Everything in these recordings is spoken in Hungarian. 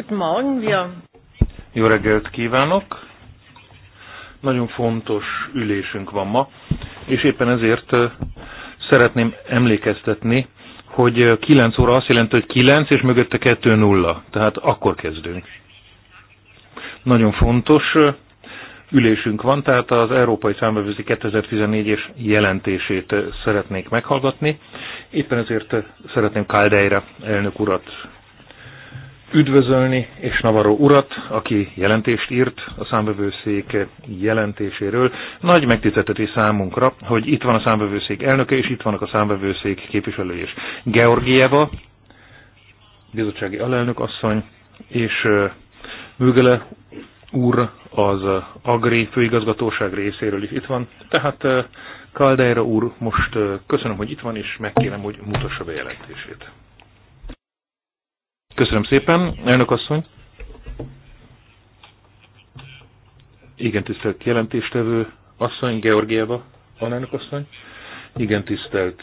Guten Morgen, wir. Jó reggelt kívánok! Nagyon fontos ülésünk van ma, és éppen ezért szeretném emlékeztetni, hogy 9 óra azt jelenti, hogy 9, és mögötte 2 nulla, tehát akkor kezdünk. Nagyon fontos ülésünk van, tehát az Európai Számbevőzi 2014-es jelentését szeretnék meghallgatni. Éppen ezért szeretném Kaldeira elnök urat üdvözölni, és Navarro urat, aki jelentést írt a számbevőszék jelentéséről. Nagy megtiszteltetés számunkra, hogy itt van a számbevőszék elnöke, és itt vannak a számbevőszék képviselői is. Georgieva, bizottsági alelnök asszony, és Mögele úr az Agri főigazgatóság részéről is itt van. Tehát Kaldeira úr, most köszönöm, hogy itt van, és megkérem, hogy mutassa be jelentését. Köszönöm szépen, elnök asszony. Igen, tisztelt jelentéstevő asszony, Georgieva, alelnök asszony. Igen, tisztelt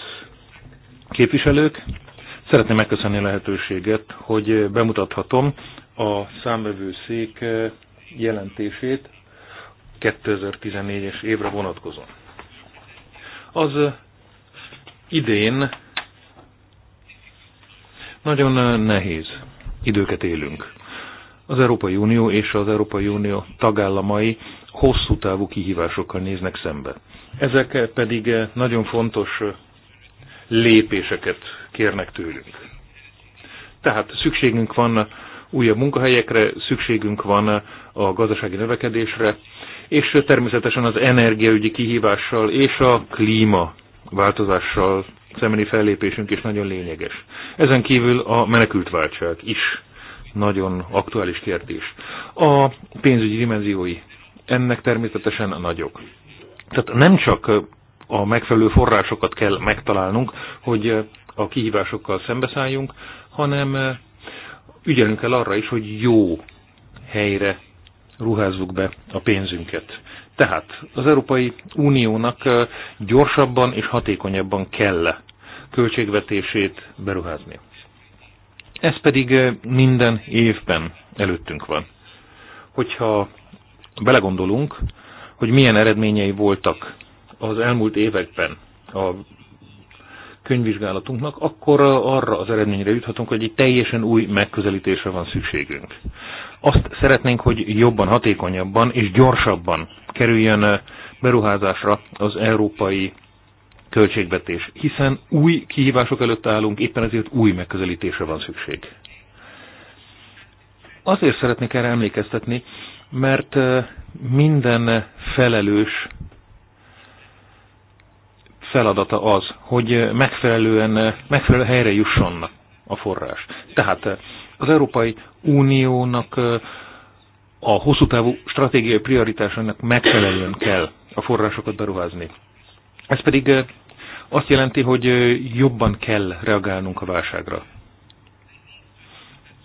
képviselők. Szeretném megköszönni a lehetőséget, hogy bemutathatom a számvevőszék jelentését 2014-es évre vonatkozóan. Az idén nagyon nehéz időket élünk. Az Európai Unió és az Európai Unió tagállamai hosszú távú kihívásokkal néznek szembe. Ezek pedig nagyon fontos lépéseket kérnek tőlünk. Tehát szükségünk van újabb munkahelyekre, szükségünk van a gazdasági növekedésre, és természetesen az energiaügyi kihívással és a klíma változással szembeni fellépésünk is nagyon lényeges. Ezen kívül a menekültváltság is nagyon aktuális kérdés. A pénzügyi dimenziói ennek természetesen nagyok. Tehát nem csak a megfelelő forrásokat kell megtalálnunk, hogy a kihívásokkal szembeszálljunk, hanem ügyelünk kell arra is, hogy jó helyre ruházzuk be a pénzünket. Tehát az Európai Uniónak gyorsabban és hatékonyabban kell költségvetését beruházni. Ez pedig minden évben előttünk van. Hogyha belegondolunk, hogy milyen eredményei voltak az elmúlt években a könyvvizsgálatunknak, akkor arra az eredményre juthatunk, hogy egy teljesen új megközelítésre van szükségünk. Azt szeretnénk, hogy jobban, hatékonyabban és gyorsabban kerüljön beruházásra az európai költségvetés, hiszen új kihívások előtt állunk, éppen ezért új megközelítésre van szükség. Azért szeretnék erre emlékeztetni, mert minden felelős feladata az, hogy megfelelően, megfelelő helyre jusson a forrás. Tehát az Európai Uniónak a hosszú távú stratégiai prioritásainak megfelelően kell a forrásokat beruházni. Ez pedig azt jelenti, hogy jobban kell reagálnunk a válságra.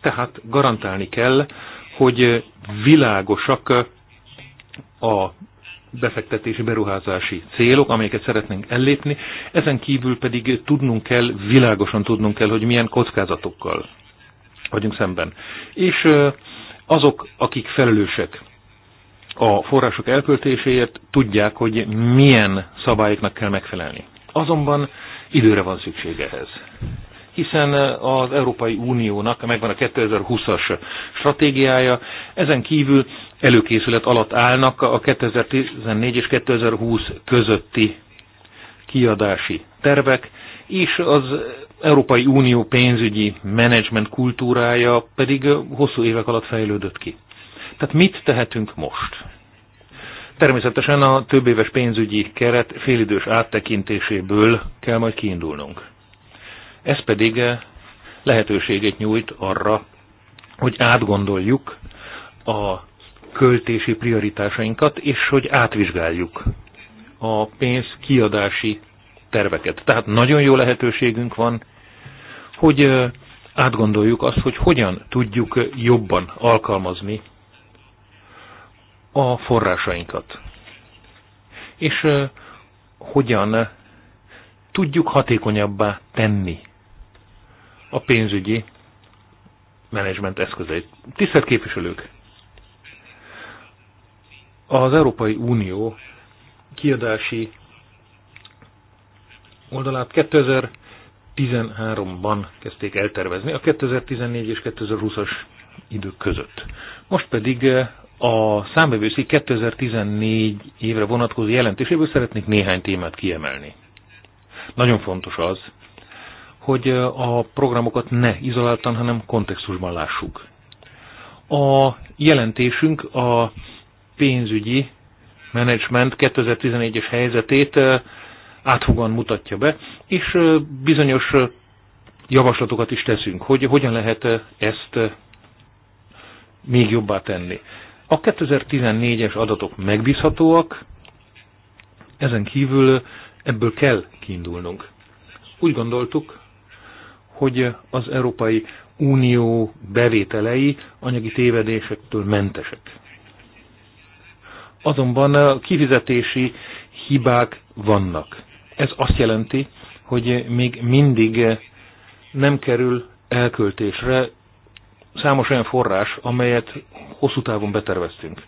Tehát garantálni kell, hogy világosak a befektetési, beruházási célok, amelyeket szeretnénk ellépni, ezen kívül pedig tudnunk kell, világosan tudnunk kell, hogy milyen kockázatokkal vagyunk szemben. És azok, akik felelősek a források elköltéséért, tudják, hogy milyen szabályoknak kell megfelelni. Azonban időre van szükség ehhez hiszen az Európai Uniónak megvan a 2020-as stratégiája, ezen kívül előkészület alatt állnak a 2014 és 2020 közötti kiadási tervek, és az Európai Unió pénzügyi menedzsment kultúrája pedig hosszú évek alatt fejlődött ki. Tehát mit tehetünk most? Természetesen a több éves pénzügyi keret félidős áttekintéséből kell majd kiindulnunk. Ez pedig lehetőséget nyújt arra, hogy átgondoljuk a költési prioritásainkat, és hogy átvizsgáljuk a pénz kiadási terveket. Tehát nagyon jó lehetőségünk van, hogy átgondoljuk azt, hogy hogyan tudjuk jobban alkalmazni a forrásainkat. És hogyan tudjuk hatékonyabbá tenni a pénzügyi menedzsment eszközeit. Tisztelt képviselők! Az Európai Unió kiadási oldalát 2013-ban kezdték eltervezni, a 2014 és 2020-as idők között. Most pedig eh, a számbevőszék 2014 évre vonatkozó jelentéséből szeretnék néhány témát kiemelni. Nagyon fontos az, hogy eh, a programokat ne izoláltan, hanem kontextusban lássuk. A jelentésünk a pénzügyi menedzsment 2011-es helyzetét eh, átfogóan mutatja be, és bizonyos javaslatokat is teszünk, hogy hogyan lehet ezt még jobbá tenni. A 2014-es adatok megbízhatóak, ezen kívül ebből kell kiindulnunk. Úgy gondoltuk, hogy az Európai Unió bevételei anyagi tévedésektől mentesek. Azonban kifizetési hibák vannak. Ez azt jelenti, hogy még mindig nem kerül elköltésre számos olyan forrás, amelyet hosszú távon beterveztünk.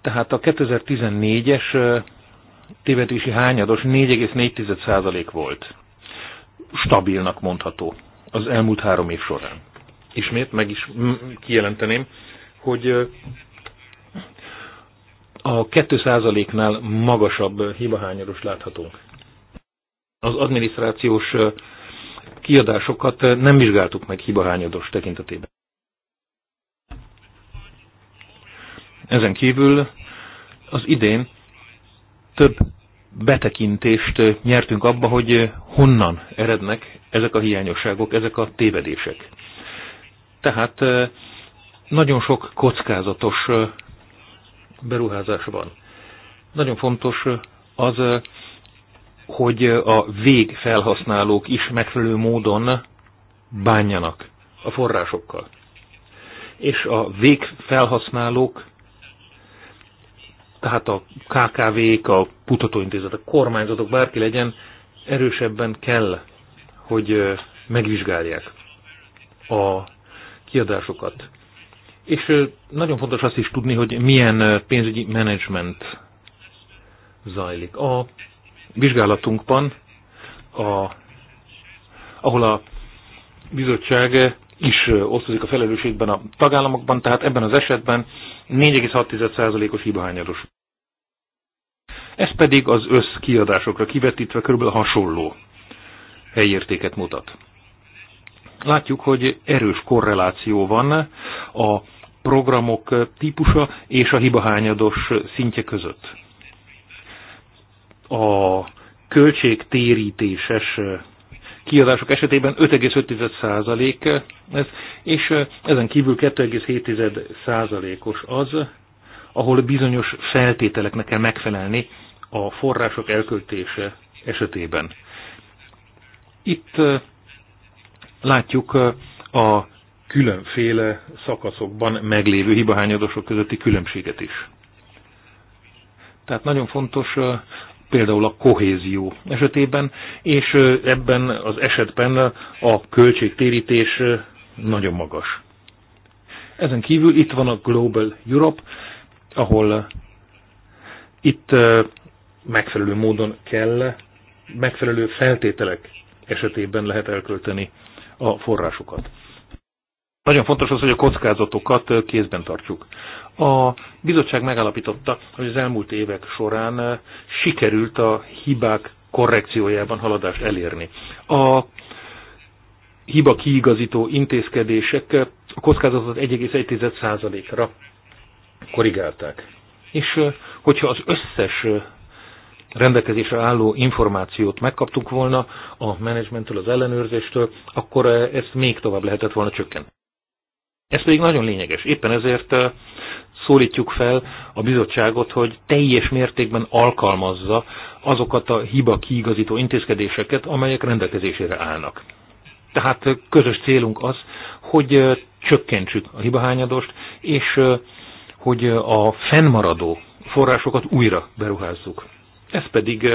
Tehát a 2014-es tévedési hányados 4,4% volt. Stabilnak mondható az elmúlt három év során. Ismét meg is kijelenteném, hogy a 2%-nál magasabb hibahányoros láthatunk. Az adminisztrációs kiadásokat nem vizsgáltuk meg hibahányados tekintetében. Ezen kívül az idén több betekintést nyertünk abba, hogy honnan erednek ezek a hiányosságok, ezek a tévedések. Tehát nagyon sok kockázatos beruházásban. Nagyon fontos az, hogy a végfelhasználók is megfelelő módon bánjanak a forrásokkal. És a végfelhasználók, tehát a KKV-k, a kutatóintézetek, kormányzatok, bárki legyen, erősebben kell, hogy megvizsgálják a kiadásokat. És nagyon fontos azt is tudni, hogy milyen pénzügyi menedzsment zajlik. A vizsgálatunkban, a, ahol a bizottság is osztozik a felelősségben a tagállamokban, tehát ebben az esetben 4,6%-os hibahányados. Ez pedig az összkiadásokra kivetítve körülbelül hasonló helyértéket mutat. Látjuk, hogy erős korreláció van a programok típusa és a hibahányados szintje között. A költségtérítéses kiadások esetében 5,5% ez, és ezen kívül 2,7%-os az, ahol bizonyos feltételeknek kell megfelelni a források elköltése esetében. Itt látjuk a különféle szakaszokban meglévő hibahányadosok közötti különbséget is. Tehát nagyon fontos például a kohézió esetében, és ebben az esetben a költségtérítés nagyon magas. Ezen kívül itt van a Global Europe, ahol itt megfelelő módon kell, megfelelő feltételek esetében lehet elkölteni a forrásokat. Nagyon fontos az, hogy a kockázatokat kézben tartsuk. A bizottság megállapította, hogy az elmúlt évek során sikerült a hibák korrekciójában haladást elérni. A hiba kiigazító intézkedések a kockázatot 1,1%-ra korrigálták. És hogyha az összes rendelkezésre álló információt megkaptuk volna a menedzsmenttől, az ellenőrzéstől, akkor ezt még tovább lehetett volna csökkenteni. Ez pedig nagyon lényeges. Éppen ezért szólítjuk fel a bizottságot, hogy teljes mértékben alkalmazza azokat a hiba kiigazító intézkedéseket, amelyek rendelkezésére állnak. Tehát közös célunk az, hogy csökkentsük a hibahányadost, és hogy a fennmaradó forrásokat újra beruházzuk. Ez pedig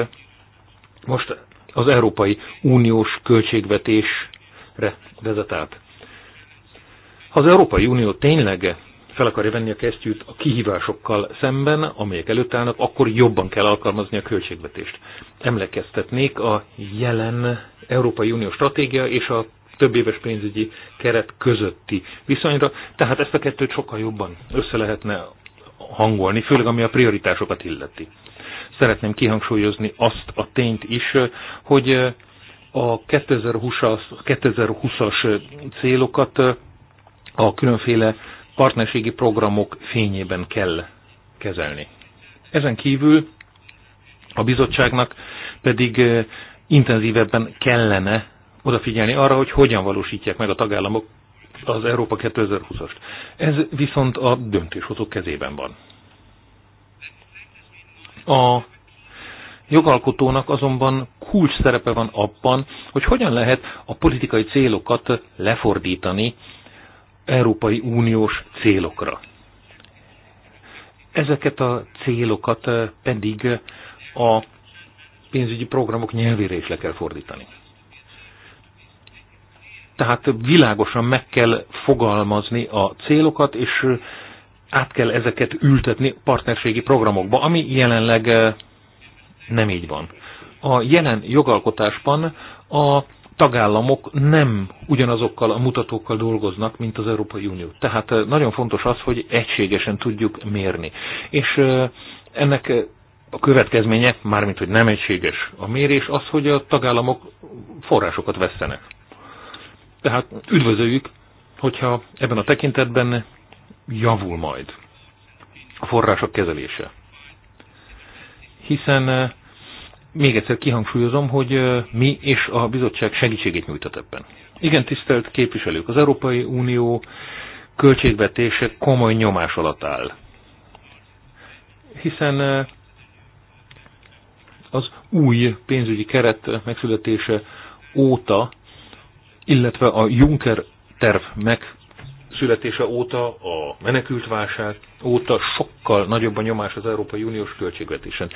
most az Európai Uniós költségvetésre vezet át. Ha az Európai Unió tényleg fel akarja venni a kesztyűt a kihívásokkal szemben, amelyek előtt állnak, akkor jobban kell alkalmazni a költségvetést. Emlékeztetnék a jelen Európai Unió stratégia és a több éves pénzügyi keret közötti viszonyra, tehát ezt a kettőt sokkal jobban össze lehetne hangolni, főleg ami a prioritásokat illeti. Szeretném kihangsúlyozni azt a tényt is, hogy a 2020-as célokat a különféle partnerségi programok fényében kell kezelni. Ezen kívül a bizottságnak pedig intenzívebben kellene odafigyelni arra, hogy hogyan valósítják meg a tagállamok az Európa 2020-ast. Ez viszont a döntéshozók kezében van. A jogalkotónak azonban kulcs szerepe van abban, hogy hogyan lehet a politikai célokat lefordítani Európai Uniós célokra. Ezeket a célokat eh, pedig eh, a pénzügyi programok nyelvére is le kell fordítani. Tehát világosan meg kell fogalmazni a célokat, és eh, át kell ezeket ültetni partnerségi programokba, ami jelenleg nem így van. A jelen jogalkotásban a tagállamok nem ugyanazokkal a mutatókkal dolgoznak, mint az Európai Unió. Tehát nagyon fontos az, hogy egységesen tudjuk mérni. És ennek a következménye, mármint hogy nem egységes a mérés, az, hogy a tagállamok forrásokat vesztenek. Tehát üdvözöljük, hogyha ebben a tekintetben javul majd a források kezelése. Hiszen még egyszer kihangsúlyozom, hogy mi és a bizottság segítségét nyújtott ebben. Igen, tisztelt képviselők, az Európai Unió költségvetése komoly nyomás alatt áll. Hiszen az új pénzügyi keret megszületése óta, illetve a Juncker terv meg születése óta, a menekültválság óta sokkal nagyobb a nyomás az Európai Uniós költségvetésen.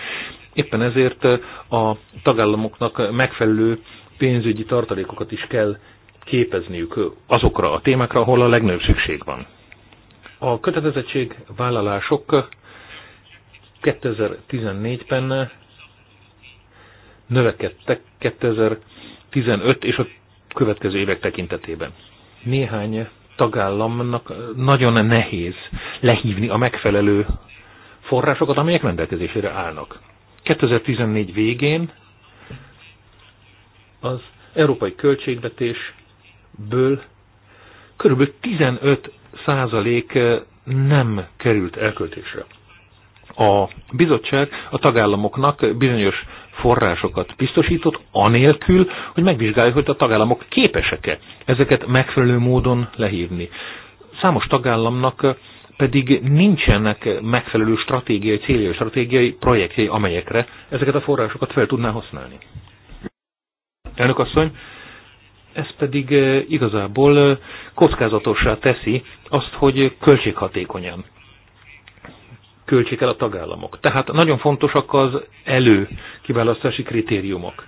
Éppen ezért eh, a tagállamoknak megfelelő pénzügyi tartalékokat is kell képezniük azokra a témákra, ahol a legnagyobb szükség van. A kötelezettség vállalások 2014-ben növekedtek 2015 és a következő évek tekintetében. Néhány tagállamnak nagyon nehéz lehívni a megfelelő forrásokat, amelyek rendelkezésére állnak. 2014 végén az európai költségvetésből körülbelül 15 százalék nem került elköltésre. A bizottság a tagállamoknak bizonyos forrásokat biztosított, anélkül, hogy megvizsgálja, hogy a tagállamok képesek-e ezeket megfelelő módon lehívni. Számos tagállamnak pedig nincsenek megfelelő stratégiai céljai, stratégiai projektjei, amelyekre ezeket a forrásokat fel tudná használni. Elnök asszony, ez pedig eh, igazából eh, kockázatossá teszi azt, hogy költséghatékonyan költsék el a tagállamok. Tehát nagyon fontosak az elő kiválasztási kritériumok.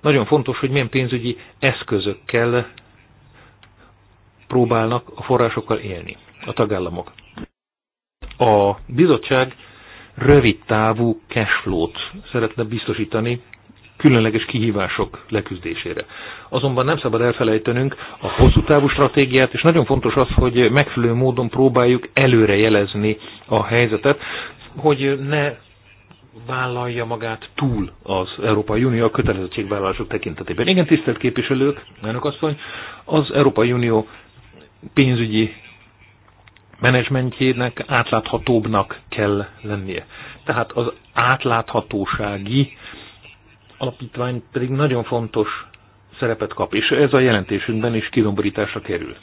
Nagyon fontos, hogy milyen pénzügyi eszközökkel próbálnak a forrásokkal élni a tagállamok. A bizottság rövid távú cashflow-t szeretne biztosítani különleges kihívások leküzdésére. Azonban nem szabad elfelejtenünk a hosszú távú stratégiát, és nagyon fontos az, hogy megfelelő módon próbáljuk előre jelezni a helyzetet, hogy ne vállalja magát túl az Európai Unió a kötelezettségvállalások tekintetében. Igen, tisztelt képviselők, elnök asszony, az Európai Unió pénzügyi menedzsmentjének átláthatóbbnak kell lennie. Tehát az átláthatósági alapítvány pedig nagyon fontos szerepet kap, és ez a jelentésünkben is kilomborításra kerül.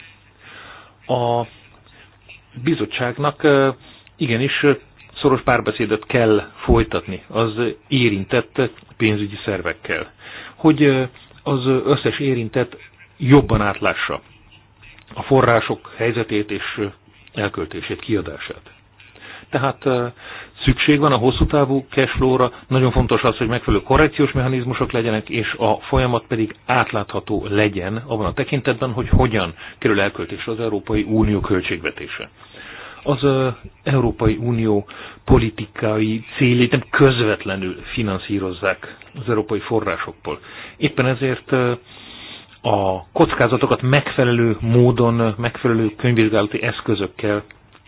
A bizottságnak igenis szoros párbeszédet kell folytatni az érintett pénzügyi szervekkel, hogy az összes érintett jobban átlássa a források helyzetét és elköltését, kiadását. Tehát szükség van a hosszú távú cashflow-ra, nagyon fontos az, hogy megfelelő korrekciós mechanizmusok legyenek, és a folyamat pedig átlátható legyen abban a tekintetben, hogy hogyan kerül elköltésre az Európai Unió költségvetése. Az Európai Unió politikai célét nem közvetlenül finanszírozzák az európai forrásokból. Éppen ezért a kockázatokat megfelelő módon, megfelelő könyvvizsgálati eszközökkel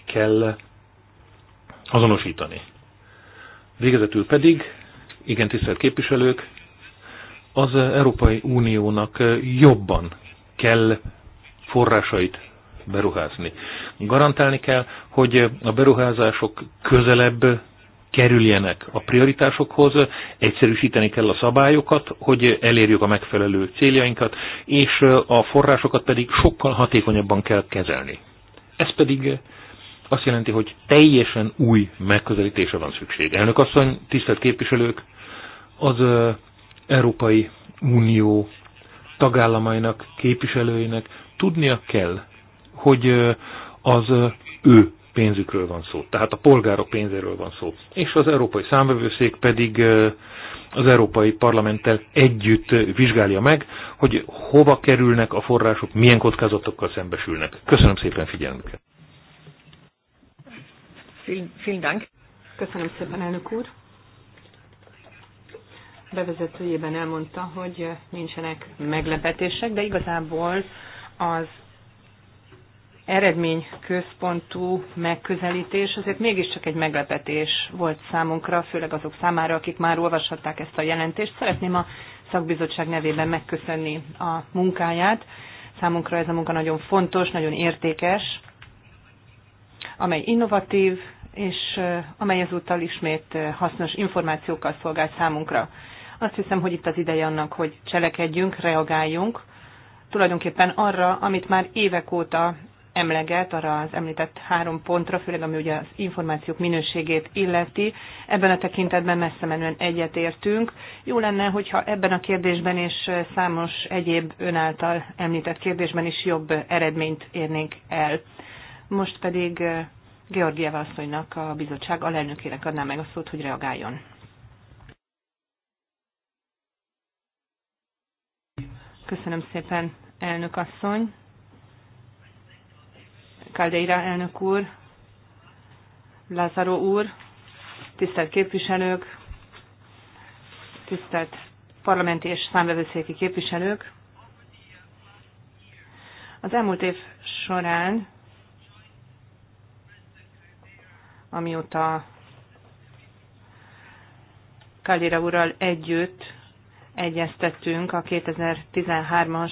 kell azonosítani. Végezetül pedig, igen tisztelt képviselők, az Európai Uniónak jobban kell forrásait beruházni. Garantálni kell, hogy a beruházások közelebb kerüljenek a prioritásokhoz, egyszerűsíteni kell a szabályokat, hogy elérjük a megfelelő céljainkat, és a forrásokat pedig sokkal hatékonyabban kell kezelni. Ez pedig azt jelenti, hogy teljesen új megközelítése van szükség. Elnök asszony, tisztelt képviselők, az Európai Unió tagállamainak, képviselőinek tudnia kell, hogy az ő pénzükről van szó, tehát a polgárok pénzéről van szó. És az Európai Számvevőszék pedig az Európai Parlamenttel együtt vizsgálja meg, hogy hova kerülnek a források, milyen kockázatokkal szembesülnek. Köszönöm szépen figyelmüket! Vielen, vielen Dank. Köszönöm szépen, elnök úr. Bevezetőjében elmondta, hogy nincsenek meglepetések, de igazából az eredmény központú megközelítés azért mégiscsak egy meglepetés volt számunkra, főleg azok számára, akik már olvashatták ezt a jelentést. Szeretném a szakbizottság nevében megköszönni a munkáját. Számunkra ez a munka nagyon fontos, nagyon értékes, amely innovatív, és amely ezúttal ismét hasznos információkkal szolgál számunkra. Azt hiszem, hogy itt az ideje annak, hogy cselekedjünk, reagáljunk, tulajdonképpen arra, amit már évek óta emleget, arra az említett három pontra, főleg ami ugye az információk minőségét illeti. Ebben a tekintetben messze menően egyetértünk. Jó lenne, hogyha ebben a kérdésben és számos egyéb ön által említett kérdésben is jobb eredményt érnénk el. Most pedig eh, Georgieva asszonynak a bizottság alelnökének adná meg a szót, hogy reagáljon. Köszönöm szépen, elnök asszony. Kaldeira elnök úr, Lázaro úr, tisztelt képviselők, tisztelt parlamenti és számvevőszéki képviselők. Az elmúlt év során amióta Kalira úrral együtt egyeztettünk a 2013-as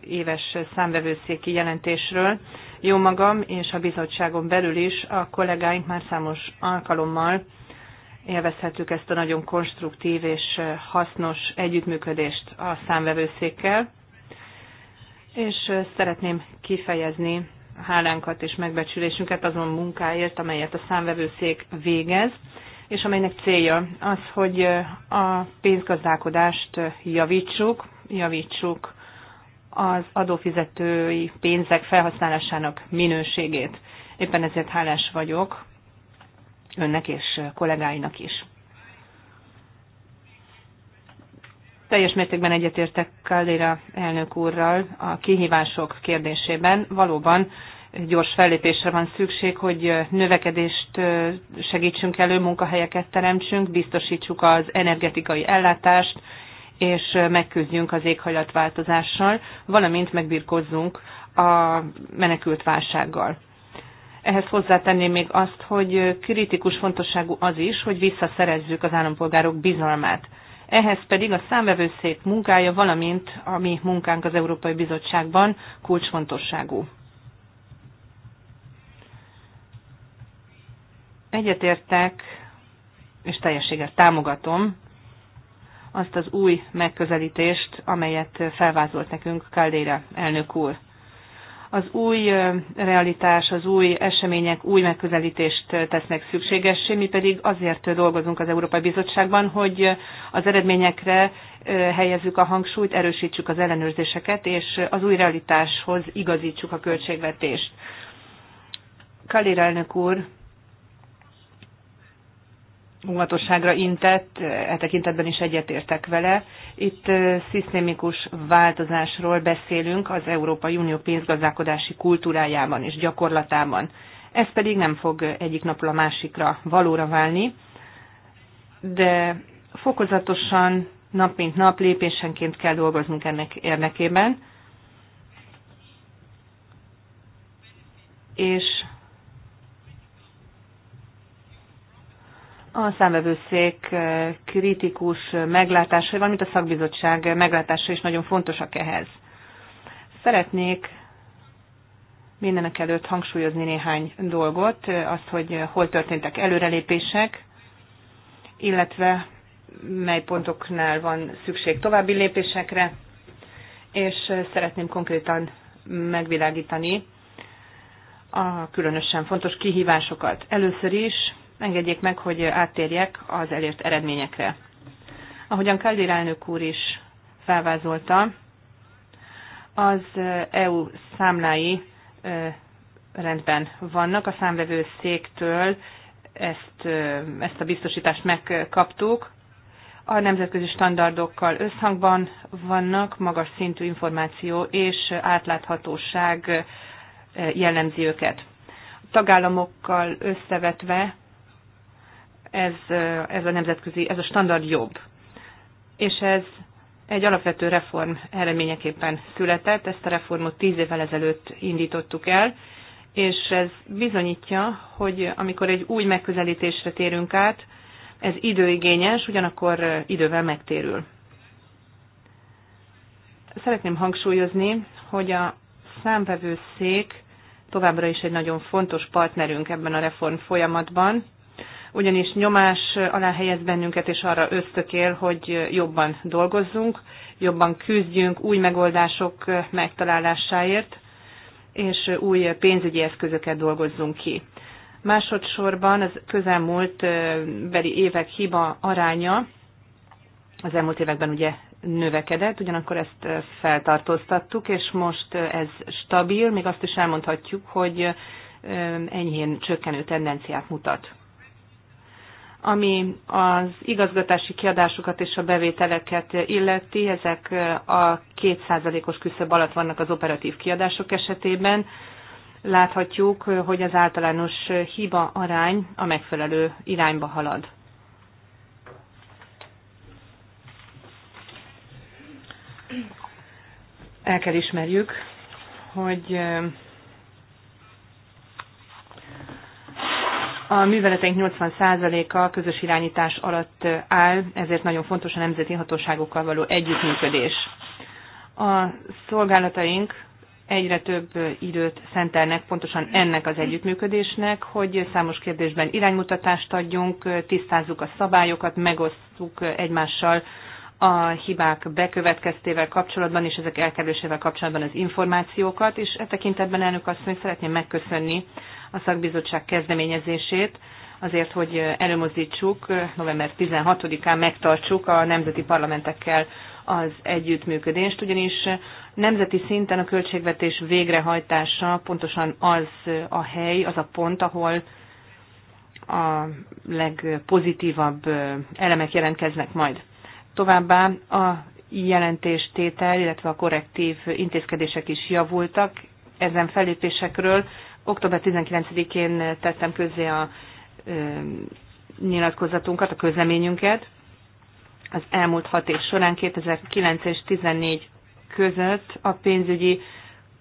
éves számvevőszéki jelentésről. Jó magam és a bizottságon belül is a kollégáink már számos alkalommal élvezhettük ezt a nagyon konstruktív és hasznos együttműködést a számvevőszékkel, és szeretném kifejezni hálánkat és megbecsülésünket azon munkáért, amelyet a számvevőszék végez, és amelynek célja az, hogy a pénzgazdálkodást javítsuk, javítsuk az adófizetői pénzek felhasználásának minőségét. Éppen ezért hálás vagyok önnek és kollégáinak is. Teljes mértékben egyetértek Kallira elnök úrral a kihívások kérdésében. Valóban gyors fellépésre van szükség, hogy növekedést segítsünk elő, munkahelyeket teremtsünk, biztosítsuk az energetikai ellátást, és megküzdjünk az éghajlatváltozással, valamint megbirkozzunk a menekült válsággal. Ehhez hozzátenném még azt, hogy kritikus fontosságú az is, hogy visszaszerezzük az állampolgárok bizalmát ehhez pedig a számvevőszék munkája, valamint a mi munkánk az Európai Bizottságban kulcsfontosságú. Egyetértek, és teljességgel támogatom azt az új megközelítést, amelyet felvázolt nekünk Kaldéra elnök úr az új realitás, az új események új megközelítést tesznek szükségessé, mi pedig azért dolgozunk az Európai Bizottságban, hogy az eredményekre helyezzük a hangsúlyt, erősítsük az ellenőrzéseket, és az új realitáshoz igazítsuk a költségvetést. Kalira elnök úr óvatosságra intett, e tekintetben is egyetértek vele. Itt e, szisztémikus változásról beszélünk az Európai Unió pénzgazdálkodási kultúrájában és gyakorlatában. Ez pedig nem fog egyik napról a másikra valóra válni, de fokozatosan nap mint nap lépésenként kell dolgoznunk ennek érdekében, és a számvevőszék eh, kritikus meglátásai, valamint a szakbizottság meglátása is nagyon fontosak ehhez. Szeretnék mindenek előtt hangsúlyozni néhány dolgot, eh, azt, hogy eh, hol történtek előrelépések, illetve mely pontoknál van szükség további lépésekre, és szeretném konkrétan megvilágítani a különösen fontos kihívásokat. Először is Engedjék meg, hogy áttérjek az elért eredményekre. Ahogyan Kaldir elnök úr is felvázolta, az EU számlái rendben vannak. A széktől ezt, ezt a biztosítást megkaptuk. A nemzetközi standardokkal összhangban vannak, magas szintű információ és átláthatóság jellemzi őket. A tagállamokkal összevetve ez, ez a nemzetközi, ez a standard jobb. És ez egy alapvető reform eredményeképpen született, ezt a reformot tíz évvel ezelőtt indítottuk el, és ez bizonyítja, hogy amikor egy új megközelítésre térünk át, ez időigényes, ugyanakkor idővel megtérül. Szeretném hangsúlyozni, hogy a számvevőszék továbbra is egy nagyon fontos partnerünk ebben a reform folyamatban, ugyanis nyomás alá helyez bennünket, és arra ösztökél, hogy jobban dolgozzunk, jobban küzdjünk új megoldások megtalálásáért, és új pénzügyi eszközöket dolgozzunk ki. Másodszorban az közelmúlt beli évek hiba aránya az elmúlt években ugye növekedett, ugyanakkor ezt feltartóztattuk, és most ez stabil, még azt is elmondhatjuk, hogy enyhén csökkenő tendenciát mutat. Ami az igazgatási kiadásokat és a bevételeket illeti, ezek a kétszázalékos küszöb alatt vannak az operatív kiadások esetében. Láthatjuk, hogy az általános hiba arány a megfelelő irányba halad. El kell ismerjük, hogy A műveleteink 80%-a közös irányítás alatt áll, ezért nagyon fontos a nemzeti hatóságokkal való együttműködés. A szolgálataink egyre több időt szentelnek pontosan ennek az együttműködésnek, hogy számos kérdésben iránymutatást adjunk, tisztázzuk a szabályokat, megosztjuk egymással a hibák bekövetkeztével kapcsolatban és ezek elkerülésével kapcsolatban az információkat, és e tekintetben elnök asszony szeretném megköszönni a szakbizottság kezdeményezését, azért, hogy előmozdítsuk, november 16-án megtartsuk a nemzeti parlamentekkel az együttműködést, ugyanis nemzeti szinten a költségvetés végrehajtása pontosan az a hely, az a pont, ahol a legpozitívabb elemek jelentkeznek majd. Továbbá a jelentéstétel, illetve a korrektív intézkedések is javultak. Ezen fellépésekről Október 19-én tettem közzé a nyilatkozatunkat, a közleményünket. Az elmúlt hat év során 2009 és 2014 között a pénzügyi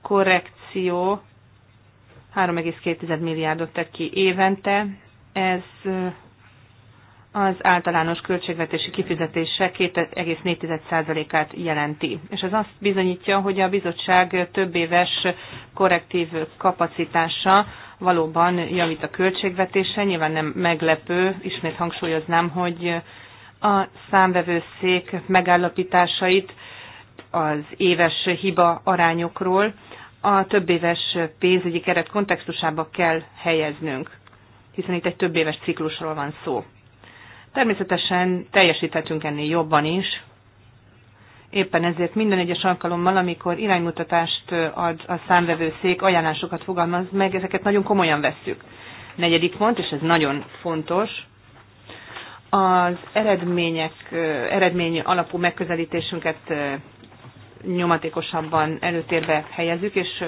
korrekció 3,2 milliárdot tett ki évente. Ez az általános költségvetési kifizetése 2,4%-át jelenti. És ez azt bizonyítja, hogy a bizottság több éves korrektív kapacitása valóban javít a költségvetése. Nyilván nem meglepő, ismét hangsúlyoznám, hogy a számvevőszék megállapításait az éves hiba arányokról a több éves pénzügyi keret kontextusába kell helyeznünk, hiszen itt egy több éves ciklusról van szó. Természetesen teljesíthetünk ennél jobban is. Éppen ezért minden egyes alkalommal, amikor iránymutatást ad a számvevőszék, ajánlásokat fogalmaz meg, ezeket nagyon komolyan vesszük. Negyedik pont, és ez nagyon fontos, az eredmények, eredmény alapú megközelítésünket nyomatékosabban előtérbe helyezzük, és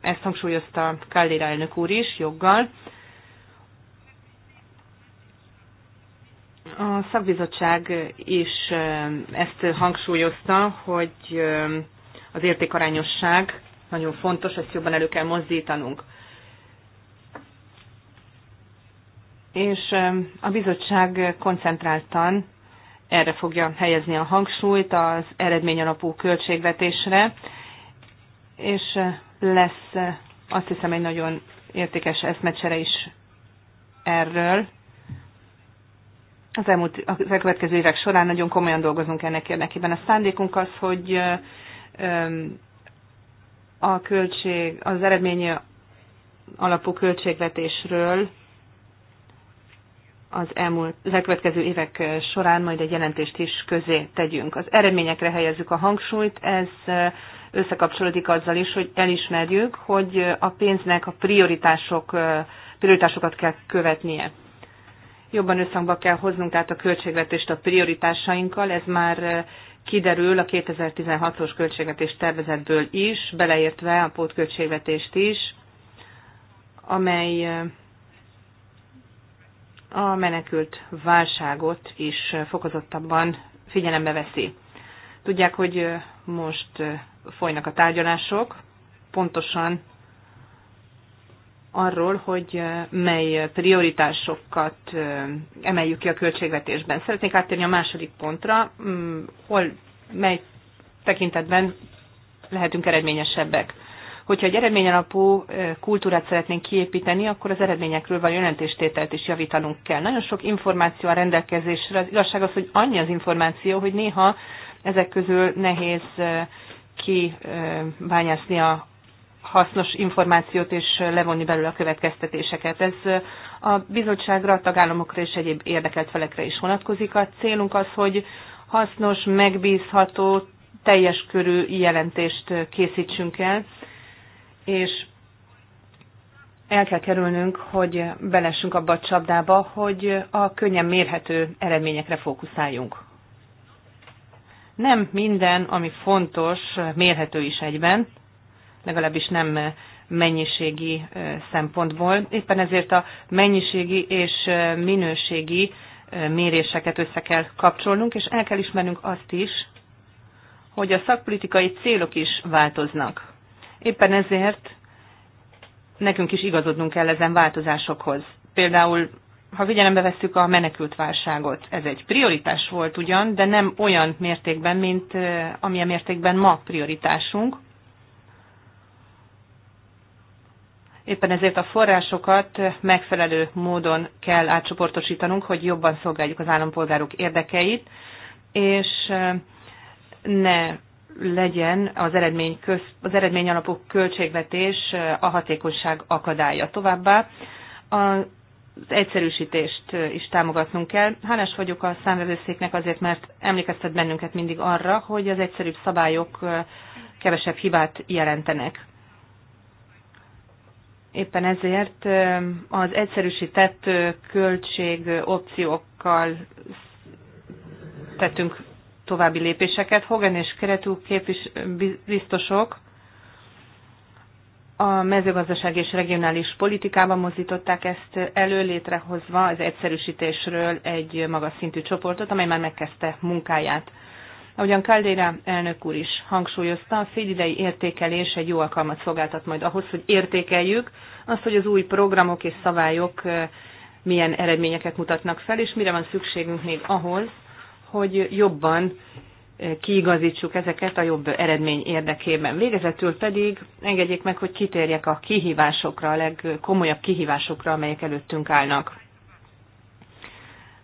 ezt hangsúlyozta Kallira elnök úr is joggal. A szakbizottság is ezt hangsúlyozta, hogy az értékarányosság nagyon fontos, ezt jobban elő kell mozdítanunk. És a bizottság koncentráltan erre fogja helyezni a hangsúlyt, az eredmény alapú költségvetésre, és lesz azt hiszem egy nagyon értékes eszmecsere is erről, az elmúlt, az elkövetkező évek során nagyon komolyan dolgozunk ennek érdekében. A szándékunk az, hogy a költség, az eredmény alapú költségvetésről az, elmúlt, az elkövetkező évek során majd egy jelentést is közé tegyünk. Az eredményekre helyezzük a hangsúlyt, ez összekapcsolódik azzal is, hogy elismerjük, hogy a pénznek a prioritások, prioritásokat kell követnie jobban összhangba kell hoznunk tehát a költségvetést a prioritásainkkal, ez már kiderül a 2016-os költségvetés tervezetből is, beleértve a pótköltségvetést is, amely a menekült válságot is fokozottabban figyelembe veszi. Tudják, hogy most folynak a tárgyalások, pontosan arról, hogy mely prioritásokat emeljük ki a költségvetésben. Szeretnék áttérni a második pontra, mm, hol, mely tekintetben lehetünk eredményesebbek. Hogyha egy alapú kultúrát szeretnénk kiépíteni, akkor az eredményekről való jelentéstételt is javítanunk kell. Nagyon sok információ a rendelkezésre. Az igazság az, hogy annyi az információ, hogy néha ezek közül nehéz kibányászni a hasznos információt és levonni belőle a következtetéseket. Ez a bizottságra, a tagállamokra és egyéb érdekelt felekre is vonatkozik. A célunk az, hogy hasznos, megbízható, teljes körű jelentést készítsünk el, és el kell kerülnünk, hogy belessünk abba a csapdába, hogy a könnyen mérhető eredményekre fókuszáljunk. Nem minden, ami fontos, mérhető is egyben, legalábbis nem mennyiségi szempontból. Éppen ezért a mennyiségi és minőségi méréseket össze kell kapcsolnunk, és el kell ismernünk azt is, hogy a szakpolitikai célok is változnak. Éppen ezért nekünk is igazodnunk kell ezen változásokhoz. Például, ha figyelembe veszük a menekült válságot, ez egy prioritás volt ugyan, de nem olyan mértékben, mint amilyen mértékben ma prioritásunk, Éppen ezért a forrásokat megfelelő módon kell átcsoportosítanunk, hogy jobban szolgáljuk az állampolgárok érdekeit, és ne legyen az eredmény, köz, az eredmény alapú költségvetés a hatékonyság akadálya. Továbbá az egyszerűsítést is támogatnunk kell. Hálás vagyok a számvevőszéknek azért, mert emlékeztet bennünket mindig arra, hogy az egyszerűbb szabályok kevesebb hibát jelentenek. Éppen ezért az egyszerűsített költség opciókkal tettünk további lépéseket. Hogan és Keretú képvis, biztosok a mezőgazdaság és regionális politikában mozították ezt elő, létrehozva az egyszerűsítésről egy magas szintű csoportot, amely már megkezdte munkáját. Ahogyan Caldera elnök úr is hangsúlyozta, a félidei értékelés egy jó alkalmat szolgáltat majd ahhoz, hogy értékeljük azt, hogy az új programok és szabályok milyen eredményeket mutatnak fel, és mire van szükségünk még ahhoz, hogy jobban kiigazítsuk ezeket a jobb eredmény érdekében. Végezetül pedig engedjék meg, hogy kitérjek a kihívásokra, a legkomolyabb kihívásokra, amelyek előttünk állnak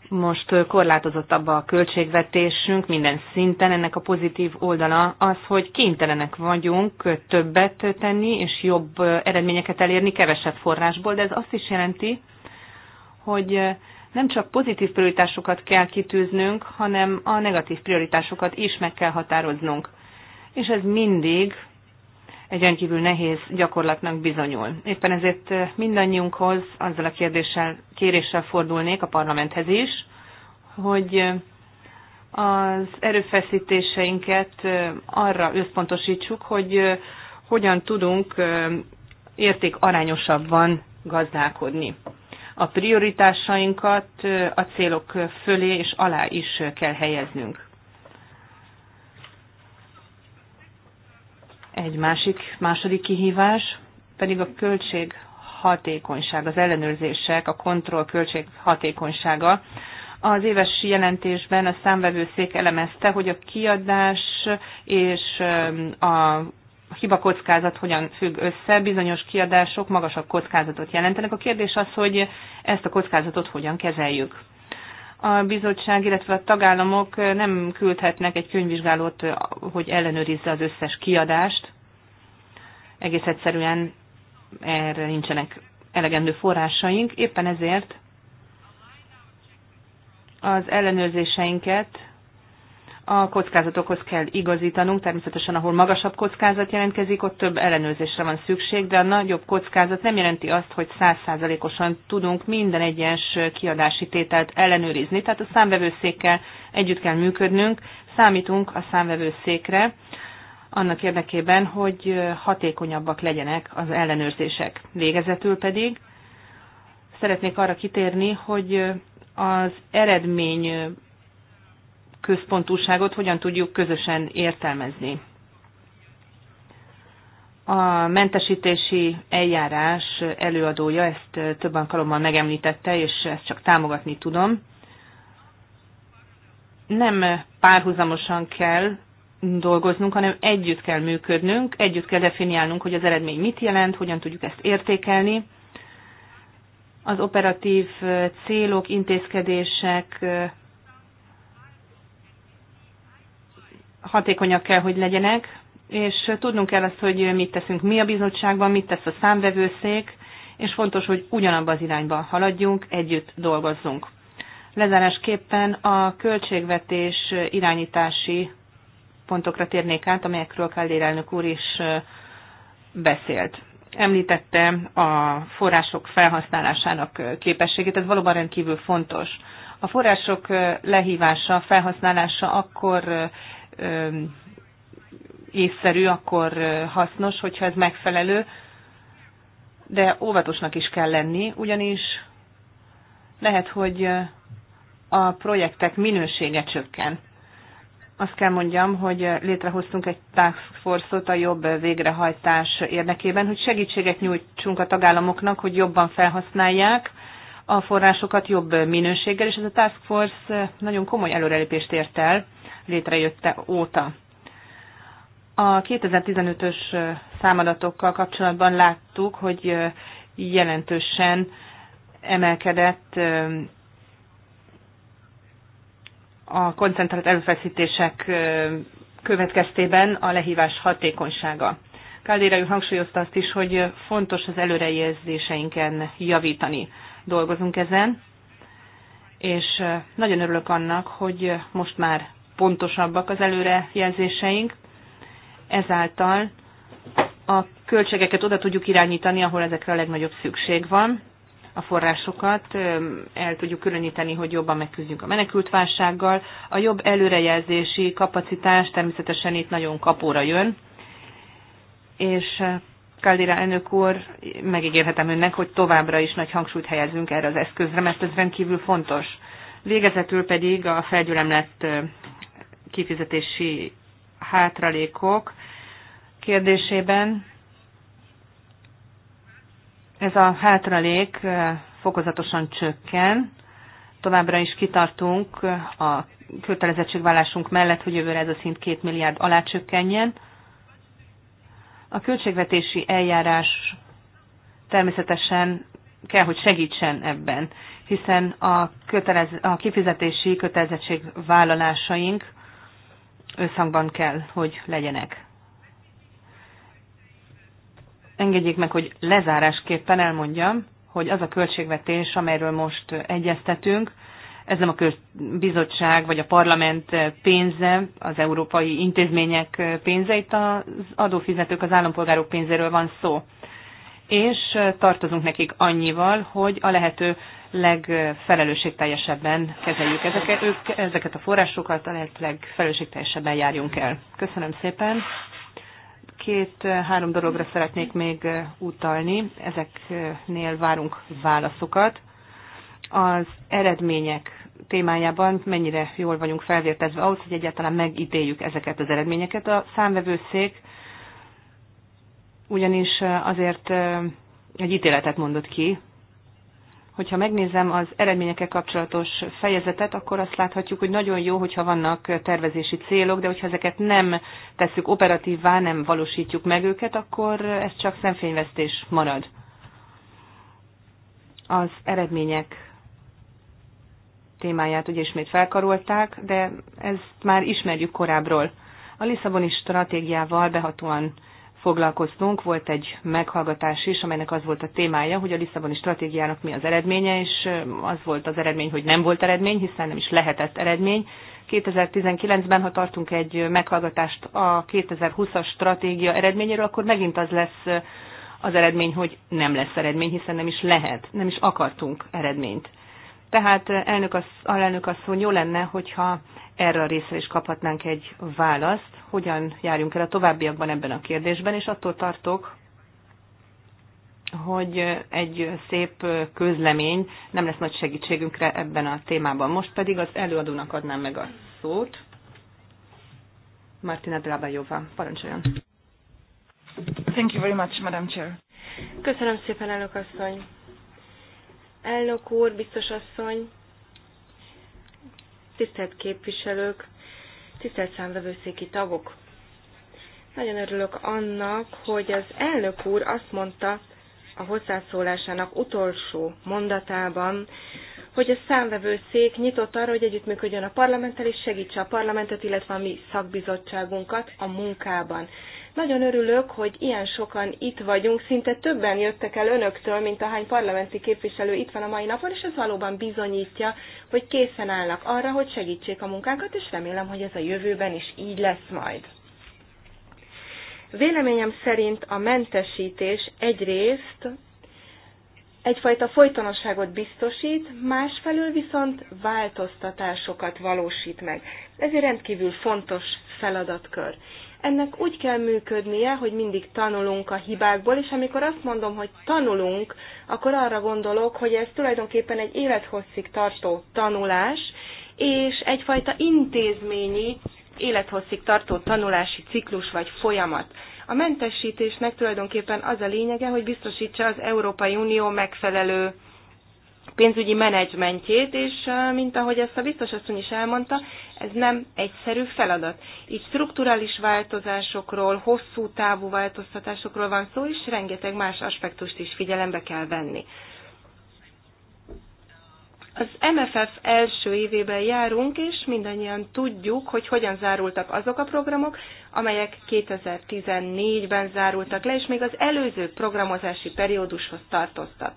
most korlátozottabb a költségvetésünk minden szinten. Ennek a pozitív oldala az, hogy kénytelenek vagyunk többet tenni és jobb eredményeket elérni kevesebb forrásból, de ez azt is jelenti, hogy nem csak pozitív prioritásokat kell kitűznünk, hanem a negatív prioritásokat is meg kell határoznunk. És ez mindig egy rendkívül nehéz gyakorlatnak bizonyul. Éppen ezért eh, mindannyiunkhoz azzal a kérdéssel, kéréssel fordulnék a parlamenthez is, hogy eh, az erőfeszítéseinket eh, arra összpontosítsuk, hogy hogyan tudunk érték arányosabban gazdálkodni. A prioritásainkat a célok fölé és alá is kell helyeznünk. Egy másik, második kihívás pedig a költség hatékonyság, az ellenőrzések, a kontroll költség hatékonysága. Az éves jelentésben a számvevőszék elemezte, hogy a kiadás és a hiba kockázat hogyan függ össze, bizonyos kiadások magasabb kockázatot jelentenek. A kérdés az, hogy ezt a kockázatot hogyan kezeljük a bizottság, illetve a tagállamok nem küldhetnek egy könyvvizsgálót, hogy ellenőrizze az összes kiadást. Egész egyszerűen erre nincsenek elegendő forrásaink, éppen ezért az ellenőrzéseinket a kockázatokhoz kell igazítanunk, természetesen ahol magasabb kockázat jelentkezik, ott több ellenőrzésre van szükség, de a nagyobb kockázat nem jelenti azt, hogy százszázalékosan tudunk minden egyes kiadási tételt ellenőrizni, tehát a számvevőszékkel együtt kell működnünk, számítunk a számvevőszékre, annak érdekében, hogy hatékonyabbak legyenek az ellenőrzések. Végezetül pedig szeretnék arra kitérni, hogy az eredmény központúságot hogyan tudjuk közösen értelmezni. A mentesítési eljárás előadója ezt több alkalommal megemlítette, és ezt csak támogatni tudom. Nem párhuzamosan kell dolgoznunk, hanem együtt kell működnünk, együtt kell definiálnunk, hogy az eredmény mit jelent, hogyan tudjuk ezt értékelni. Az operatív célok, intézkedések, hatékonyak kell, hogy legyenek, és tudnunk kell azt, hogy mit teszünk mi a bizottságban, mit tesz a számvevőszék, és fontos, hogy ugyanabba az irányba haladjunk, együtt dolgozzunk. Lezárásképpen a költségvetés irányítási pontokra térnék át, amelyekről Kállér elnök úr is beszélt. Említette a források felhasználásának képességét, ez valóban rendkívül fontos. A források lehívása, felhasználása akkor észszerű, akkor hasznos, hogyha ez megfelelő, de óvatosnak is kell lenni, ugyanis lehet, hogy a projektek minősége csökken. Azt kell mondjam, hogy létrehoztunk egy task force-ot a jobb végrehajtás érdekében, hogy segítséget nyújtsunk a tagállamoknak, hogy jobban felhasználják a forrásokat jobb minőséggel, és ez a task force nagyon komoly előrelépést ért el létrejötte óta. A 2015-ös számadatokkal kapcsolatban láttuk, hogy jelentősen emelkedett a koncentrált előfeszítések következtében a lehívás hatékonysága. Káldeira hangsúlyozta azt is, hogy fontos az előrejelzéseinken javítani. Dolgozunk ezen, és nagyon örülök annak, hogy most már pontosabbak az előrejelzéseink. Ezáltal a költségeket oda tudjuk irányítani, ahol ezekre a legnagyobb szükség van, a forrásokat el tudjuk különíteni, hogy jobban megküzdjünk a menekültválsággal. A jobb előrejelzési kapacitás természetesen itt nagyon kapóra jön, és Kaldira elnök úr, megígérhetem önnek, hogy továbbra is nagy hangsúlyt helyezünk erre az eszközre, mert ez rendkívül fontos. Végezetül pedig a felgyőlemlett kifizetési hátralékok kérdésében. Ez a hátralék fokozatosan csökken. Továbbra is kitartunk a kötelezettségvállásunk mellett, hogy jövőre ez a szint 2 milliárd alá csökkenjen. A költségvetési eljárás természetesen kell, hogy segítsen ebben, hiszen a, kötelez, a kifizetési kötelezettségvállalásaink összhangban kell, hogy legyenek. Engedjék meg, hogy lezárásképpen elmondjam, hogy az a költségvetés, amelyről most egyeztetünk, ez nem a bizottság vagy a parlament pénze, az európai intézmények pénze, itt az adófizetők, az állampolgárok pénzéről van szó és tartozunk nekik annyival, hogy a lehető legfelelősségteljesebben kezeljük ezeket, ők, ezeket a forrásokat, a lehető legfelelősségteljesebben járjunk el. Köszönöm szépen. Két-három dologra szeretnék még utalni, ezeknél várunk válaszokat. Az eredmények témájában mennyire jól vagyunk felvértezve ahhoz, hogy egyáltalán megítéljük ezeket az eredményeket. A számvevőszék ugyanis azért egy ítéletet mondott ki. Hogyha megnézem az eredményekkel kapcsolatos fejezetet, akkor azt láthatjuk, hogy nagyon jó, hogyha vannak tervezési célok, de hogyha ezeket nem tesszük operatívvá, nem valósítjuk meg őket, akkor ez csak szemfényvesztés marad. Az eredmények témáját ugye ismét felkarolták, de ezt már ismerjük korábbról. A Lisszaboni stratégiával behatóan foglalkoztunk, volt egy meghallgatás is, amelynek az volt a témája, hogy a Lisszaboni stratégiának mi az eredménye, és az volt az eredmény, hogy nem volt eredmény, hiszen nem is lehetett eredmény. 2019-ben, ha tartunk egy meghallgatást a 2020-as stratégia eredményéről, akkor megint az lesz az eredmény, hogy nem lesz eredmény, hiszen nem is lehet, nem is akartunk eredményt. Tehát elnök assz, alelnök asszony, jó lenne, hogyha erre a részre is kaphatnánk egy választ, hogyan járjunk el a továbbiakban ebben a kérdésben, és attól tartok, hogy egy szép közlemény nem lesz nagy segítségünkre ebben a témában. Most pedig az előadónak adnám meg a szót. Martina Drábajová, parancsoljon. Thank you very much, Madam Chair. Köszönöm szépen, elnök asszony. Elnök úr, biztos asszony, tisztelt képviselők, tisztelt számvevőszéki tagok. Nagyon örülök annak, hogy az elnök úr azt mondta a hozzászólásának utolsó mondatában, hogy a számvevőszék nyitott arra, hogy együttműködjön a parlamenttel, és segítse a parlamentet, illetve a mi szakbizottságunkat a munkában. Nagyon örülök, hogy ilyen sokan itt vagyunk, szinte többen jöttek el önöktől, mint ahány parlamenti képviselő itt van a mai napon, és ez valóban bizonyítja, hogy készen állnak arra, hogy segítsék a munkánkat, és remélem, hogy ez a jövőben is így lesz majd. Véleményem szerint a mentesítés egyrészt egyfajta folytonosságot biztosít, másfelől viszont változtatásokat valósít meg. Ez egy rendkívül fontos feladatkör ennek úgy kell működnie, hogy mindig tanulunk a hibákból, és amikor azt mondom, hogy tanulunk, akkor arra gondolok, hogy ez tulajdonképpen egy élethosszig tartó tanulás, és egyfajta intézményi, élethosszig tartó tanulási ciklus vagy folyamat. A mentesítésnek tulajdonképpen az a lényege, hogy biztosítsa az Európai Unió megfelelő pénzügyi menedzsmentjét, és mint ahogy ezt a biztos asszony is elmondta, ez nem egyszerű feladat. Így strukturális változásokról, hosszú távú változtatásokról van szó, és rengeteg más aspektust is figyelembe kell venni. Az MFF első évében járunk, és mindannyian tudjuk, hogy hogyan zárultak azok a programok, amelyek 2014-ben zárultak le, és még az előző programozási periódushoz tartoztak.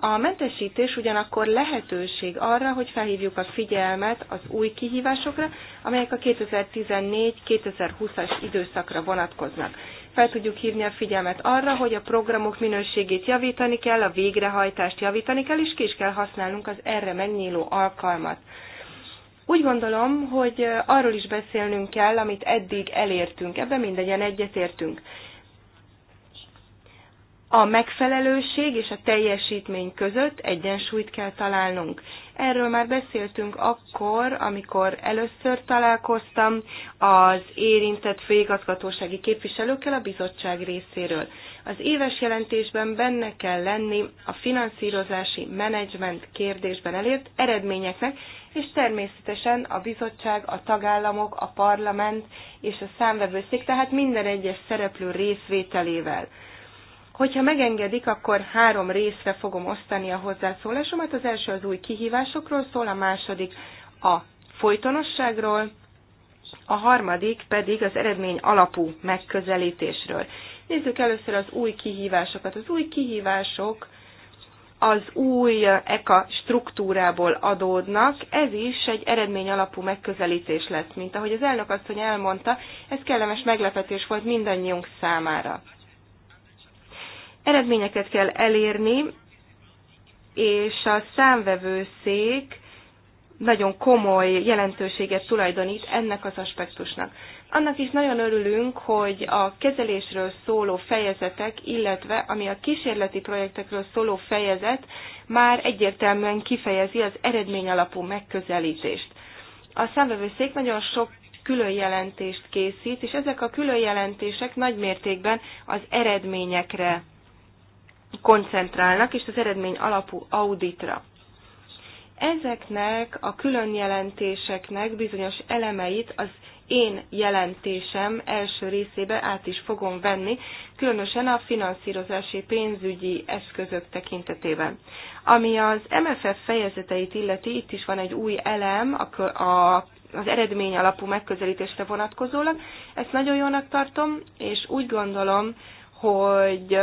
A mentesítés ugyanakkor lehetőség arra, hogy felhívjuk a figyelmet az új kihívásokra, amelyek a 2014-2020-as időszakra vonatkoznak. Fel tudjuk hívni a figyelmet arra, hogy a programok minőségét javítani kell, a végrehajtást javítani kell, és ki is kell használnunk az erre megnyíló alkalmat. Úgy gondolom, hogy arról is beszélnünk kell, amit eddig elértünk, ebben mindegyen egyetértünk a megfelelőség és a teljesítmény között egyensúlyt kell találnunk. Erről már beszéltünk akkor, amikor először találkoztam az érintett főigazgatósági képviselőkkel a bizottság részéről. Az éves jelentésben benne kell lenni a finanszírozási menedzsment kérdésben elért eredményeknek, és természetesen a bizottság, a tagállamok, a parlament és a számvevőszék, tehát minden egyes szereplő részvételével. Hogyha megengedik, akkor három részre fogom osztani a hozzászólásomat. Az első az új kihívásokról szól, a második a folytonosságról, a harmadik pedig az eredmény alapú megközelítésről. Nézzük először az új kihívásokat. Az új kihívások az új EKA struktúrából adódnak, ez is egy eredmény alapú megközelítés lesz, mint ahogy az elnök asszony elmondta, ez kellemes meglepetés volt mindannyiunk számára. Eredményeket kell elérni, és a számvevőszék nagyon komoly jelentőséget tulajdonít ennek az aspektusnak. Annak is nagyon örülünk, hogy a kezelésről szóló fejezetek, illetve ami a kísérleti projektekről szóló fejezet már egyértelműen kifejezi az eredmény alapú megközelítést. A számvevőszék nagyon sok külön jelentést készít, és ezek a külön jelentések nagymértékben az eredményekre koncentrálnak, és az eredmény alapú auditra. Ezeknek a külön jelentéseknek bizonyos elemeit az én jelentésem első részébe át is fogom venni, különösen a finanszírozási pénzügyi eszközök tekintetében. Ami az MFF fejezeteit illeti, itt is van egy új elem, a, a az eredmény alapú megközelítésre vonatkozólag. Ezt nagyon jónak tartom, és úgy gondolom, hogy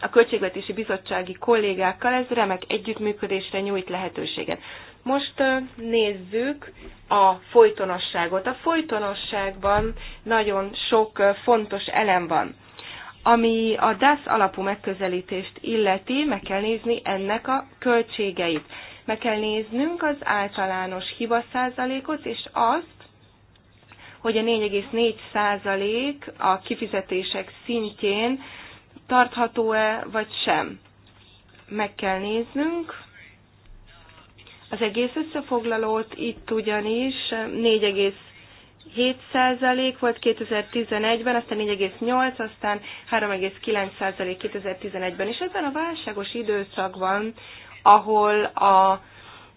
a Költségvetési Bizottsági kollégákkal, ez remek együttműködésre nyújt lehetőséget. Most nézzük a folytonosságot. A folytonosságban nagyon sok fontos elem van. Ami a DAS alapú megközelítést illeti, meg kell nézni ennek a költségeit. Meg kell néznünk az általános hiba százalékot, és azt, hogy a 4,4 százalék a kifizetések szintjén tartható-e, vagy sem. Meg kell néznünk. Az egész összefoglalót itt ugyanis 4,7% volt 2011-ben, aztán 4,8%, aztán 3,9% 2011-ben. És ebben a válságos időszakban, ahol a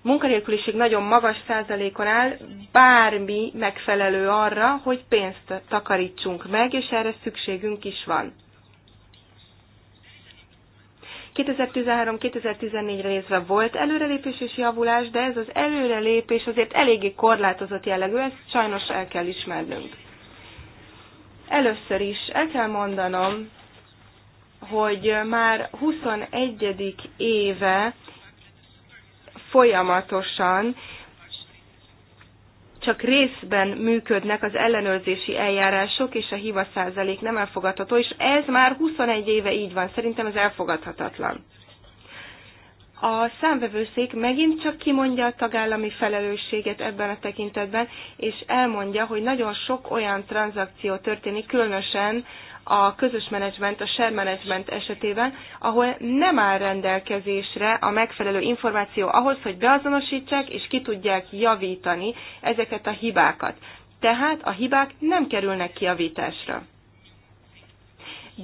munkanélküliség nagyon magas százalékon áll, bármi megfelelő arra, hogy pénzt takarítsunk meg, és erre szükségünk is van. 2013-2014-re nézve volt előrelépés és javulás, de ez az előrelépés azért eléggé korlátozott jellegű, ezt sajnos el kell ismernünk. Először is el kell mondanom, hogy már 21. éve folyamatosan csak részben működnek az ellenőrzési eljárások, és a hiba százalék nem elfogadható, és ez már 21 éve így van, szerintem ez elfogadhatatlan. A számvevőszék megint csak kimondja a tagállami felelősséget ebben a tekintetben, és elmondja, hogy nagyon sok olyan tranzakció történik, különösen a közös menedzsment, a share management esetében, ahol nem áll rendelkezésre a megfelelő információ ahhoz, hogy beazonosítsák és ki tudják javítani ezeket a hibákat. Tehát a hibák nem kerülnek kiavításra.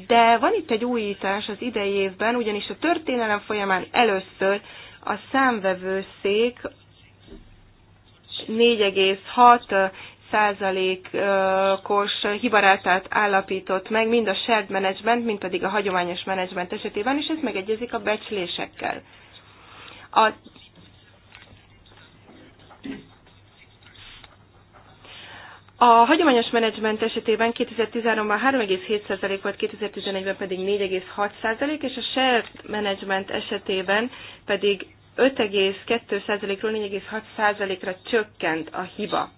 De van itt egy újítás az idei évben, ugyanis a történelem folyamán először a számvevőszék százalékos hibarátát állapított meg, mind a shared management, mind pedig a hagyományos management esetében, és ez megegyezik a becslésekkel. A A hagyományos menedzsment esetében 2013-ban 3,7% volt, 2011-ben pedig 4,6%, és a shared management esetében pedig 5,2%-ról 4,6%-ra csökkent a hiba.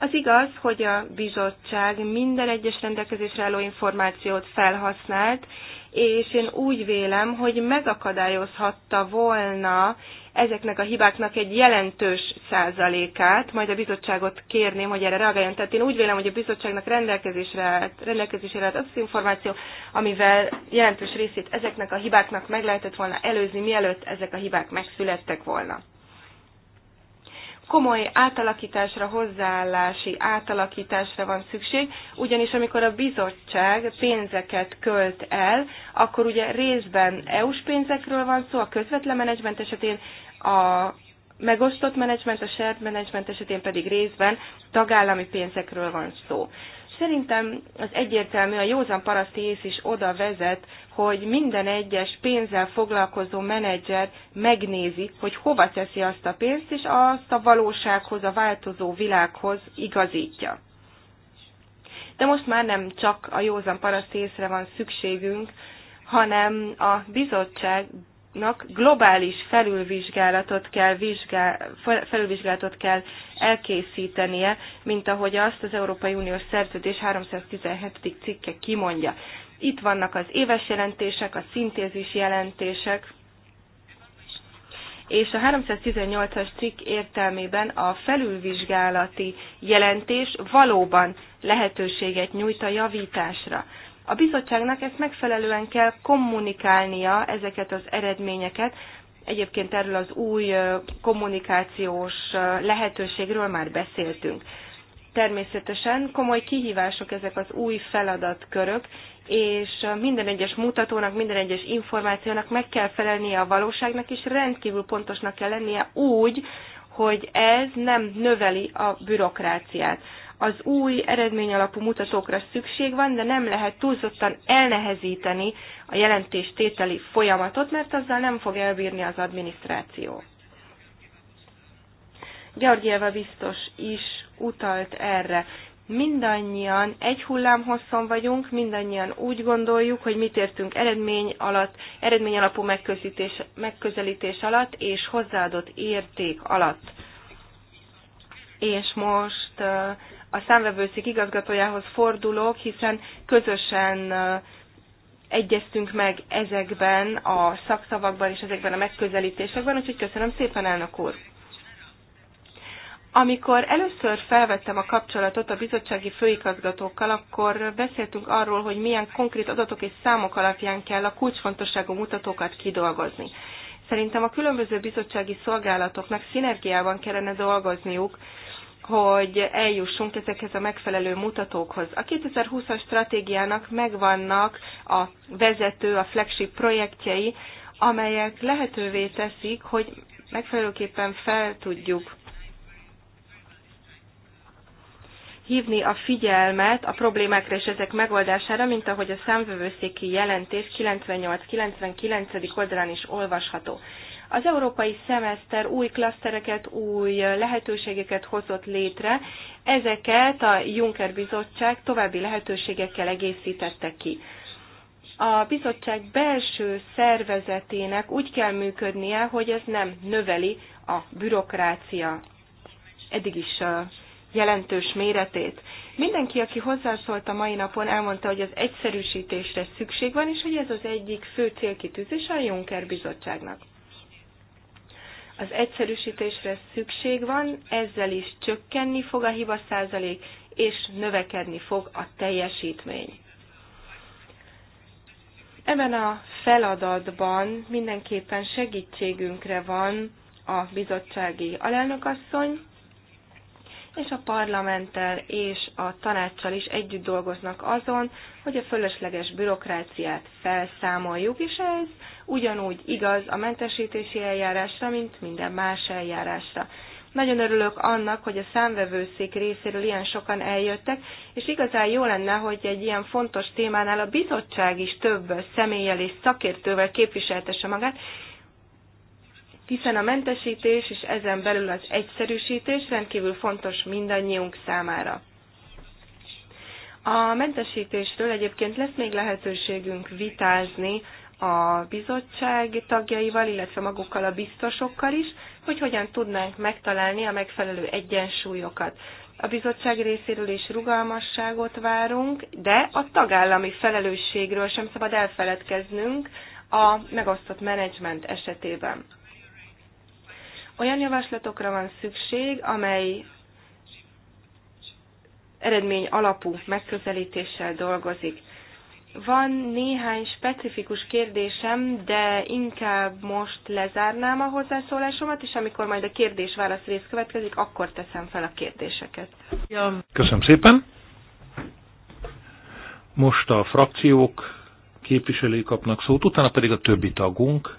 Az igaz, hogy a bizottság minden egyes rendelkezésre álló információt felhasznált, és én úgy vélem, hogy megakadályozhatta volna ezeknek a hibáknak egy jelentős százalékát, majd a bizottságot kérném, hogy erre reagáljon. Tehát én úgy vélem, hogy a bizottságnak rendelkezésre állt, rendelkezésre állt az információ, amivel jelentős részét ezeknek a hibáknak meg lehetett volna előzni, mielőtt ezek a hibák megszülettek volna komoly átalakításra, hozzáállási átalakításra van szükség, ugyanis amikor a bizottság pénzeket költ el, akkor ugye részben EU-s pénzekről van szó, a közvetlen menedzsment esetén a megosztott menedzsment, a shared menedzsment esetén pedig részben tagállami pénzekről van szó. Szerintem az egyértelmű, a józan paraszti ész is oda vezet, hogy minden egyes pénzzel foglalkozó menedzser megnézi, hogy hova teszi azt a pénzt, és azt a valósághoz, a változó világhoz igazítja. De most már nem csak a józan paraszti észre van szükségünk, hanem a bizottság nak globális felülvizsgálatot kell, vizsgál, felülvizsgálatot kell elkészítenie, mint ahogy azt az Európai Uniós Szerződés 317. cikke kimondja. Itt vannak az éves jelentések, a szintézis jelentések, és a 318-as cikk értelmében a felülvizsgálati jelentés valóban lehetőséget nyújt a javításra. A bizottságnak ezt megfelelően kell kommunikálnia ezeket az eredményeket. Egyébként erről az új kommunikációs lehetőségről már beszéltünk. Természetesen komoly kihívások ezek az új feladatkörök, és minden egyes mutatónak, minden egyes információnak meg kell felelnie a valóságnak, és rendkívül pontosnak kell lennie úgy, hogy ez nem növeli a bürokráciát az új eredményalapú mutatókra szükség van, de nem lehet túlzottan elnehezíteni a jelentéstételi folyamatot, mert azzal nem fog elbírni az adminisztráció. Georgieva biztos is utalt erre. Mindannyian egy hullám hosszon vagyunk, mindannyian úgy gondoljuk, hogy mit értünk eredmény alatt, eredmény alapú megközelítés, megközelítés alatt és hozzáadott érték alatt. És most a számvevőszék igazgatójához fordulok, hiszen közösen egyeztünk meg ezekben a szakszavakban és ezekben a megközelítésekben, úgyhogy köszönöm szépen, elnök úr! Amikor először felvettem a kapcsolatot a bizottsági főigazgatókkal, akkor beszéltünk arról, hogy milyen konkrét adatok és számok alapján kell a kulcsfontosságú mutatókat kidolgozni. Szerintem a különböző bizottsági szolgálatoknak szinergiában kellene dolgozniuk, hogy eljussunk ezekhez a megfelelő mutatókhoz. A 2020-as stratégiának megvannak a vezető, a flagship projektjei, amelyek lehetővé teszik, hogy megfelelőképpen fel tudjuk hívni a figyelmet a problémákra és ezek megoldására, mint ahogy a számvevőszéki jelentés 98-99. oldalán is olvasható. Az európai szemeszter új klasztereket, új lehetőségeket hozott létre, ezeket a Juncker bizottság további lehetőségekkel egészítette ki a bizottság belső szervezetének úgy kell működnie, hogy ez nem növeli a bürokrácia eddig is jelentős méretét. Mindenki, aki hozzászólt a mai napon, elmondta, hogy az egyszerűsítésre szükség van, és hogy ez az egyik fő célkitűzés a Juncker bizottságnak az egyszerűsítésre szükség van, ezzel is csökkenni fog a hiba százalék, és növekedni fog a teljesítmény. Ebben a feladatban mindenképpen segítségünkre van a bizottsági alelnökasszony, és a parlamenttel és a tanácssal is együtt dolgoznak azon, hogy a fölösleges bürokráciát felszámoljuk, és ez ugyanúgy igaz a mentesítési eljárásra, mint minden más eljárásra. Nagyon örülök annak, hogy a számvevőszék részéről ilyen sokan eljöttek, és igazán jó lenne, hogy egy ilyen fontos témánál a bizottság is több személlyel és szakértővel képviseltesse magát, hiszen a mentesítés és ezen belül az egyszerűsítés rendkívül fontos mindannyiunk számára. A mentesítésről egyébként lesz még lehetőségünk vitázni a bizottság tagjaival, illetve magukkal a biztosokkal is, hogy hogyan tudnánk megtalálni a megfelelő egyensúlyokat. A bizottság részéről is rugalmasságot várunk, de a tagállami felelősségről sem szabad elfeledkeznünk a megosztott menedzsment esetében. Olyan javaslatokra van szükség, amely eredmény alapú megközelítéssel dolgozik. Van néhány specifikus kérdésem, de inkább most lezárnám a hozzászólásomat, és amikor majd a kérdés-válasz rész következik, akkor teszem fel a kérdéseket. Köszönöm szépen. Most a frakciók képviselői kapnak szót, utána pedig a többi tagunk.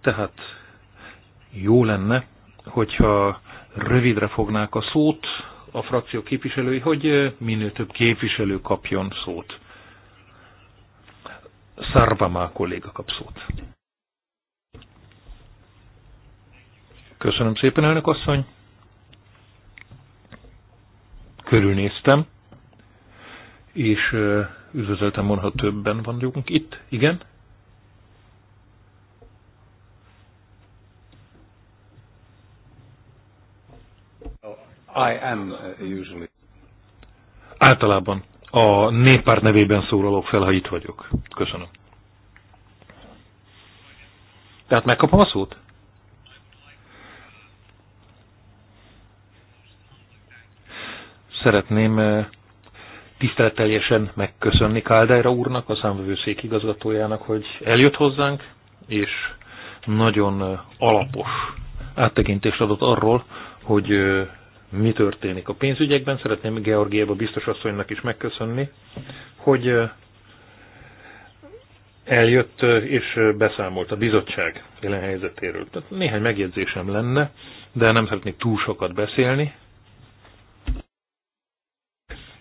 Tehát jó lenne, hogyha rövidre fognák a szót a frakció képviselői, hogy minél több képviselő kapjon szót. Szarvamá kolléga kap szót. Köszönöm szépen, elnök asszony. Körülnéztem, és üdvözöltem volna, ha többen vagyunk itt. Igen? I am uh, usually. Általában a néppárt nevében szólalok fel, ha itt vagyok. Köszönöm. Tehát megkapom a szót? Szeretném eh, tiszteletteljesen megköszönni Káldájra úrnak, a számvevőszék igazgatójának, hogy eljött hozzánk, és nagyon eh, alapos áttekintést adott arról, hogy eh, mi történik a pénzügyekben. Szeretném Georgiába biztos asszonynak is megköszönni, hogy eljött és beszámolt a bizottság jelen helyzetéről. Tehát néhány megjegyzésem lenne, de nem szeretnék túl sokat beszélni.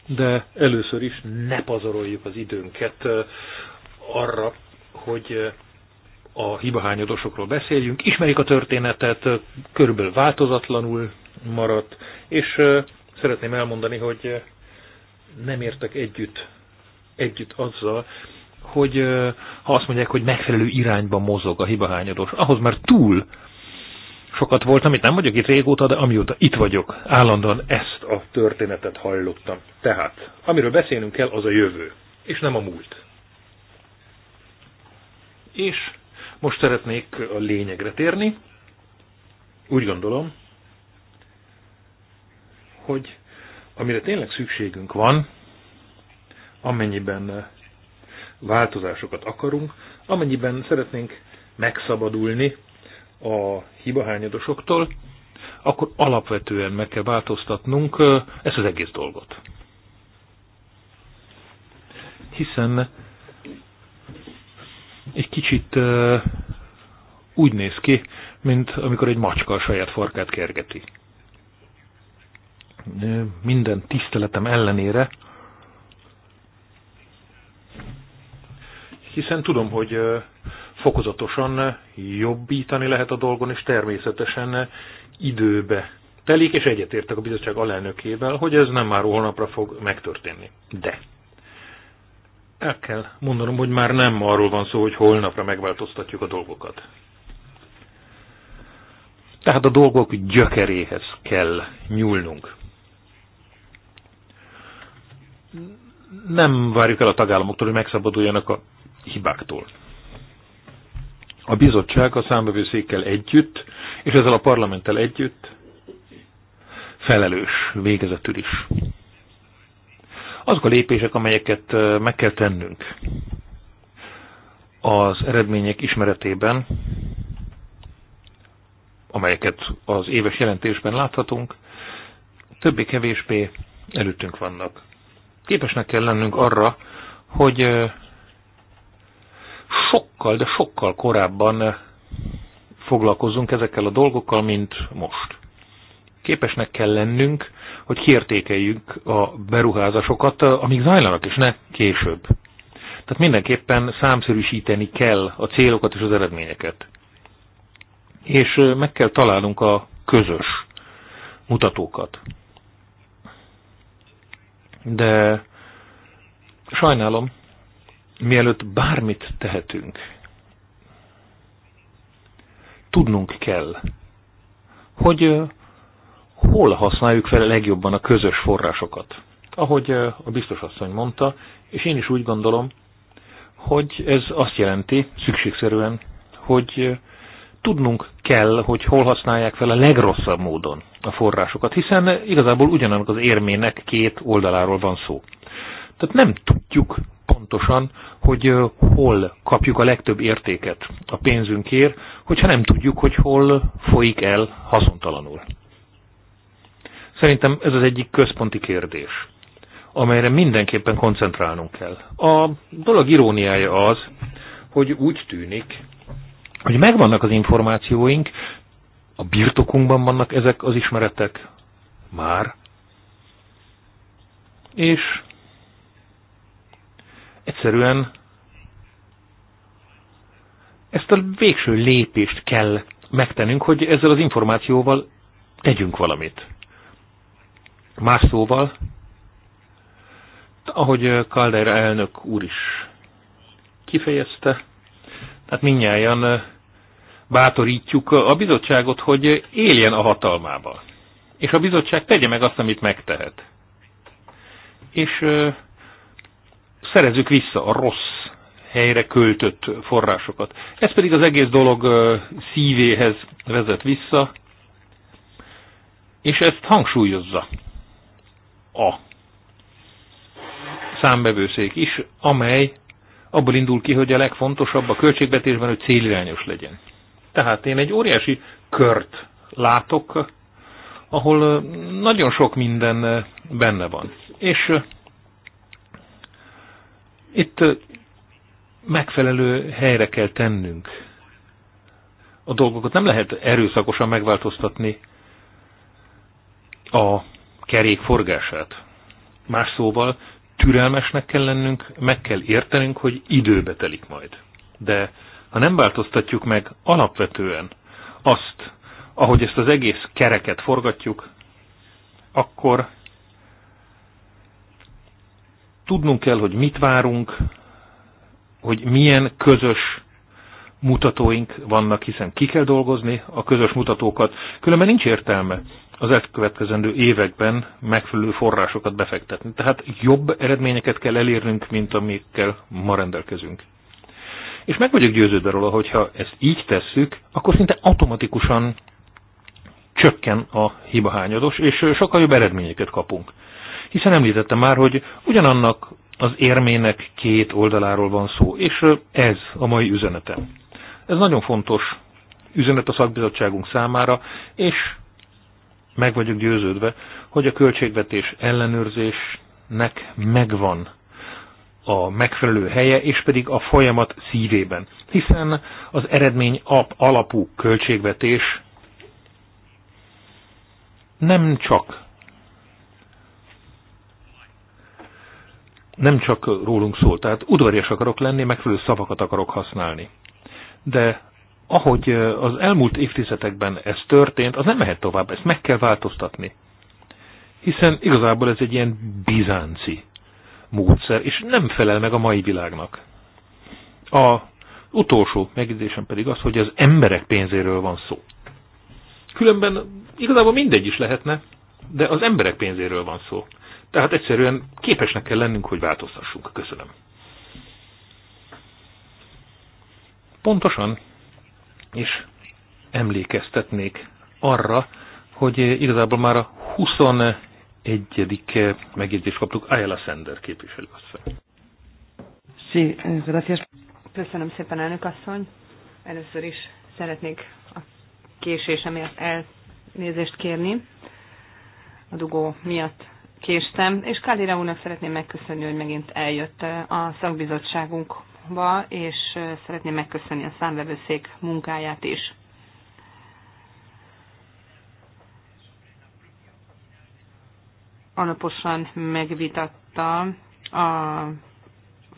De először is ne pazaroljuk az időnket arra, hogy a hibahányadosokról beszéljünk. Ismerik a történetet, körülbelül változatlanul maradt, és szeretném elmondani, hogy nem értek együtt, együtt azzal, hogy ha azt mondják, hogy megfelelő irányba mozog a hibahányados, ahhoz már túl sokat volt, amit nem vagyok itt régóta, de amióta itt vagyok, állandóan ezt a történetet hallottam. Tehát, amiről beszélnünk kell, az a jövő, és nem a múlt. És most szeretnék a lényegre térni. Úgy gondolom, hogy amire tényleg szükségünk van, amennyiben eh, változásokat akarunk, amennyiben szeretnénk megszabadulni a hibahányadosoktól, akkor alapvetően meg kell változtatnunk eh, ezt az egész dolgot. Hiszen egy kicsit eh, úgy néz ki, mint amikor egy macska a saját farkát kergeti minden tiszteletem ellenére, hiszen tudom, hogy fokozatosan jobbítani lehet a dolgon, és természetesen időbe telik, és egyetértek a bizottság alelnökével, hogy ez nem már holnapra fog megtörténni. De el kell mondanom, hogy már nem arról van szó, hogy holnapra megváltoztatjuk a dolgokat. Tehát a dolgok gyökeréhez kell nyúlnunk nem várjuk el a tagállamoktól, hogy megszabaduljanak a hibáktól. A bizottság a számbevőszékkel együtt, és ezzel a parlamenttel együtt felelős végezetül is. Azok a lépések, amelyeket meg kell tennünk az eredmények ismeretében, amelyeket az éves jelentésben láthatunk, többé-kevésbé előttünk vannak. Képesnek kell lennünk arra, hogy sokkal, de sokkal korábban foglalkozzunk ezekkel a dolgokkal, mint most. Képesnek kell lennünk, hogy kiértékeljük a beruházásokat, amíg zajlanak, és ne később. Tehát mindenképpen számszerűsíteni kell a célokat és az eredményeket. És meg kell találnunk a közös mutatókat de sajnálom, mielőtt bármit tehetünk, tudnunk kell, hogy hol használjuk fel legjobban a közös forrásokat. Ahogy a biztos asszony mondta, és én is úgy gondolom, hogy ez azt jelenti szükségszerűen, hogy tudnunk kell, hogy hol használják fel a legrosszabb módon a forrásokat, hiszen igazából ugyanannak az érmének két oldaláról van szó. Tehát nem tudjuk pontosan, hogy hol kapjuk a legtöbb értéket a pénzünkért, hogyha nem tudjuk, hogy hol folyik el haszontalanul. Szerintem ez az egyik központi kérdés, amelyre mindenképpen koncentrálnunk kell. A dolog iróniája az, hogy úgy tűnik, hogy megvannak az információink, a birtokunkban vannak ezek az ismeretek már, és egyszerűen ezt a végső lépést kell megtennünk, hogy ezzel az információval tegyünk valamit. Más szóval, ahogy Calder elnök úr is kifejezte, tehát minnyáján bátorítjuk a bizottságot, hogy éljen a hatalmában, És a bizottság tegye meg azt, amit megtehet. És szerezzük vissza a rossz helyre költött forrásokat. Ez pedig az egész dolog szívéhez vezet vissza, és ezt hangsúlyozza a számbevőszék is, amely abból indul ki, hogy a legfontosabb a költségvetésben, hogy célirányos legyen. Tehát én egy óriási kört látok, ahol nagyon sok minden benne van. És itt megfelelő helyre kell tennünk a dolgokat. Nem lehet erőszakosan megváltoztatni a kerék forgását. Más szóval türelmesnek kell lennünk, meg kell értenünk, hogy időbe telik majd. De ha nem változtatjuk meg alapvetően azt, ahogy ezt az egész kereket forgatjuk, akkor tudnunk kell, hogy mit várunk, hogy milyen közös mutatóink vannak, hiszen ki kell dolgozni a közös mutatókat, különben nincs értelme az elkövetkezendő években megfelelő forrásokat befektetni. Tehát jobb eredményeket kell elérnünk, mint amikkel ma rendelkezünk. És meg vagyok győződve róla, hogyha ezt így tesszük, akkor szinte automatikusan csökken a hibahányados, és sokkal jobb eredményeket kapunk. Hiszen említettem már, hogy ugyanannak az érmének két oldaláról van szó, és ez a mai üzenetem. Ez nagyon fontos üzenet a szakbizottságunk számára, és meg vagyok győződve, hogy a költségvetés ellenőrzésnek megvan a megfelelő helye, és pedig a folyamat szívében. Hiszen az eredmény alapú költségvetés nem csak nem csak rólunk szól, tehát udvarias akarok lenni, megfelelő szavakat akarok használni de ahogy az elmúlt évtizedekben ez történt, az nem mehet tovább, ezt meg kell változtatni. Hiszen igazából ez egy ilyen bizánci módszer, és nem felel meg a mai világnak. A utolsó megidézésem pedig az, hogy az emberek pénzéről van szó. Különben igazából mindegy is lehetne, de az emberek pénzéről van szó. Tehát egyszerűen képesnek kell lennünk, hogy változtassunk. Köszönöm. Pontosan, és emlékeztetnék arra, hogy igazából már a 21. megjegyzést kaptuk Ayala Sender képviselőasszony. Sí, gracias. Köszönöm szépen, elnök asszony. Először is szeretnék a késésemért elnézést kérni. A dugó miatt késtem, és Kálira úrnak szeretném megköszönni, hogy megint eljött a szakbizottságunk munkába, és szeretném megköszönni a számvevőszék munkáját is. Alaposan megvitatta a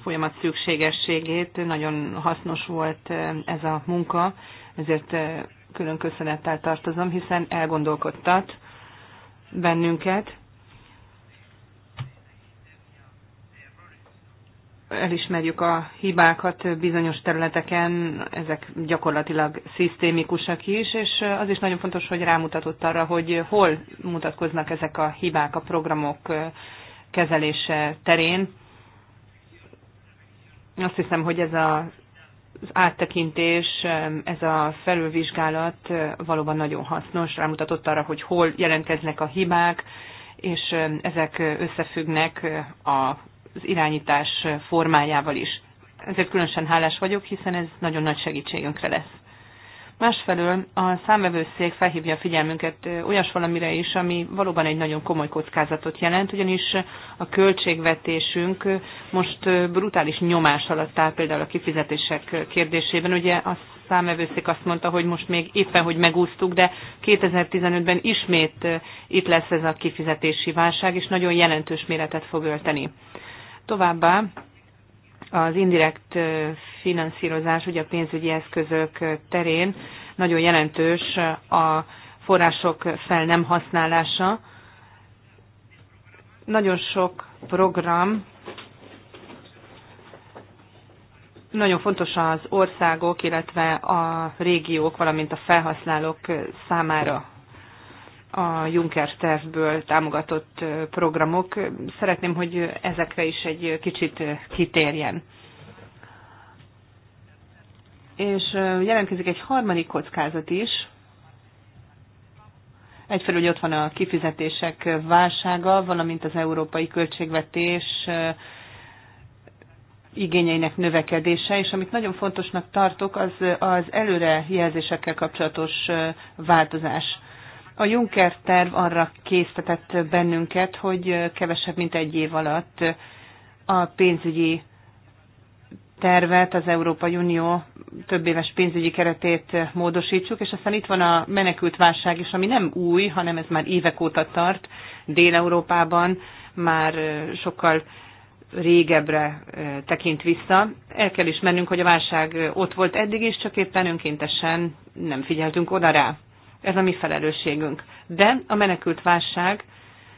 folyamat szükségességét, nagyon hasznos volt ez a munka, ezért külön köszönettel tartozom, hiszen elgondolkodtat bennünket, elismerjük a hibákat bizonyos területeken, ezek gyakorlatilag szisztémikusak is, és az is nagyon fontos, hogy rámutatott arra, hogy hol mutatkoznak ezek a hibák a programok kezelése terén. Azt hiszem, hogy ez a, az áttekintés, ez a felülvizsgálat valóban nagyon hasznos, rámutatott arra, hogy hol jelentkeznek a hibák, és ezek összefüggnek a az irányítás formájával is. Ezért különösen hálás vagyok, hiszen ez nagyon nagy segítségünkre lesz. Másfelől a számvevőszék felhívja a figyelmünket olyas valamire is, ami valóban egy nagyon komoly kockázatot jelent, ugyanis a költségvetésünk most brutális nyomás alatt áll például a kifizetések kérdésében. Ugye a számvevőszék azt mondta, hogy most még éppen, hogy megúsztuk, de 2015-ben ismét itt lesz ez a kifizetési válság, és nagyon jelentős méretet fog ölteni. Továbbá az indirekt finanszírozás, ugye a pénzügyi eszközök terén nagyon jelentős a források fel nem használása. Nagyon sok program, nagyon fontos az országok, illetve a régiók, valamint a felhasználók számára a Juncker tervből támogatott programok. Szeretném, hogy ezekre is egy kicsit kitérjen. És jelentkezik egy harmadik kockázat is. Egyfelől, hogy ott van a kifizetések válsága, valamint az európai költségvetés igényeinek növekedése, és amit nagyon fontosnak tartok, az az előrejelzésekkel kapcsolatos változás a Juncker terv arra késztetett bennünket, hogy kevesebb, mint egy év alatt a pénzügyi tervet, az Európai Unió több éves pénzügyi keretét módosítsuk, és aztán itt van a menekült válság is, ami nem új, hanem ez már évek óta tart. Dél-Európában már sokkal régebbre tekint vissza. El kell ismernünk, hogy a válság ott volt eddig is, csak éppen önkéntesen nem figyeltünk oda rá ez a mi felelősségünk. De a menekült válság,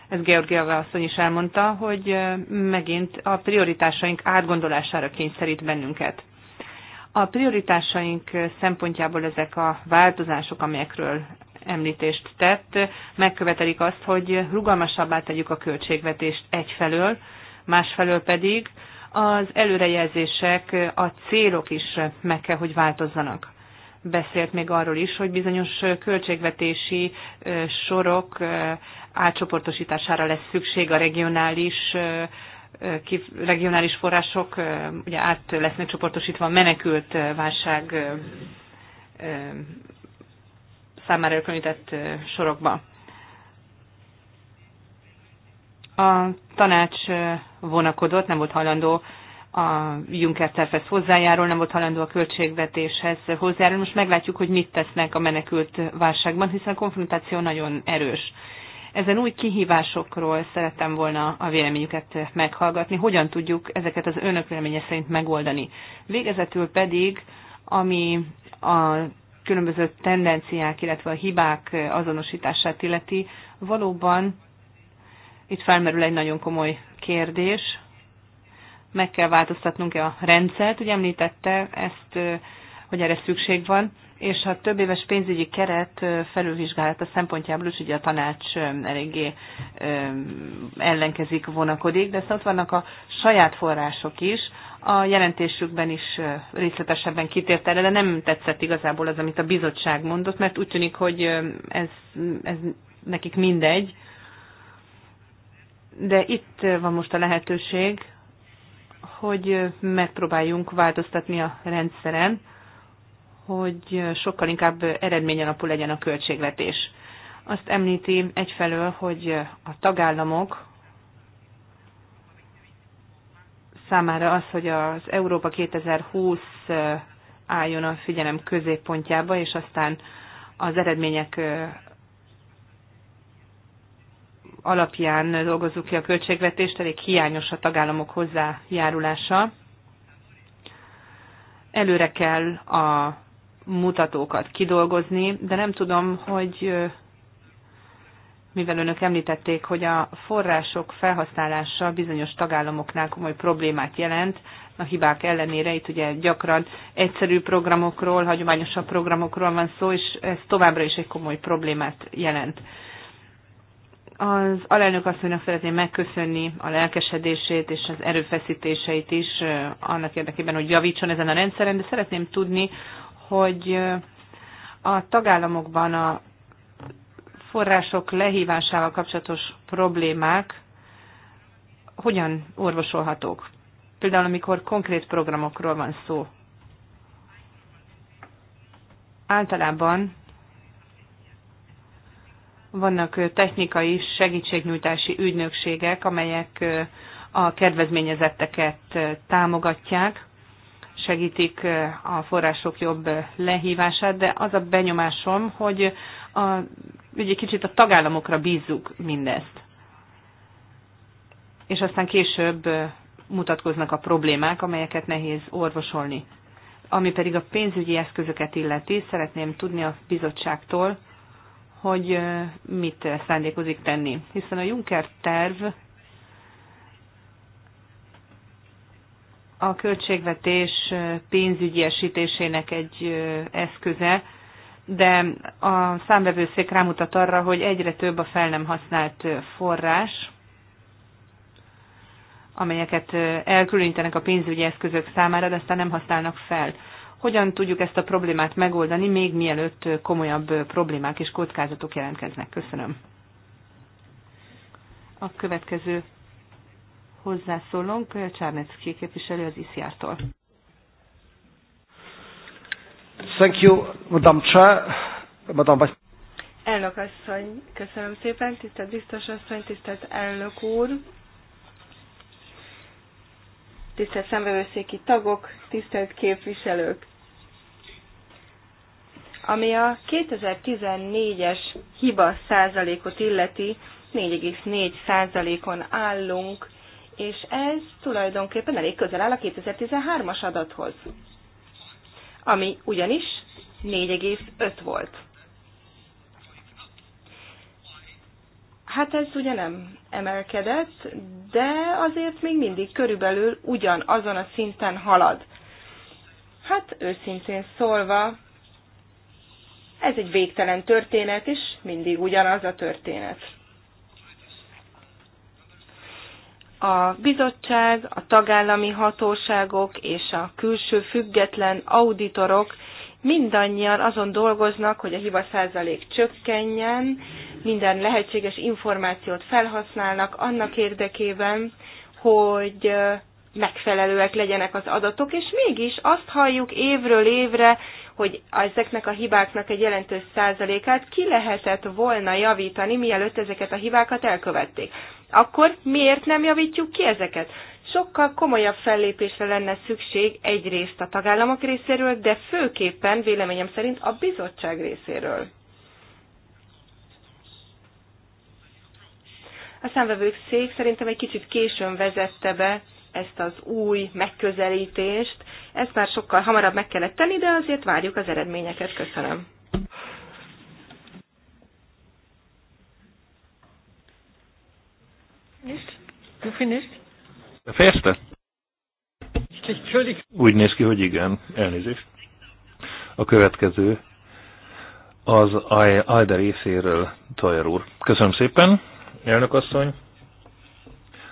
ez Georgia asszony is elmondta, hogy megint a prioritásaink átgondolására kényszerít bennünket. A prioritásaink szempontjából ezek a változások, amelyekről említést tett, megkövetelik azt, hogy rugalmasabbá tegyük a költségvetést egyfelől, másfelől pedig az előrejelzések, a célok is meg kell, hogy változzanak beszélt még arról is, hogy bizonyos költségvetési sorok átcsoportosítására lesz szükség a regionális regionális források ugye át lesznek csoportosítva a menekült válság számára elkülönített sorokba. A tanács vonakodott, nem volt hajlandó a Juncker tervhez hozzájárul, nem volt halandó a költségvetéshez hozzájárul. Most meglátjuk, hogy mit tesznek a menekült válságban, hiszen a konfrontáció nagyon erős. Ezen új kihívásokról szerettem volna a véleményüket meghallgatni, hogyan tudjuk ezeket az önök véleménye szerint megoldani. Végezetül pedig, ami a különböző tendenciák, illetve a hibák azonosítását illeti, valóban itt felmerül egy nagyon komoly kérdés, meg kell változtatnunk a rendszert, ugye említette ezt, hogy erre szükség van, és a több éves pénzügyi keret felülvizsgálata szempontjából is ugye a tanács eléggé ellenkezik, vonakodik, de szóval ott vannak a saját források is, a jelentésükben is részletesebben kitért erre, de nem tetszett igazából az, amit a bizottság mondott, mert úgy tűnik, hogy ez, ez nekik mindegy. De itt van most a lehetőség, hogy megpróbáljunk változtatni a rendszeren, hogy sokkal inkább alapú legyen a költségvetés. Azt említi egyfelől, hogy a tagállamok számára az, hogy az Európa 2020 álljon a figyelem középpontjába, és aztán az eredmények alapján dolgozzuk ki a költségvetést, elég hiányos a tagállamok hozzájárulása. Előre kell a mutatókat kidolgozni, de nem tudom, hogy mivel önök említették, hogy a források felhasználása bizonyos tagállamoknál komoly problémát jelent, a hibák ellenére itt ugye gyakran egyszerű programokról, hagyományosabb programokról van szó, és ez továbbra is egy komoly problémát jelent. Az alelnök asszonynak szeretném megköszönni a lelkesedését és az erőfeszítéseit is annak érdekében, hogy javítson ezen a rendszeren, de szeretném tudni, hogy a tagállamokban a források lehívásával kapcsolatos problémák hogyan orvosolhatók? Például, amikor konkrét programokról van szó. Általában vannak technikai segítségnyújtási ügynökségek, amelyek a kedvezményezetteket támogatják, segítik a források jobb lehívását, de az a benyomásom, hogy a, ugye kicsit a tagállamokra bízzuk mindezt. És aztán később mutatkoznak a problémák, amelyeket nehéz orvosolni. Ami pedig a pénzügyi eszközöket illeti, szeretném tudni a bizottságtól, hogy mit szándékozik tenni. Hiszen a Juncker terv a költségvetés pénzügyi esítésének egy eszköze, de a számvevőszék rámutat arra, hogy egyre több a fel nem használt forrás, amelyeket elkülönítenek a pénzügyi eszközök számára, de aztán nem használnak fel hogyan tudjuk ezt a problémát megoldani, még mielőtt komolyabb problémák és kockázatok jelentkeznek. Köszönöm. A következő hozzászólónk Csárnecki képviselő az ICR-tól. Thank you, Madam Chair, Madam Elnök asszony, köszönöm szépen, tisztelt biztos asszony, tisztelt elnök úr, tisztelt szembevőszéki tagok, tisztelt képviselők. Ami a 2014-es hiba százalékot illeti, 4,4 százalékon állunk, és ez tulajdonképpen elég közel áll a 2013-as adathoz, ami ugyanis 4,5 volt. Hát ez ugye nem emelkedett, de azért még mindig körülbelül ugyanazon a szinten halad. Hát őszintén szólva, ez egy végtelen történet, és mindig ugyanaz a történet. a bizottság, a tagállami hatóságok és a külső független auditorok mindannyian azon dolgoznak, hogy a hiba százalék csökkenjen, minden lehetséges információt felhasználnak annak érdekében, hogy megfelelőek legyenek az adatok, és mégis azt halljuk évről évre, hogy ezeknek a hibáknak egy jelentős százalékát ki lehetett volna javítani, mielőtt ezeket a hibákat elkövették. Akkor miért nem javítjuk ki ezeket? sokkal komolyabb fellépésre lenne szükség egyrészt a tagállamok részéről, de főképpen véleményem szerint a bizottság részéről. A számvevők szék szerintem egy kicsit későn vezette be ezt az új megközelítést. Ezt már sokkal hamarabb meg kellett tenni, de azért várjuk az eredményeket. Köszönöm. You finished? Befejezte? Úgy néz ki, hogy igen. Elnézést. A következő az Ajda részéről Tajer úr. Köszönöm szépen, elnök asszony.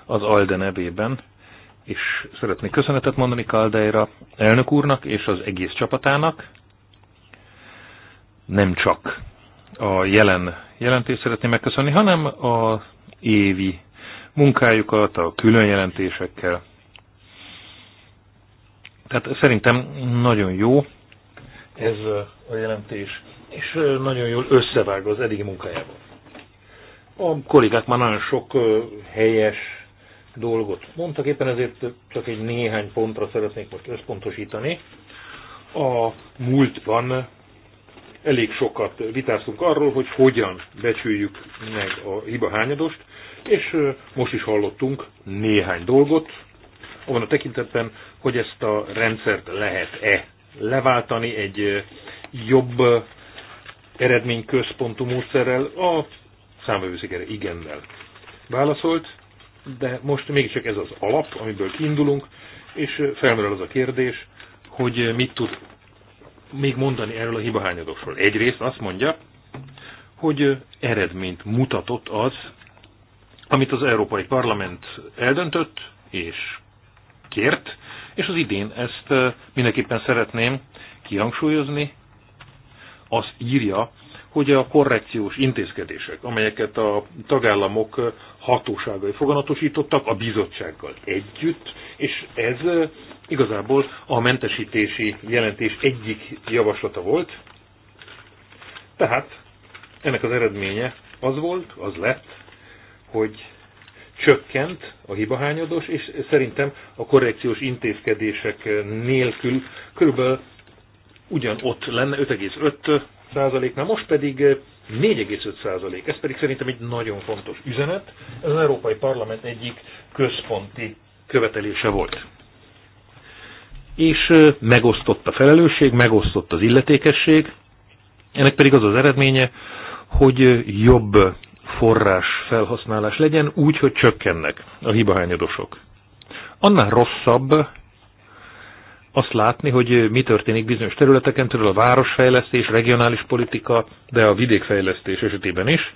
Az Alde nevében és szeretnék köszönetet mondani Kaldeira elnök úrnak és az egész csapatának. Nem csak a jelen jelentést szeretném megköszönni, hanem a évi munkájukat, a külön jelentésekkel. Tehát szerintem nagyon jó ez a jelentés, és nagyon jól összevág az eddigi munkájával. A kollégák már nagyon sok helyes dolgot mondtak, éppen ezért csak egy néhány pontra szeretnék most összpontosítani. A múltban elég sokat vitáztunk arról, hogy hogyan becsüljük meg a hiba hányadost, és most is hallottunk néhány dolgot, abban a tekintetben, hogy ezt a rendszert lehet-e leváltani egy jobb eredményközpontú módszerrel, a számövőszék igennel válaszolt, de most mégiscsak ez az alap, amiből kiindulunk, és felmerül az a kérdés, hogy mit tud még mondani erről a hibahányadokról. Egyrészt azt mondja, hogy eredményt mutatott az, amit az Európai Parlament eldöntött és kért, és az idén ezt mindenképpen szeretném kihangsúlyozni. Azt írja hogy a korrekciós intézkedések, amelyeket a tagállamok hatóságai foganatosítottak a bizottsággal együtt, és ez igazából a mentesítési jelentés egyik javaslata volt. Tehát ennek az eredménye az volt, az lett, hogy csökkent a hibahányados, és szerintem a korrekciós intézkedések nélkül körülbelül ugyanott lenne, 5,5 százaléknál, most pedig 4,5 százalék. Ez pedig szerintem egy nagyon fontos üzenet. Ez az Európai Parlament egyik központi követelése volt. És megosztott a felelősség, megosztott az illetékesség, ennek pedig az az eredménye, hogy jobb forrás felhasználás legyen, úgy, hogy csökkennek a hibahányadosok. Annál rosszabb azt látni, hogy mi történik bizonyos területeken, például a városfejlesztés, regionális politika, de a vidékfejlesztés esetében is.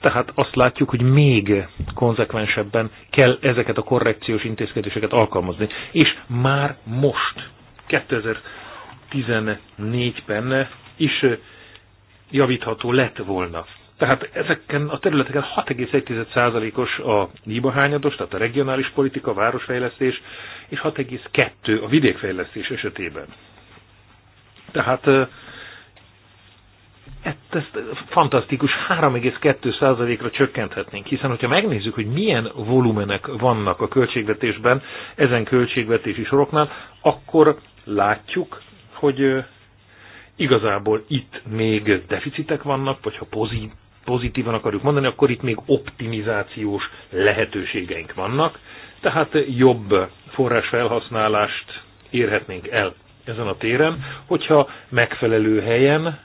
Tehát azt látjuk, hogy még konzekvensebben kell ezeket a korrekciós intézkedéseket alkalmazni. És már most, 2014-ben is javítható lett volna. Tehát ezeken a területeken 6,1%-os a hibahányados, tehát a regionális politika, a városfejlesztés és 6,2 a vidékfejlesztés esetében. Tehát ezt fantasztikus 3,2%-ra csökkenthetnénk, hiszen hogyha megnézzük, hogy milyen volumenek vannak a költségvetésben, ezen költségvetési soroknál, akkor látjuk, hogy igazából itt még deficitek vannak, vagy ha pozitívan akarjuk mondani, akkor itt még optimizációs lehetőségeink vannak, tehát jobb forrásfelhasználást érhetnénk el ezen a téren, hogyha megfelelő helyen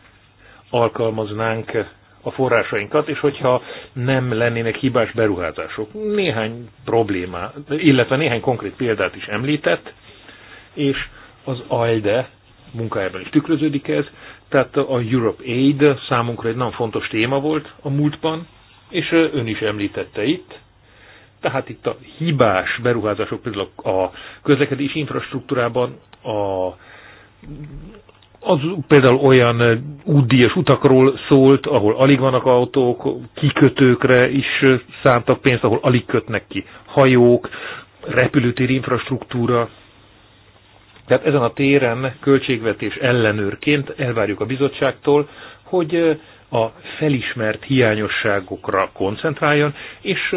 alkalmaznánk a forrásainkat, és hogyha nem lennének hibás beruházások. Néhány problémá, illetve néhány konkrét példát is említett, és az ALDE munkájában is tükröződik ez, tehát a Europe Aid számunkra egy nagyon fontos téma volt a múltban, és ön is említette itt, tehát itt a hibás beruházások például a közlekedés infrastruktúrában, a, az például olyan útdíjas utakról szólt, ahol alig vannak autók, kikötőkre is szántak pénzt, ahol alig kötnek ki hajók, repülőtér infrastruktúra. Tehát ezen a téren költségvetés ellenőrként elvárjuk a bizottságtól, hogy a felismert hiányosságokra koncentráljon, és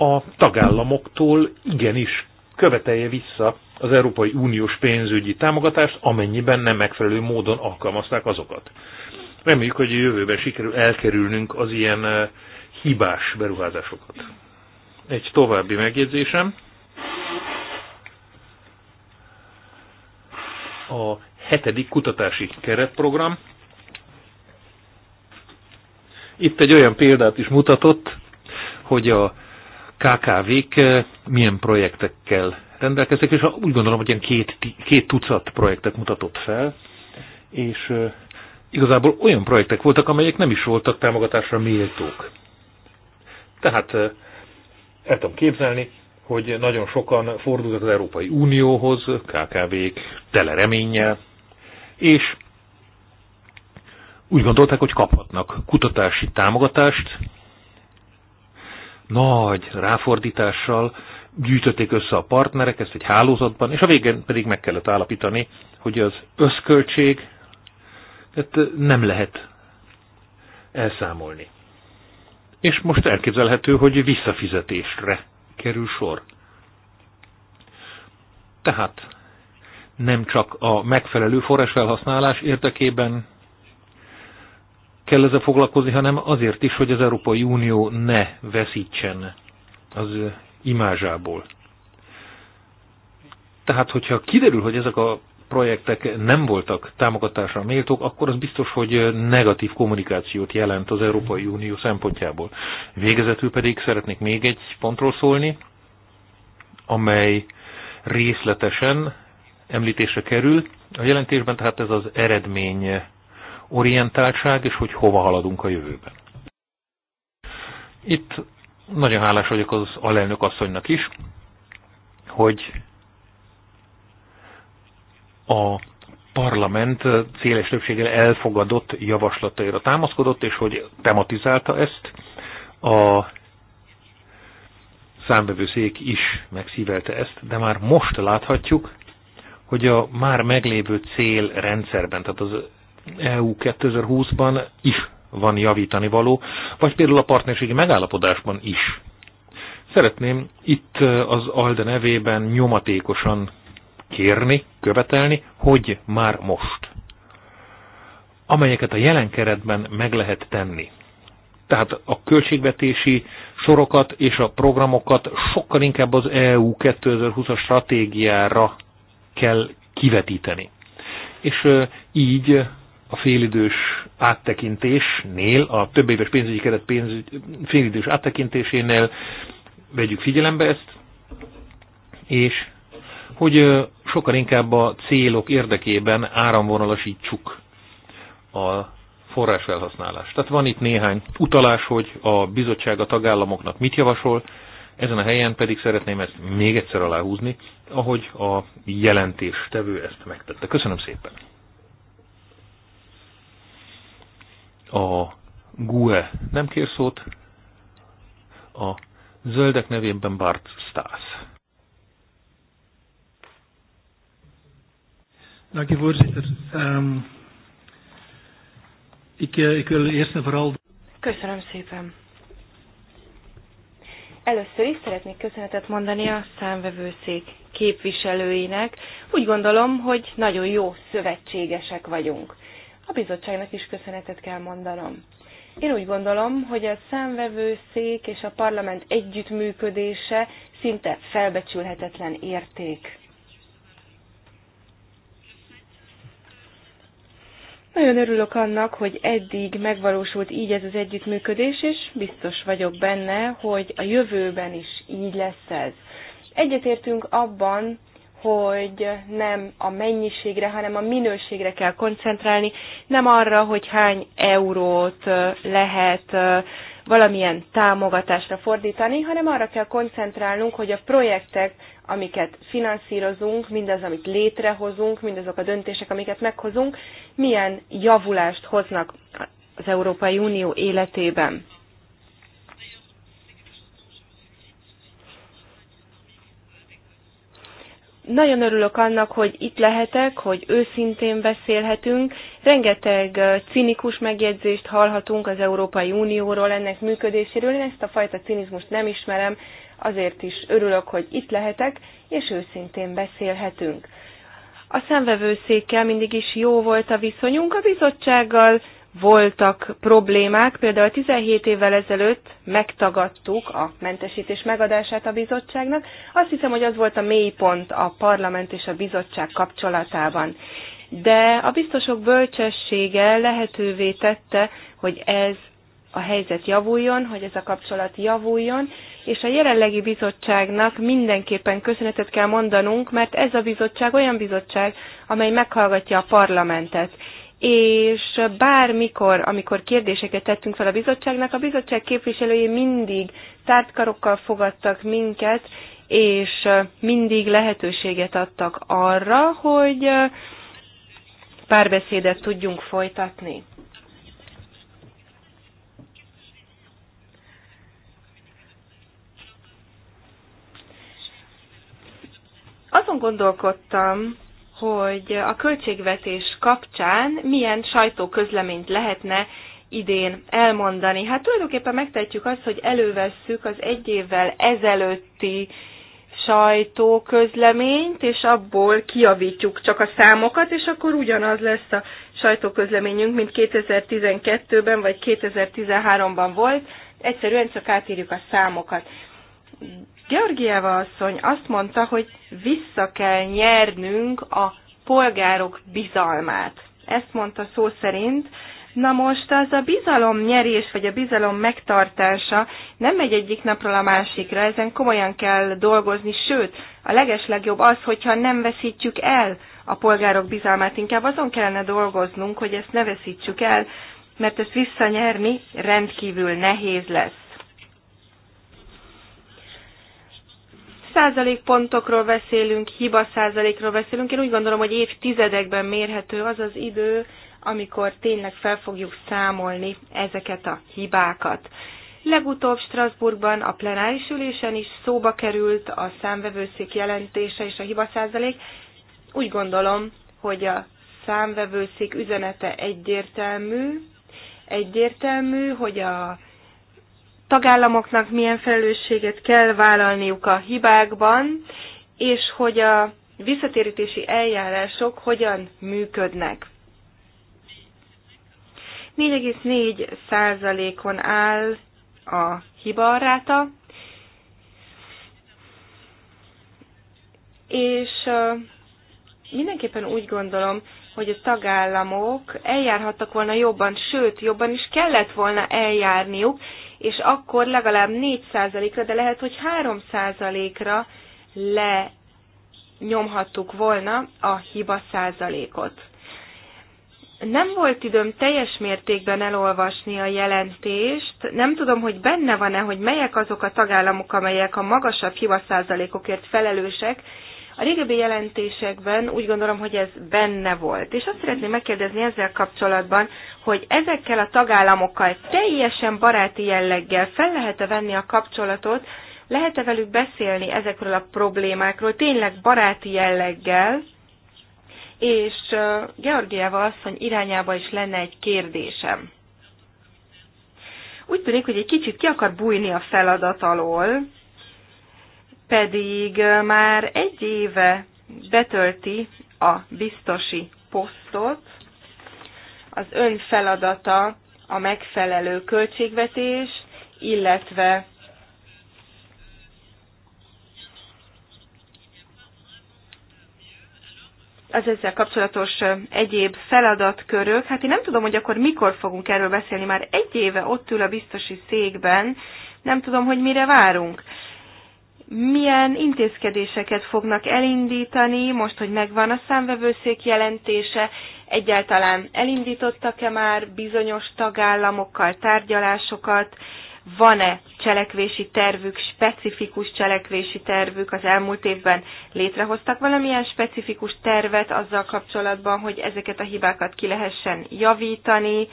a tagállamoktól igenis követelje vissza az Európai Uniós pénzügyi támogatást, amennyiben nem megfelelő módon alkalmazták azokat. Reméljük, hogy jövőben sikerül elkerülnünk az ilyen eh, hibás beruházásokat. Egy további megjegyzésem. A hetedik kutatási keretprogram. Itt egy olyan példát is mutatott, hogy a KKV-k eh, milyen projektekkel rendelkeztek, és úgy gondolom, hogy ilyen két, két tucat projektet mutatott fel, és eh, igazából olyan projektek voltak, amelyek nem is voltak támogatásra méltók. Tehát eh, el tudom képzelni, hogy nagyon sokan fordultak az Európai Unióhoz, KKV-k tele reménnyel, és úgy gondolták, hogy kaphatnak kutatási támogatást, nagy ráfordítással gyűjtötték össze a partnerek, ezt egy hálózatban, és a végén pedig meg kellett állapítani, hogy az összköltség hát, nem lehet elszámolni. És most elképzelhető, hogy visszafizetésre kerül sor. Tehát nem csak a megfelelő forrás felhasználás érdekében kell ezzel foglalkozni, hanem azért is, hogy az Európai Unió ne veszítsen az imázsából. Tehát, hogyha kiderül, hogy ezek a projektek nem voltak támogatásra méltók, akkor az biztos, hogy negatív kommunikációt jelent az Európai Unió szempontjából. Végezetül pedig szeretnék még egy pontról szólni, amely részletesen említésre kerül. A jelentésben tehát ez az eredmény orientáltság, és hogy hova haladunk a jövőben. Itt nagyon hálás vagyok az alelnök asszonynak is, hogy a parlament széles többséggel elfogadott javaslataira támaszkodott, és hogy tematizálta ezt. A számbevőszék is megszívelte ezt, de már most láthatjuk, hogy a már meglévő cél rendszerben, tehát az EU 2020-ban is van javítani való, vagy például a partnerségi megállapodásban is. Szeretném itt e, az ALDE nevében nyomatékosan kérni, követelni, hogy már most, amelyeket a jelen keretben meg lehet tenni. Tehát a költségvetési sorokat és a programokat sokkal inkább az EU 2020-as stratégiára kell kivetíteni. És e, így a félidős áttekintésnél, a több éves pénzügyi keret pénzügy, félidős áttekintésénél vegyük figyelembe ezt, és hogy sokkal inkább a célok érdekében áramvonalasítsuk a forrásfelhasználást. Tehát van itt néhány utalás, hogy a bizottság a tagállamoknak mit javasol, ezen a helyen pedig szeretném ezt még egyszer aláhúzni, ahogy a jelentéstevő ezt megtette. Köszönöm szépen! A GUE nem kér szót, a zöldek nevében Bart Stas. Dank voorzitter. Um, ik, eh, ik wil eerst en vooral... Köszönöm szépen. Először is szeretnék köszönetet mondani a számvevőszék képviselőinek. Úgy gondolom, hogy nagyon jó szövetségesek vagyunk a bizottságnak is köszönetet kell mondanom. Én úgy gondolom, hogy a szék és a parlament együttműködése szinte felbecsülhetetlen érték. Nagyon örülök annak, hogy eddig megvalósult így ez az együttműködés, és biztos vagyok benne, hogy a jövőben is így lesz ez. Egyetértünk abban, hogy nem a mennyiségre, hanem a minőségre kell koncentrálni, nem arra, hogy hány eurót lehet valamilyen támogatásra fordítani, hanem arra kell koncentrálnunk, hogy a projektek, amiket finanszírozunk, mindaz, amit létrehozunk, mindazok a döntések, amiket meghozunk, milyen javulást hoznak az Európai Unió életében. Nagyon örülök annak, hogy itt lehetek, hogy őszintén beszélhetünk. Rengeteg cinikus megjegyzést hallhatunk az Európai Unióról, ennek működéséről. Én ezt a fajta cinizmust nem ismerem, azért is örülök, hogy itt lehetek, és őszintén beszélhetünk. A szemvevőszékkel mindig is jó volt a viszonyunk, a bizottsággal voltak problémák. Például 17 évvel ezelőtt megtagadtuk a mentesítés megadását a bizottságnak. Azt hiszem, hogy az volt a mélypont a parlament és a bizottság kapcsolatában. De a biztosok bölcsessége lehetővé tette, hogy ez a helyzet javuljon, hogy ez a kapcsolat javuljon, és a jelenlegi bizottságnak mindenképpen köszönetet kell mondanunk, mert ez a bizottság olyan bizottság, amely meghallgatja a parlamentet, és bármikor, amikor kérdéseket tettünk fel a bizottságnak, a bizottság képviselői mindig tártkarokkal fogadtak minket, és mindig lehetőséget adtak arra, hogy párbeszédet tudjunk folytatni. Azon gondolkodtam, hogy a költségvetés kapcsán milyen sajtóközleményt lehetne idén elmondani. Hát tulajdonképpen megtehetjük azt, hogy elővesszük az egy évvel ezelőtti sajtóközleményt, és abból kiavítjuk csak a számokat, és akkor ugyanaz lesz a sajtóközleményünk, mint 2012-ben vagy 2013-ban volt. Egyszerűen csak átírjuk a számokat. Georgieva asszony azt mondta, hogy vissza kell nyernünk a polgárok bizalmát. Ezt mondta szó szerint. Na most az a bizalom nyerés, vagy a bizalom megtartása nem megy egyik napról a másikra, ezen komolyan kell dolgozni, sőt, a legeslegjobb az, hogyha nem veszítjük el a polgárok bizalmát, inkább azon kellene dolgoznunk, hogy ezt ne veszítsük el, mert ezt visszanyerni rendkívül nehéz lesz. százalékpontokról beszélünk, hiba százalékról beszélünk. Én úgy gondolom, hogy évtizedekben mérhető az az idő, amikor tényleg fel fogjuk számolni ezeket a hibákat. Legutóbb Strasbourgban a plenáris ülésen is szóba került a számvevőszék jelentése és a hiba százalék. Úgy gondolom, hogy a számvevőszék üzenete egyértelmű, egyértelmű, hogy a tagállamoknak milyen felelősséget kell vállalniuk a hibákban, és hogy a visszatérítési eljárások hogyan működnek. 4,4 százalékon áll a hibaráta, és mindenképpen úgy gondolom, hogy a tagállamok eljárhattak volna jobban, sőt, jobban is kellett volna eljárniuk, és akkor legalább 4%-ra, de lehet, hogy 3%-ra le nyomhattuk volna a hiba százalékot. Nem volt időm teljes mértékben elolvasni a jelentést, nem tudom, hogy benne van-e, hogy melyek azok a tagállamok, amelyek a magasabb hiba százalékokért felelősek, a régebbi jelentésekben úgy gondolom, hogy ez benne volt. És azt szeretném megkérdezni ezzel kapcsolatban, hogy ezekkel a tagállamokkal teljesen baráti jelleggel fel lehet-e venni a kapcsolatot, lehet-e velük beszélni ezekről a problémákról, tényleg baráti jelleggel, és Georgiával asszony irányába is lenne egy kérdésem. Úgy tűnik, hogy egy kicsit ki akar bújni a feladat alól, pedig már egy éve betölti a biztosi posztot. Az ön feladata a megfelelő költségvetés, illetve az ezzel kapcsolatos egyéb feladatkörök. Hát én nem tudom, hogy akkor mikor fogunk erről beszélni. Már egy éve ott ül a biztosi székben, nem tudom, hogy mire várunk milyen intézkedéseket fognak elindítani, most, hogy megvan a számvevőszék jelentése, egyáltalán elindítottak-e már bizonyos tagállamokkal tárgyalásokat, van-e cselekvési tervük, specifikus cselekvési tervük az elmúlt évben? Létrehoztak valamilyen specifikus tervet azzal kapcsolatban, hogy ezeket a hibákat ki lehessen javítani,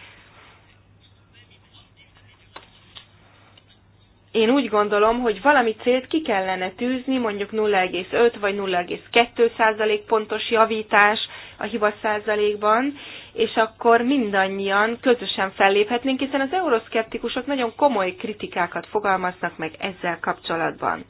Én úgy gondolom, hogy valami célt ki kellene tűzni, mondjuk 0,5 vagy 0,2 százalék pontos javítás a hiba százalékban, és akkor mindannyian közösen felléphetnénk, hiszen az euroszkeptikusok nagyon komoly kritikákat fogalmaznak meg ezzel kapcsolatban.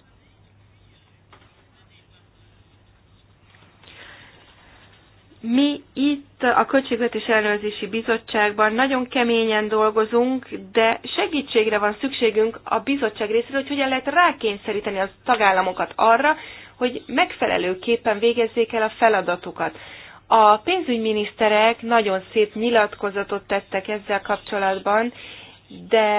mi itt a Költségvetés Ellenőrzési Bizottságban nagyon keményen dolgozunk, de segítségre van szükségünk a bizottság részéről, hogy hogyan lehet rákényszeríteni az tagállamokat arra, hogy megfelelőképpen végezzék el a feladatukat. A pénzügyminiszterek nagyon szép nyilatkozatot tettek ezzel kapcsolatban, de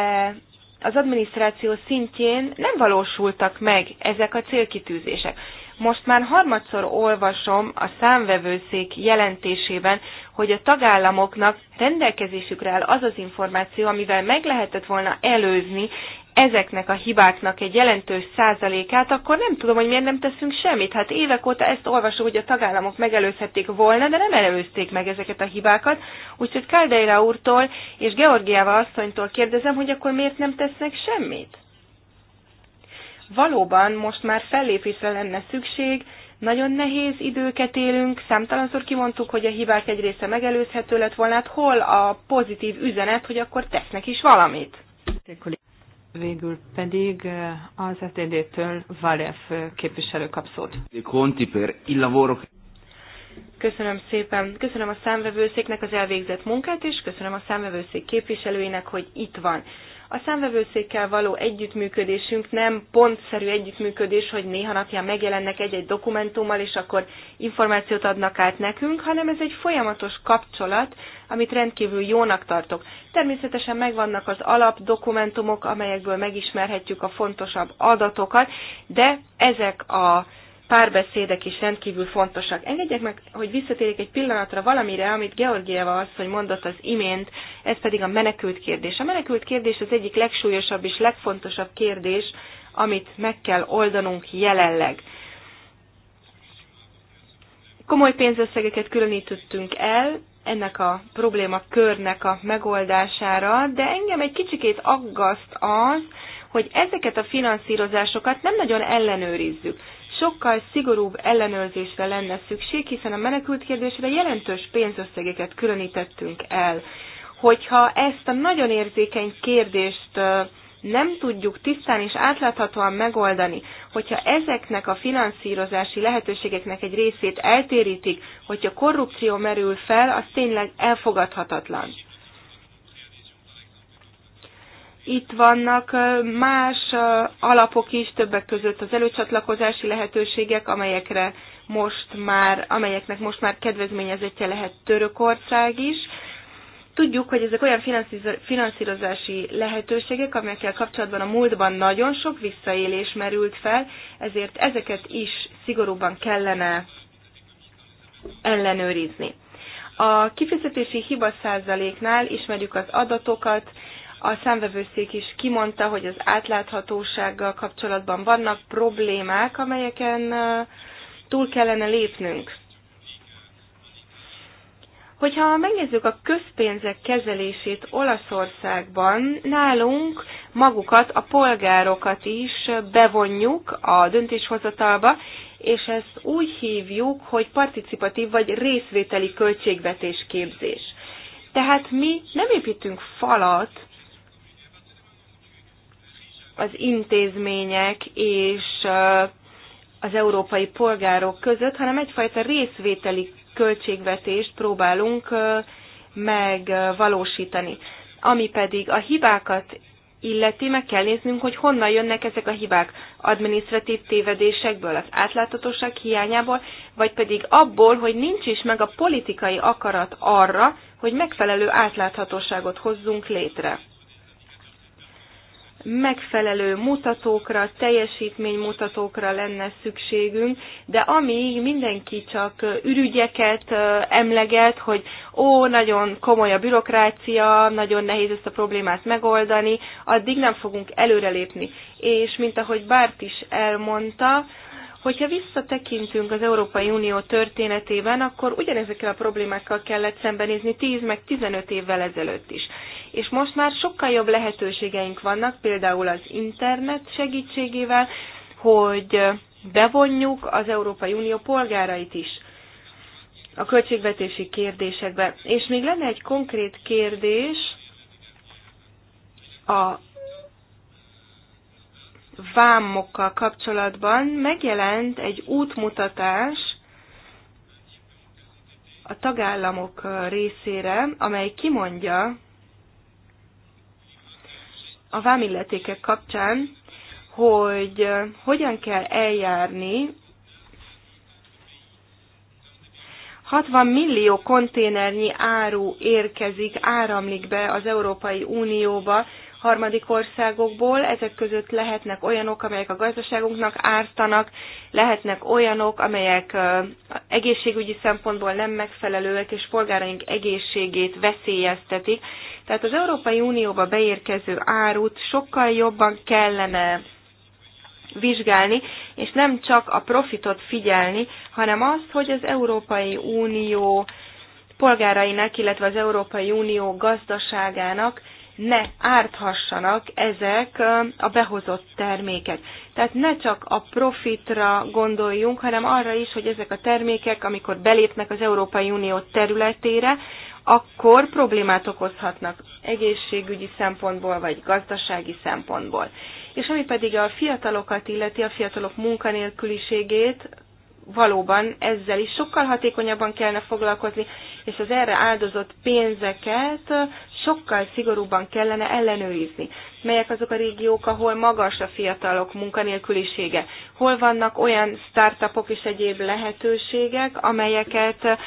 az adminisztráció szintjén nem valósultak meg ezek a célkitűzések. Most már harmadszor olvasom a számvevőszék jelentésében, hogy a tagállamoknak rendelkezésükre áll az az információ, amivel meg lehetett volna előzni ezeknek a hibáknak egy jelentős százalékát, akkor nem tudom, hogy miért nem teszünk semmit. Hát évek óta ezt olvasom, hogy a tagállamok megelőzhették volna, de nem előzték meg ezeket a hibákat. Úgyhogy Káldeira úrtól és Georgiával asszonytól kérdezem, hogy akkor miért nem tesznek semmit? valóban most már fellépésre lenne szükség, nagyon nehéz időket élünk, számtalanszor kimondtuk, hogy a hibák egy része megelőzhető lett volna, hát hol a pozitív üzenet, hogy akkor tesznek is valamit? Végül pedig eh, az SZTD-től Valef eh, képviselő kap szót. Köszönöm szépen. Köszönöm a számvevőszéknek az elvégzett munkát, és köszönöm a számvevőszék képviselőinek, hogy itt van. A számvevőszékkel való együttműködésünk nem pontszerű együttműködés, hogy néha napján megjelennek egy-egy dokumentummal, és akkor információt adnak át nekünk, hanem ez egy folyamatos kapcsolat, amit rendkívül jónak tartok. Természetesen megvannak az alapdokumentumok, amelyekből megismerhetjük a fontosabb adatokat, de ezek a párbeszédek is rendkívül fontosak. Engedjék meg, hogy visszatérjek egy pillanatra valamire, amit Georgieva hogy mondott az imént, ez pedig a menekült kérdés. A menekült kérdés az egyik legsúlyosabb és legfontosabb kérdés, amit meg kell oldanunk jelenleg. Komoly pénzösszegeket különítettünk el ennek a probléma körnek a megoldására, de engem egy kicsikét aggaszt az, hogy ezeket a finanszírozásokat nem nagyon ellenőrizzük sokkal szigorúbb ellenőrzésre lenne szükség, hiszen a menekült kérdésre jelentős pénzösszegeket különítettünk el. Hogyha ezt a nagyon érzékeny kérdést nem tudjuk tisztán és átláthatóan megoldani, hogyha ezeknek a finanszírozási lehetőségeknek egy részét eltérítik, hogyha korrupció merül fel, az tényleg elfogadhatatlan. Itt vannak más alapok is, többek között az előcsatlakozási lehetőségek, amelyekre most már, amelyeknek most már kedvezményezettje lehet Törökország is. Tudjuk, hogy ezek olyan finanszírozási lehetőségek, amelyekkel kapcsolatban a múltban nagyon sok visszaélés merült fel, ezért ezeket is szigorúban kellene ellenőrizni. A kifizetési hiba százaléknál ismerjük az adatokat, a számvevőszék is kimondta, hogy az átláthatósággal kapcsolatban vannak problémák, amelyeken túl kellene lépnünk. Hogyha megnézzük a közpénzek kezelését Olaszországban, nálunk magukat, a polgárokat is bevonjuk a döntéshozatalba, és ezt úgy hívjuk, hogy participatív vagy részvételi költségvetésképzés. Tehát mi nem építünk falat, az intézmények és az európai polgárok között, hanem egyfajta részvételi költségvetést próbálunk megvalósítani. Ami pedig a hibákat illeti, meg kell néznünk, hogy honnan jönnek ezek a hibák. Administratív tévedésekből, az átláthatóság hiányából, vagy pedig abból, hogy nincs is meg a politikai akarat arra, hogy megfelelő átláthatóságot hozzunk létre megfelelő mutatókra, teljesítménymutatókra lenne szükségünk, de amíg mindenki csak ürügyeket emleget, hogy ó, nagyon komoly a bürokrácia, nagyon nehéz ezt a problémát megoldani, addig nem fogunk előrelépni. És mint ahogy Bárt is elmondta, Hogyha visszatekintünk az Európai Unió történetében, akkor ugyanezekkel a problémákkal kellett szembenézni 10 meg 15 évvel ezelőtt is. És most már sokkal jobb lehetőségeink vannak, például az internet segítségével, hogy bevonjuk az Európai Unió polgárait is a költségvetési kérdésekbe. És még lenne egy konkrét kérdés a vámokkal kapcsolatban megjelent egy útmutatás a tagállamok részére, amely kimondja a vámilletékek kapcsán, hogy hogyan kell eljárni 60 millió konténernyi áru érkezik, áramlik be az Európai Unióba harmadik országokból. Ezek között lehetnek olyanok, amelyek a gazdaságunknak ártanak, lehetnek olyanok, amelyek egészségügyi szempontból nem megfelelőek, és polgáraink egészségét veszélyeztetik. Tehát az Európai Unióba beérkező árut sokkal jobban kellene vizsgálni, és nem csak a profitot figyelni, hanem azt, hogy az Európai Unió polgárainak, illetve az Európai Unió gazdaságának ne árthassanak ezek a behozott termékek. Tehát ne csak a profitra gondoljunk, hanem arra is, hogy ezek a termékek, amikor belépnek az Európai Unió területére, akkor problémát okozhatnak egészségügyi szempontból, vagy gazdasági szempontból. És ami pedig a fiatalokat illeti, a fiatalok munkanélküliségét, valóban ezzel is sokkal hatékonyabban kellene foglalkozni, és az erre áldozott pénzeket sokkal szigorúbban kellene ellenőrizni. Melyek azok a régiók, ahol magas a fiatalok munkanélkülisége? Hol vannak olyan startupok és egyéb lehetőségek, amelyeket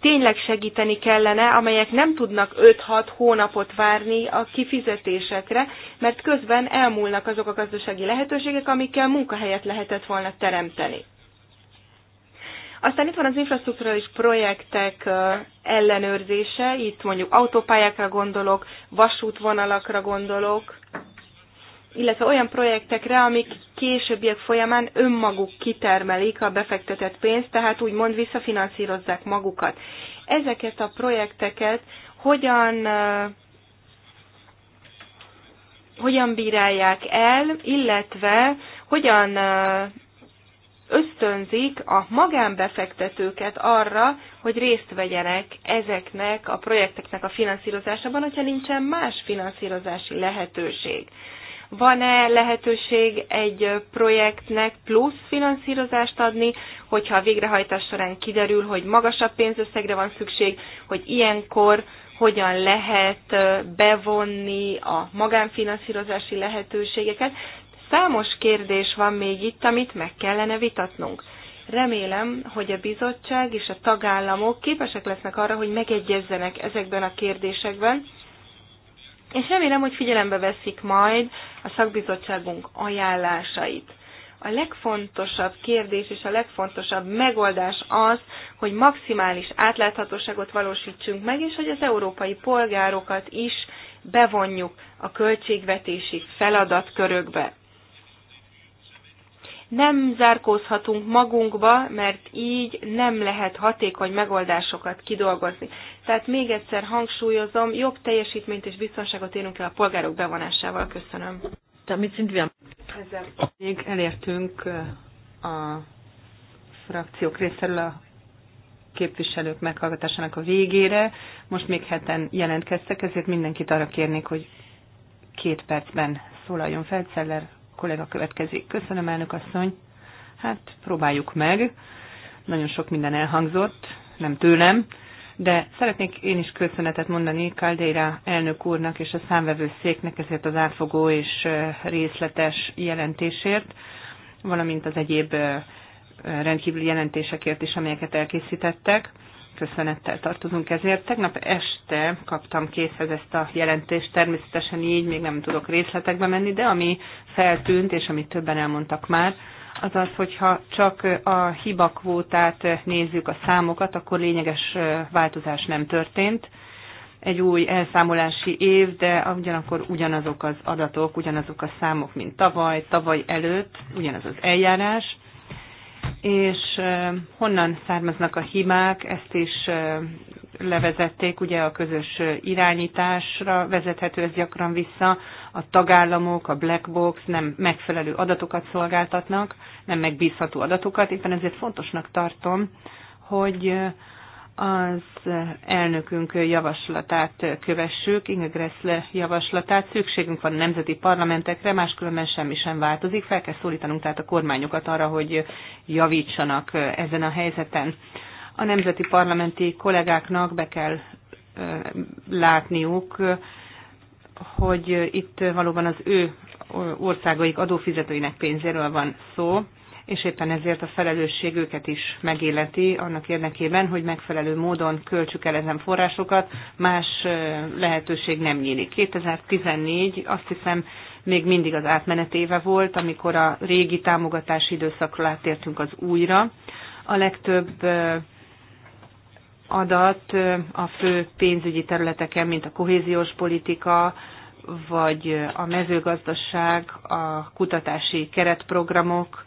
tényleg segíteni kellene, amelyek nem tudnak 5-6 hónapot várni a kifizetésekre, mert közben elmúlnak azok a gazdasági lehetőségek, amikkel munkahelyet lehetett volna teremteni. Aztán itt van az infrastruktúrális projektek ellenőrzése, itt mondjuk autópályákra gondolok, vasútvonalakra gondolok, illetve olyan projektekre, amik későbbiek folyamán önmaguk kitermelik a befektetett pénzt, tehát úgymond visszafinanszírozzák magukat. Ezeket a projekteket hogyan hogyan bírálják el, illetve hogyan ösztönzik a magánbefektetőket arra, hogy részt vegyenek ezeknek a projekteknek a finanszírozásában, hogyha nincsen más finanszírozási lehetőség. Van-e lehetőség egy projektnek plusz finanszírozást adni, hogyha a végrehajtás során kiderül, hogy magasabb pénzösszegre van szükség, hogy ilyenkor hogyan lehet bevonni a magánfinanszírozási lehetőségeket számos kérdés van még itt, amit meg kellene vitatnunk. Remélem, hogy a bizottság és a tagállamok képesek lesznek arra, hogy megegyezzenek ezekben a kérdésekben, és remélem, hogy figyelembe veszik majd a szakbizottságunk ajánlásait. A legfontosabb kérdés és a legfontosabb megoldás az, hogy maximális átláthatóságot valósítsunk meg, és hogy az európai polgárokat is bevonjuk a költségvetési feladatkörökbe nem zárkózhatunk magunkba, mert így nem lehet hatékony megoldásokat kidolgozni. Tehát még egyszer hangsúlyozom, jobb teljesítményt és biztonságot érünk el a polgárok bevonásával. Köszönöm. Tehát mit szintén? Ezzel még elértünk a frakciók részéről a képviselők meghallgatásának a végére. Most még heten jelentkeztek, ezért mindenkit arra kérnék, hogy két percben szólaljon fel. Celler kollega következik. Köszönöm, elnök asszony. Hát próbáljuk meg. Nagyon sok minden elhangzott, nem tőlem, de szeretnék én is köszönetet mondani Caldeira elnök úrnak és a számvevő széknek ezért az átfogó és részletes jelentésért, valamint az egyéb rendkívüli jelentésekért is, amelyeket elkészítettek köszönettel tartozunk ezért. Tegnap este kaptam készhez ezt a jelentést, természetesen így még nem tudok részletekbe menni, de ami feltűnt, és amit többen elmondtak már, az az, hogyha csak a hibakvótát nézzük a számokat, akkor lényeges változás nem történt. Egy új elszámolási év, de ugyanakkor ugyanazok az adatok, ugyanazok a számok, mint tavaly, tavaly előtt, ugyanaz az eljárás és honnan származnak a hibák, ezt is levezették, ugye a közös irányításra vezethető ez gyakran vissza, a tagállamok, a black box nem megfelelő adatokat szolgáltatnak, nem megbízható adatokat, éppen ezért fontosnak tartom, hogy az elnökünk javaslatát kövessük, Inge Gressle javaslatát. Szükségünk van a nemzeti parlamentekre, máskülönben semmi sem változik. Fel kell szólítanunk tehát a kormányokat arra, hogy javítsanak ezen a helyzeten. A nemzeti parlamenti kollégáknak be kell látniuk, hogy itt valóban az ő országaik adófizetőinek pénzéről van szó, és éppen ezért a felelősség őket is megéleti annak érdekében, hogy megfelelő módon költsük el ezen forrásokat, más lehetőség nem nyílik. 2014 azt hiszem még mindig az éve volt, amikor a régi támogatási időszakról átértünk az újra. A legtöbb adat a fő pénzügyi területeken, mint a kohéziós politika, vagy a mezőgazdaság, a kutatási keretprogramok,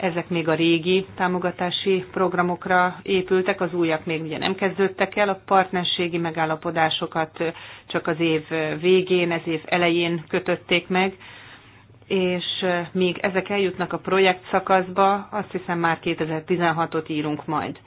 ezek még a régi támogatási programokra épültek, az újak még ugye nem kezdődtek el, a partnerségi megállapodásokat csak az év végén, ez év elején kötötték meg, és míg ezek eljutnak a projekt szakaszba, azt hiszem már 2016-ot írunk majd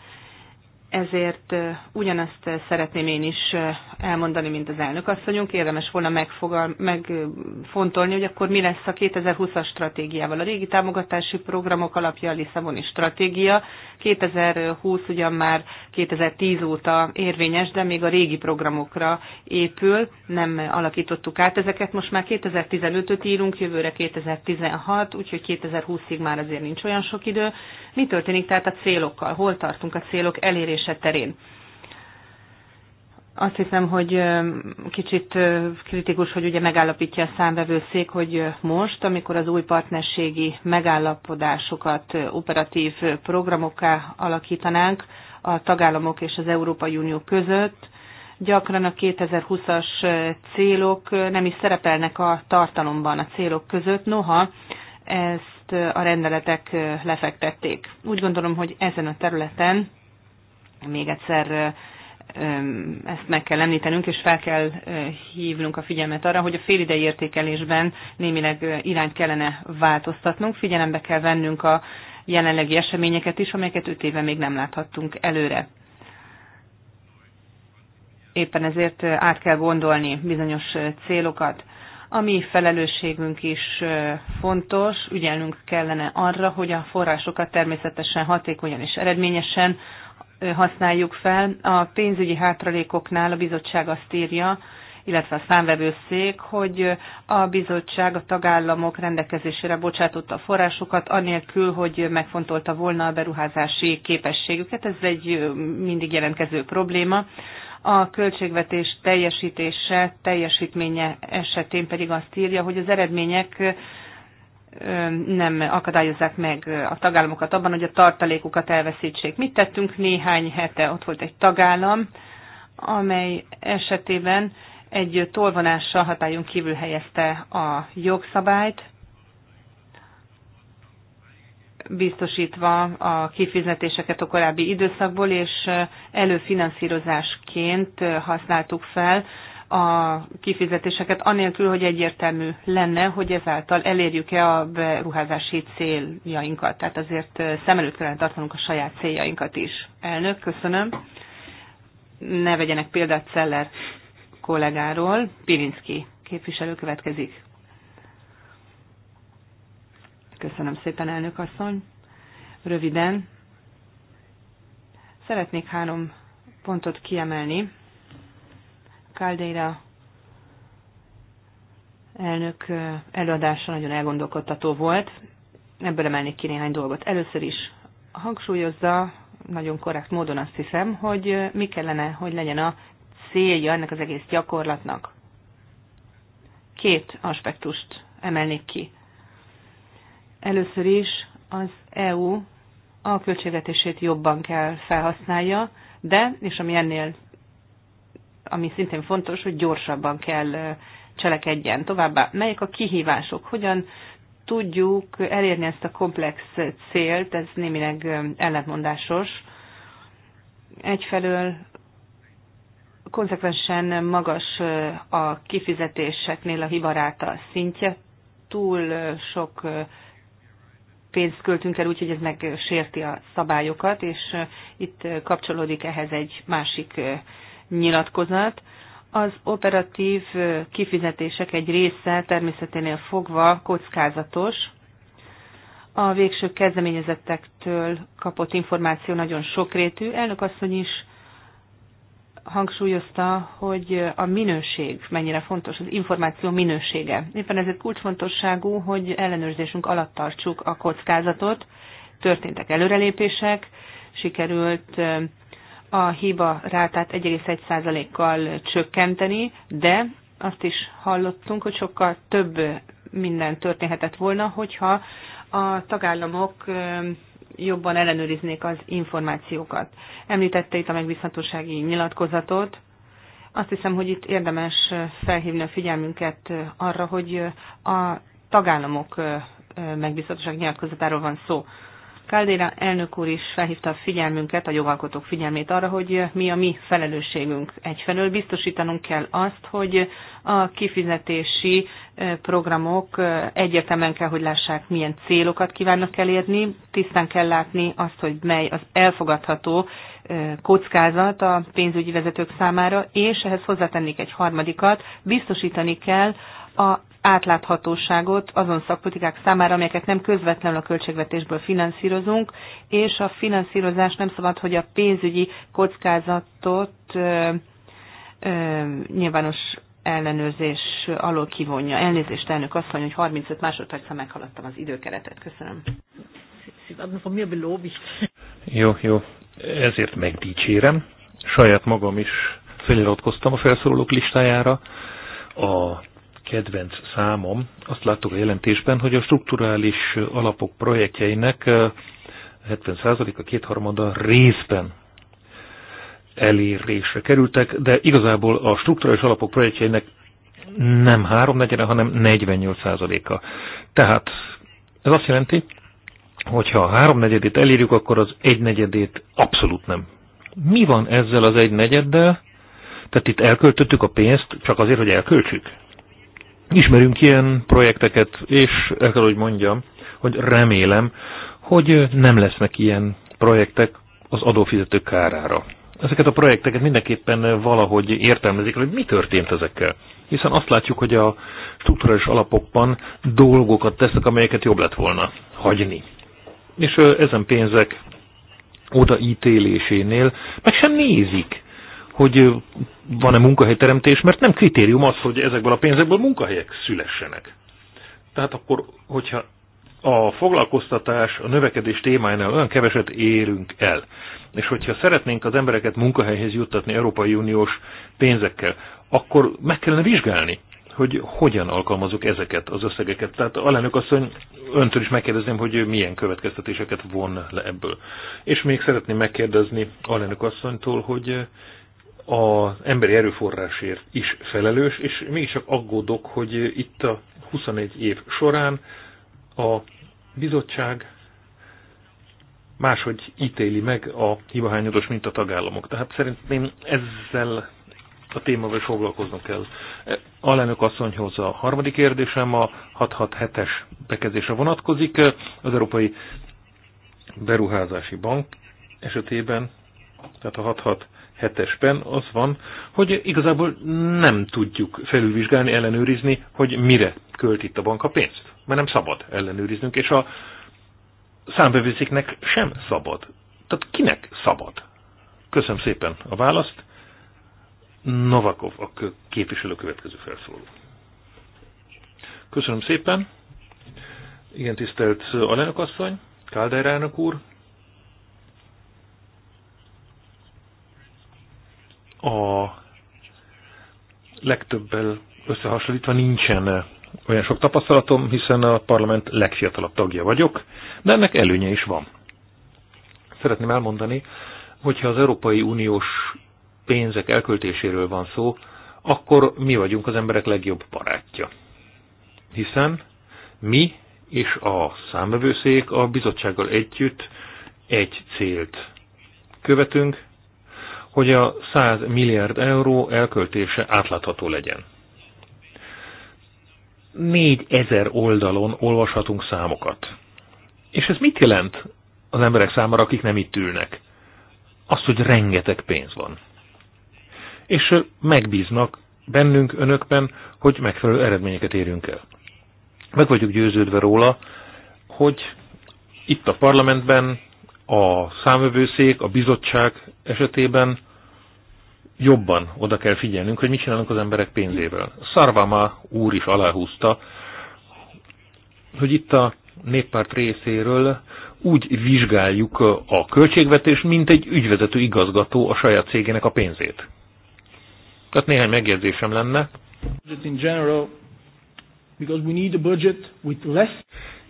ezért ugyanezt szeretném én is elmondani, mint az elnök asszonyunk. Érdemes volna megfogal, megfontolni, hogy akkor mi lesz a 2020-as stratégiával. A régi támogatási programok alapja a Lisszaboni stratégia. 2020 ugyan már 2010 óta érvényes, de még a régi programokra épül, nem alakítottuk át ezeket. Most már 2015-öt írunk, jövőre 2016, úgyhogy 2020-ig már azért nincs olyan sok idő. Mi történik tehát a célokkal? Hol tartunk a célok elérés? kezelése terén. Azt hiszem, hogy kicsit kritikus, hogy ugye megállapítja a számvevőszék, hogy most, amikor az új partnerségi megállapodásokat operatív programokká alakítanánk a tagállamok és az Európai Unió között, gyakran a 2020-as célok nem is szerepelnek a tartalomban a célok között, noha ezt a rendeletek lefektették. Úgy gondolom, hogy ezen a területen még egyszer ezt meg kell említenünk, és fel kell hívnunk a figyelmet arra, hogy a félidei értékelésben némileg irányt kellene változtatnunk, figyelembe kell vennünk a jelenlegi eseményeket is, amelyeket öt éve még nem láthattunk előre. Éppen ezért át kell gondolni bizonyos célokat. A mi felelősségünk is fontos, ügyelnünk kellene arra, hogy a forrásokat természetesen hatékonyan és eredményesen használjuk fel. A pénzügyi hátralékoknál a bizottság azt írja, illetve a számvevőszék, hogy a bizottság a tagállamok rendelkezésére bocsátotta a forrásokat, anélkül, hogy megfontolta volna a beruházási képességüket. Ez egy mindig jelentkező probléma. A költségvetés teljesítése, teljesítménye esetén pedig azt írja, hogy az eredmények nem akadályozzák meg a tagállamokat abban, hogy a tartalékukat elveszítsék. Mit tettünk néhány hete? Ott volt egy tagállam, amely esetében egy tolvonással hatályon kívül helyezte a jogszabályt, biztosítva a kifizetéseket a korábbi időszakból, és előfinanszírozásként használtuk fel a kifizetéseket, anélkül, hogy egyértelmű lenne, hogy ezáltal elérjük-e a beruházási céljainkat. Tehát azért szem előtt kellene tartanunk a saját céljainkat is. Elnök, köszönöm. Ne vegyenek példát Szeller kollégáról. Pirinski képviselő következik. Köszönöm szépen, elnök asszony. Röviden. Szeretnék három pontot kiemelni Caldeira elnök előadása nagyon elgondolkodtató volt. Ebből emelnék ki néhány dolgot. Először is hangsúlyozza nagyon korrekt módon azt hiszem, hogy mi kellene, hogy legyen a célja ennek az egész gyakorlatnak. Két aspektust emelnék ki. Először is az EU a költségvetését jobban kell felhasználja, de, és ami ennél ami szintén fontos, hogy gyorsabban kell cselekedjen. Továbbá, melyek a kihívások? Hogyan tudjuk elérni ezt a komplex célt? Ez némileg ellentmondásos. Egyfelől konzekvensen magas a kifizetéseknél a hibaráta szintje, túl sok pénzt költünk el, úgyhogy ez megsérti a szabályokat, és itt kapcsolódik ehhez egy másik nyilatkozat. Az operatív kifizetések egy része természeténél fogva kockázatos. A végső kezdeményezettektől kapott információ nagyon sokrétű. Elnök asszony is hangsúlyozta, hogy a minőség mennyire fontos, az információ minősége. Éppen ezért kulcsfontosságú, hogy ellenőrzésünk alatt tartsuk a kockázatot. Történtek előrelépések, sikerült a hiba rátát 1,1%-kal csökkenteni, de azt is hallottunk, hogy sokkal több minden történhetett volna, hogyha a tagállamok jobban ellenőriznék az információkat. Említette itt a megbízhatósági nyilatkozatot. Azt hiszem, hogy itt érdemes felhívni a figyelmünket arra, hogy a tagállamok megbízhatósági nyilatkozatáról van szó. Caldera elnök úr is felhívta a figyelmünket, a jogalkotók figyelmét arra, hogy mi a mi felelősségünk. Egyfelől biztosítanunk kell azt, hogy a kifizetési programok egyértelműen kell, hogy lássák, milyen célokat kívánnak elérni, tisztán kell látni azt, hogy mely az elfogadható kockázat a pénzügyi vezetők számára, és ehhez hozzátennék egy harmadikat, biztosítani kell a átláthatóságot azon szakpolitikák számára, amelyeket nem közvetlenül a költségvetésből finanszírozunk, és a finanszírozás nem szabad, hogy a pénzügyi kockázatot ö, ö, nyilvános ellenőrzés alól kivonja. Elnézést, elnök asszony, hogy 35 másodperccel meghaladtam az időkeretet. Köszönöm. Jó, jó. Ezért megdicsérem. Saját magam is feliratkoztam a felszólalók listájára. A kedvenc számom. Azt láttuk a jelentésben, hogy a strukturális alapok projektjeinek 70%-a kétharmada részben elérésre kerültek, de igazából a strukturális alapok projektjeinek nem 3 hanem 48%-a. Tehát ez azt jelenti, hogy ha a háromnegyedét elérjük, akkor az egynegyedét abszolút nem. Mi van ezzel az egynegyeddel? Tehát itt elköltöttük a pénzt csak azért, hogy elköltsük? Ismerünk ilyen projekteket, és el kell, hogy mondjam, hogy remélem, hogy nem lesznek ilyen projektek az adófizetők kárára. Ezeket a projekteket mindenképpen valahogy értelmezik, hogy mi történt ezekkel. Hiszen azt látjuk, hogy a struktúrális alapokban dolgokat tesznek, amelyeket jobb lett volna hagyni. És ezen pénzek odaítélésénél meg sem nézik, hogy van-e munkahelyteremtés, mert nem kritérium az, hogy ezekből a pénzekből munkahelyek szülessenek. Tehát akkor, hogyha a foglalkoztatás, a növekedés témájánál olyan keveset érünk el, és hogyha szeretnénk az embereket munkahelyhez juttatni Európai Uniós pénzekkel, akkor meg kellene vizsgálni, hogy hogyan alkalmazok ezeket az összegeket. Tehát alelnök asszony, öntől is megkérdezném, hogy milyen következtetéseket von le ebből. És még szeretném megkérdezni alelnök asszonytól, hogy az emberi erőforrásért is felelős, és mégiscsak aggódok, hogy itt a 21 év során a bizottság máshogy ítéli meg a hibahányados, mint a tagállamok. Tehát szerintem ezzel a témával is foglalkoznunk kell. Alelnök asszonyhoz a harmadik kérdésem a 667-es bekezdése vonatkozik. Az Európai Beruházási Bank esetében, tehát a hetesben az van, hogy igazából nem tudjuk felülvizsgálni, ellenőrizni, hogy mire költ itt a bank a pénzt. Mert nem szabad ellenőriznünk, és a számbevőszéknek sem szabad. Tehát kinek szabad? Köszönöm szépen a választ. Novakov, a képviselő következő felszóló. Köszönöm szépen. Igen, tisztelt alelnök asszony, Kálder elnök úr, a legtöbbel összehasonlítva nincsen olyan sok tapasztalatom, hiszen a parlament legfiatalabb tagja vagyok, de ennek előnye is van. Szeretném elmondani, hogyha az Európai Uniós pénzek elköltéséről van szó, akkor mi vagyunk az emberek legjobb barátja. Hiszen mi és a számövőszék a bizottsággal együtt egy célt követünk, hogy a 100 milliárd euró elköltése átlátható legyen. 4000 oldalon olvashatunk számokat. És ez mit jelent az emberek számára, akik nem itt ülnek? Azt, hogy rengeteg pénz van. És megbíznak bennünk, önökben, hogy megfelelő eredményeket érjünk el. Meg vagyok győződve róla, hogy itt a parlamentben a számövőszék, a bizottság esetében jobban oda kell figyelnünk, hogy mit csinálunk az emberek pénzével. Szarvama úr is aláhúzta, hogy itt a néppárt részéről úgy vizsgáljuk a költségvetést, mint egy ügyvezető igazgató a saját cégének a pénzét. Tehát néhány megjegyzésem lenne.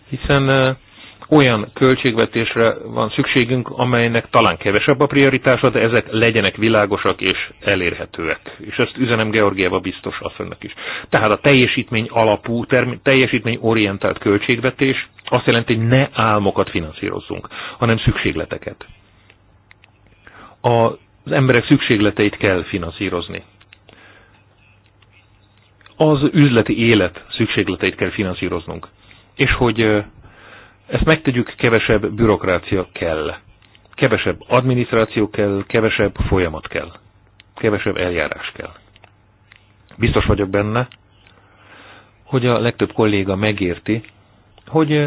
Hiszen eh, olyan költségvetésre van szükségünk, amelynek talán kevesebb a prioritása, de ezek legyenek világosak és elérhetőek. És ezt üzenem Georgiába biztos asszonynak is. Tehát a teljesítmény alapú, teljesítmény orientált költségvetés azt jelenti, hogy ne álmokat finanszírozzunk, hanem szükségleteket. Az emberek szükségleteit kell finanszírozni az üzleti élet szükségleteit kell finanszíroznunk. És hogy ezt megtegyük, kevesebb bürokrácia kell. Kevesebb adminisztráció kell, kevesebb folyamat kell. Kevesebb eljárás kell. Biztos vagyok benne, hogy a legtöbb kolléga megérti, hogy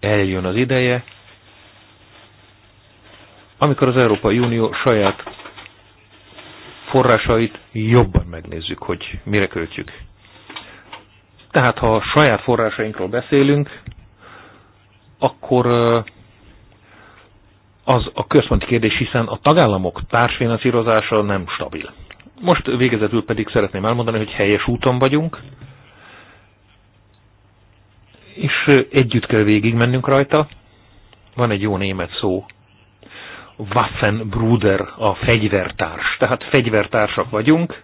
eljön az ideje, amikor az Európai Unió saját forrásait jobban megnézzük, hogy mire költjük. Tehát ha a saját forrásainkról beszélünk, akkor az a központi kérdés, hiszen a tagállamok társfinanszírozása nem stabil. Most végezetül pedig szeretném elmondani, hogy helyes úton vagyunk, és együtt kell végigmennünk rajta. Van egy jó német szó, Waffenbruder, a fegyvertárs. Tehát fegyvertársak vagyunk.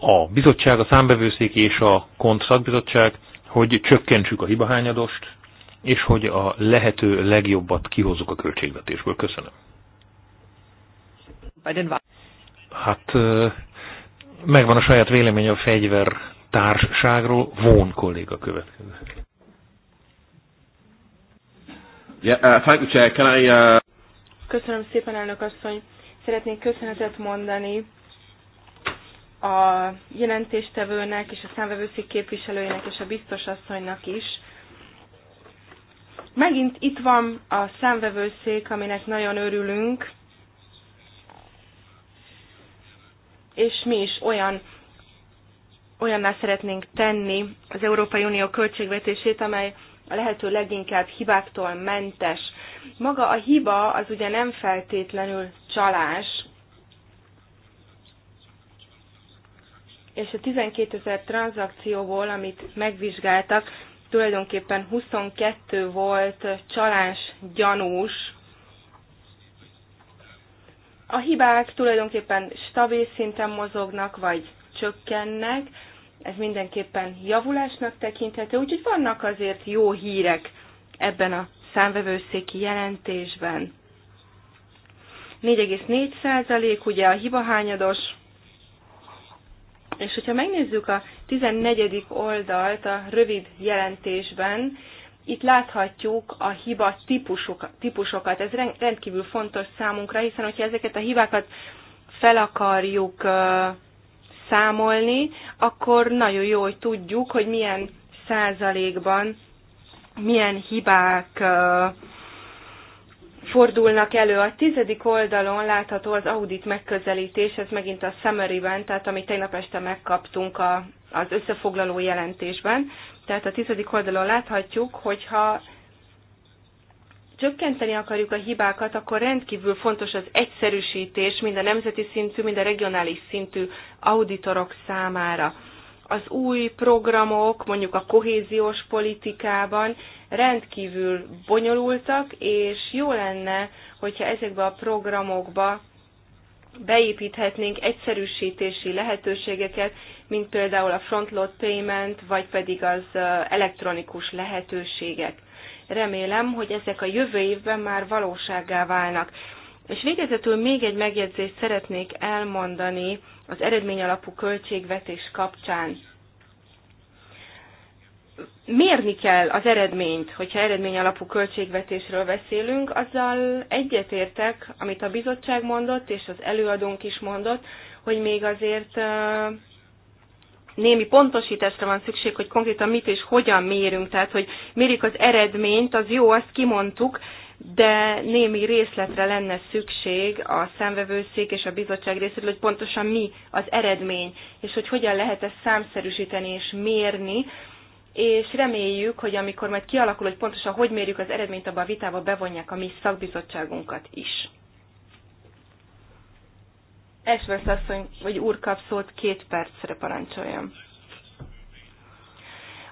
A bizottság, a számbevőszék és a kontszakbizottság hogy csökkentsük a hibahányadost, és hogy a lehető legjobbat kihozzuk a költségvetésből. Köszönöm. Hát megvan a saját véleménye a fegyver társaságról. Vón kolléga következő. Uh, uh, Köszönöm szépen, elnök asszony. Szeretnék köszönetet mondani a jelentéstevőnek és a számvevőszék képviselőjének és a biztos asszonynak is. Megint itt van a számvevőszék, aminek nagyon örülünk, és mi is olyan olyanná szeretnénk tenni az Európai Unió költségvetését, amely a lehető leginkább hibáktól mentes. Maga a hiba az ugye nem feltétlenül csalás, és a 12 ezer tranzakcióból, amit megvizsgáltak, tulajdonképpen 22 volt csalás gyanús. A hibák tulajdonképpen stabil szinten mozognak, vagy csökkennek, ez mindenképpen javulásnak tekinthető, úgyhogy vannak azért jó hírek ebben a számvevőszéki jelentésben. 4,4 százalék, ugye a hibahányados. hányados és hogyha megnézzük a 14. oldalt a rövid jelentésben, itt láthatjuk a hiba típusok, típusokat. Ez rendkívül fontos számunkra, hiszen hogyha ezeket a hibákat fel akarjuk számolni, akkor nagyon jó, hogy tudjuk, hogy milyen százalékban milyen hibák uh, fordulnak elő. A tizedik oldalon látható az audit megközelítés, ez megint a summary-ben, tehát amit tegnap este megkaptunk a, az összefoglaló jelentésben. Tehát a tizedik oldalon láthatjuk, hogyha csökkenteni akarjuk a hibákat, akkor rendkívül fontos az egyszerűsítés mind a nemzeti szintű, mind a regionális szintű auditorok számára. Az új programok, mondjuk a kohéziós politikában rendkívül bonyolultak, és jó lenne, hogyha ezekbe a programokba beépíthetnénk egyszerűsítési lehetőségeket, mint például a frontload payment, vagy pedig az elektronikus lehetőségek. Remélem, hogy ezek a jövő évben már valóságá válnak. És végezetül még egy megjegyzést szeretnék elmondani az eredmény alapú költségvetés kapcsán mérni kell az eredményt, hogyha eredmény alapú költségvetésről beszélünk, azzal egyetértek, amit a bizottság mondott, és az előadónk is mondott, hogy még azért némi pontosításra van szükség, hogy konkrétan mit és hogyan mérünk, tehát hogy mérjük az eredményt, az jó, azt kimondtuk, de némi részletre lenne szükség a számvevőszék és a bizottság részéről, hogy pontosan mi az eredmény, és hogy hogyan lehet ezt számszerűsíteni és mérni, és reméljük, hogy amikor majd kialakul, hogy pontosan hogy mérjük az eredményt, abban a vitába bevonják a mi szakbizottságunkat is. Esvesz asszony, vagy úr kap szót, két percre parancsoljam.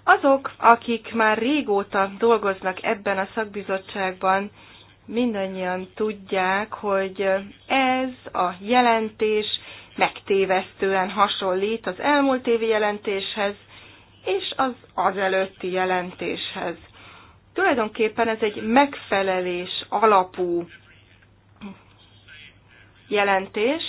Azok, akik már régóta dolgoznak ebben a szakbizottságban, mindannyian tudják, hogy ez a jelentés megtévesztően hasonlít az elmúlt évi jelentéshez, és az az előtti jelentéshez. Tulajdonképpen ez egy megfelelés alapú jelentés,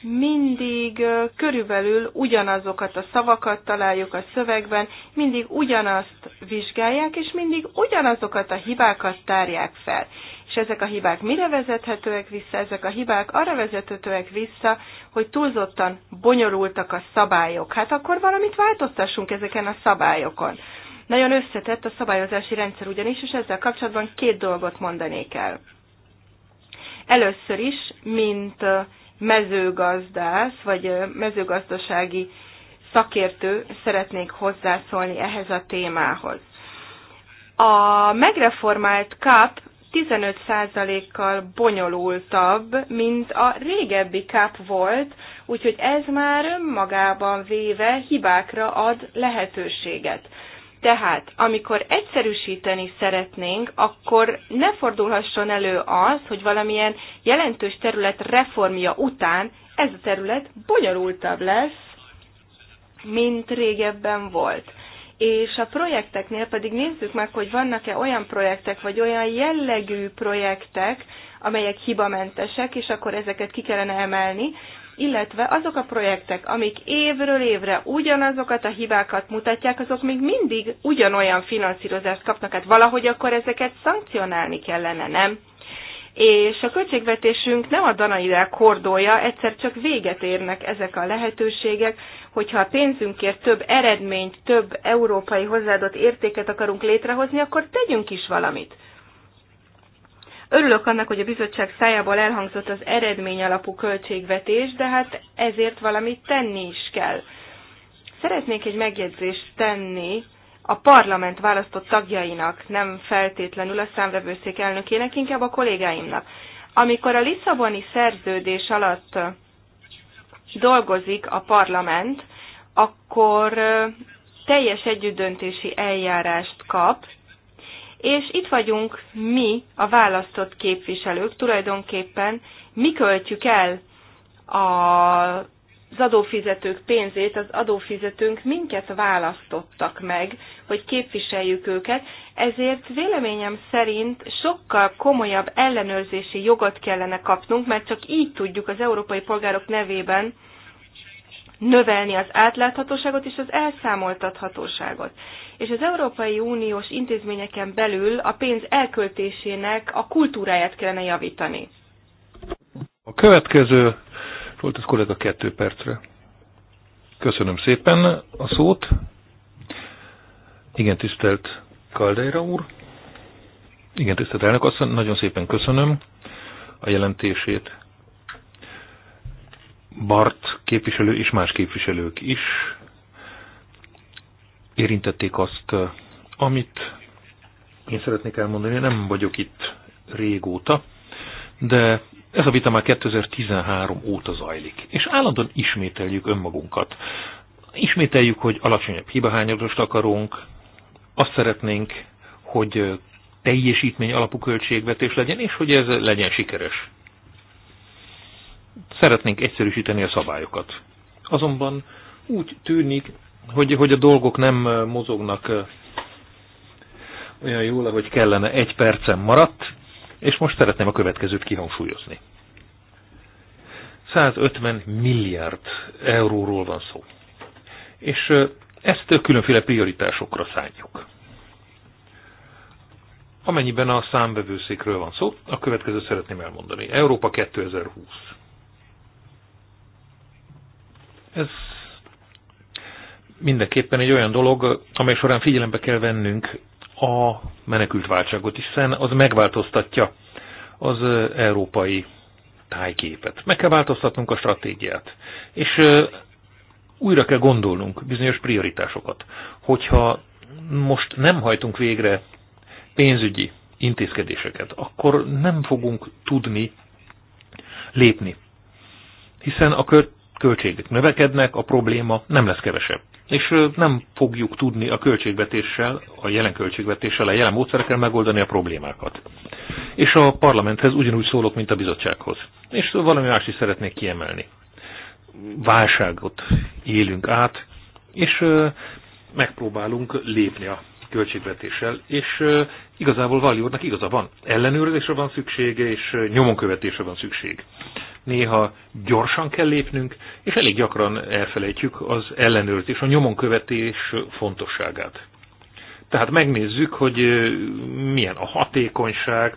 mindig körülbelül ugyanazokat a szavakat találjuk a szövegben, mindig ugyanazt vizsgálják, és mindig ugyanazokat a hibákat tárják fel ezek a hibák mire vezethetőek vissza? Ezek a hibák arra vezethetőek vissza, hogy túlzottan bonyolultak a szabályok. Hát akkor valamit változtassunk ezeken a szabályokon. Nagyon összetett a szabályozási rendszer ugyanis, és ezzel kapcsolatban két dolgot mondanék el. Először is, mint mezőgazdász, vagy mezőgazdasági szakértő szeretnék hozzászólni ehhez a témához. A megreformált kap 15%-kal bonyolultabb, mint a régebbi kap volt, úgyhogy ez már önmagában véve hibákra ad lehetőséget. Tehát, amikor egyszerűsíteni szeretnénk, akkor ne fordulhasson elő az, hogy valamilyen jelentős terület reformja után ez a terület bonyolultabb lesz, mint régebben volt és a projekteknél pedig nézzük meg, hogy vannak-e olyan projektek, vagy olyan jellegű projektek, amelyek hibamentesek, és akkor ezeket ki kellene emelni, illetve azok a projektek, amik évről évre ugyanazokat a hibákat mutatják, azok még mindig ugyanolyan finanszírozást kapnak, hát valahogy akkor ezeket szankcionálni kellene, nem? és a költségvetésünk nem a danaidák kordolja, egyszer csak véget érnek ezek a lehetőségek, hogyha a pénzünkért több eredményt, több európai hozzáadott értéket akarunk létrehozni, akkor tegyünk is valamit. Örülök annak, hogy a bizottság szájából elhangzott az eredmény alapú költségvetés, de hát ezért valamit tenni is kell. Szeretnék egy megjegyzést tenni a parlament választott tagjainak, nem feltétlenül a számvevőszék elnökének, inkább a kollégáimnak. Amikor a Lisszaboni szerződés alatt dolgozik a parlament, akkor teljes együttdöntési eljárást kap, és itt vagyunk mi, a választott képviselők, tulajdonképpen mi költjük el a az adófizetők pénzét, az adófizetőnk minket választottak meg, hogy képviseljük őket, ezért véleményem szerint sokkal komolyabb ellenőrzési jogot kellene kapnunk, mert csak így tudjuk az európai polgárok nevében növelni az átláthatóságot és az elszámoltathatóságot. És az Európai Uniós intézményeken belül a pénz elköltésének a kultúráját kellene javítani. A következő volt ez kollega kettő percre. Köszönöm szépen a szót. Igen, tisztelt Kaldeira úr. Igen, tisztelt elnök asszony, nagyon szépen köszönöm a jelentését. Bart képviselő és más képviselők is érintették azt, amit én szeretnék elmondani, nem vagyok itt régóta, de ez a vita már 2013 óta zajlik, és állandóan ismételjük önmagunkat. Ismételjük, hogy alacsonyabb hibahányadost akarunk, azt szeretnénk, hogy teljesítmény alapú költségvetés legyen, és hogy ez legyen sikeres. Szeretnénk egyszerűsíteni a szabályokat. Azonban úgy tűnik, hogy, hogy a dolgok nem mozognak olyan jól, ahogy kellene. Egy percen maradt, és most szeretném a következőt kihangsúlyozni. 150 milliárd euróról van szó. És ezt különféle prioritásokra szálljuk. Amennyiben a számbevőszékről van szó, a következőt szeretném elmondani. Európa 2020. Ez mindenképpen egy olyan dolog, amely során figyelembe kell vennünk a menekültválságot, hiszen az megváltoztatja az európai tájképet. Meg kell változtatnunk a stratégiát. És újra kell gondolnunk bizonyos prioritásokat. Hogyha most nem hajtunk végre pénzügyi intézkedéseket, akkor nem fogunk tudni lépni. Hiszen a költségek növekednek, a probléma nem lesz kevesebb. És nem fogjuk tudni a költségvetéssel, a jelen költségvetéssel, a jelen módszerekkel megoldani a problémákat. És a parlamenthez ugyanúgy szólok, mint a bizottsághoz. És valami más is szeretnék kiemelni. Válságot élünk át, és megpróbálunk lépni a költségvetéssel, és igazából Vali úrnak igaza van. Ellenőrzésre van szüksége, és nyomonkövetésre van szükség. Néha gyorsan kell lépnünk, és elég gyakran elfelejtjük az ellenőrzés, a nyomonkövetés fontosságát. Tehát megnézzük, hogy milyen a hatékonyság,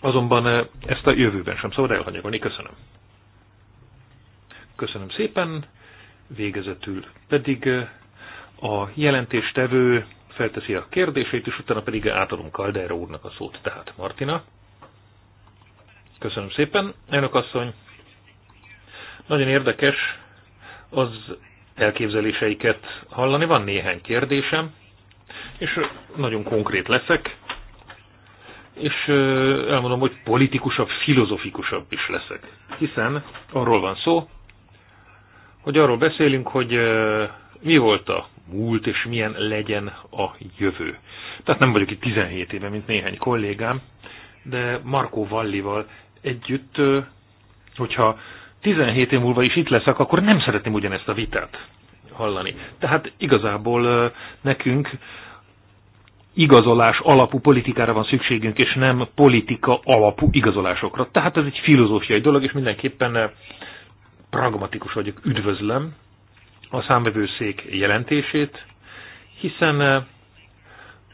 azonban ezt a jövőben sem szabad elhanyagolni. Köszönöm. Köszönöm szépen, végezetül pedig a jelentéstevő felteszi a kérdését, és utána pedig átadom Kaldera úrnak a szót, tehát Martina. Köszönöm szépen, elnök asszony. Nagyon érdekes az elképzeléseiket hallani. Van néhány kérdésem, és nagyon konkrét leszek, és elmondom, hogy politikusabb, filozofikusabb is leszek. Hiszen arról van szó, hogy arról beszélünk, hogy mi volt a múlt, és milyen legyen a jövő. Tehát nem vagyok itt 17 éve, mint néhány kollégám, de Markó Vallival együtt, hogyha 17 év múlva is itt leszek, akkor nem szeretném ugyanezt a vitát hallani. Tehát igazából nekünk igazolás alapú politikára van szükségünk, és nem politika alapú igazolásokra. Tehát ez egy filozófiai dolog, és mindenképpen pragmatikus vagyok, üdvözlöm a számvevőszék jelentését, hiszen eh,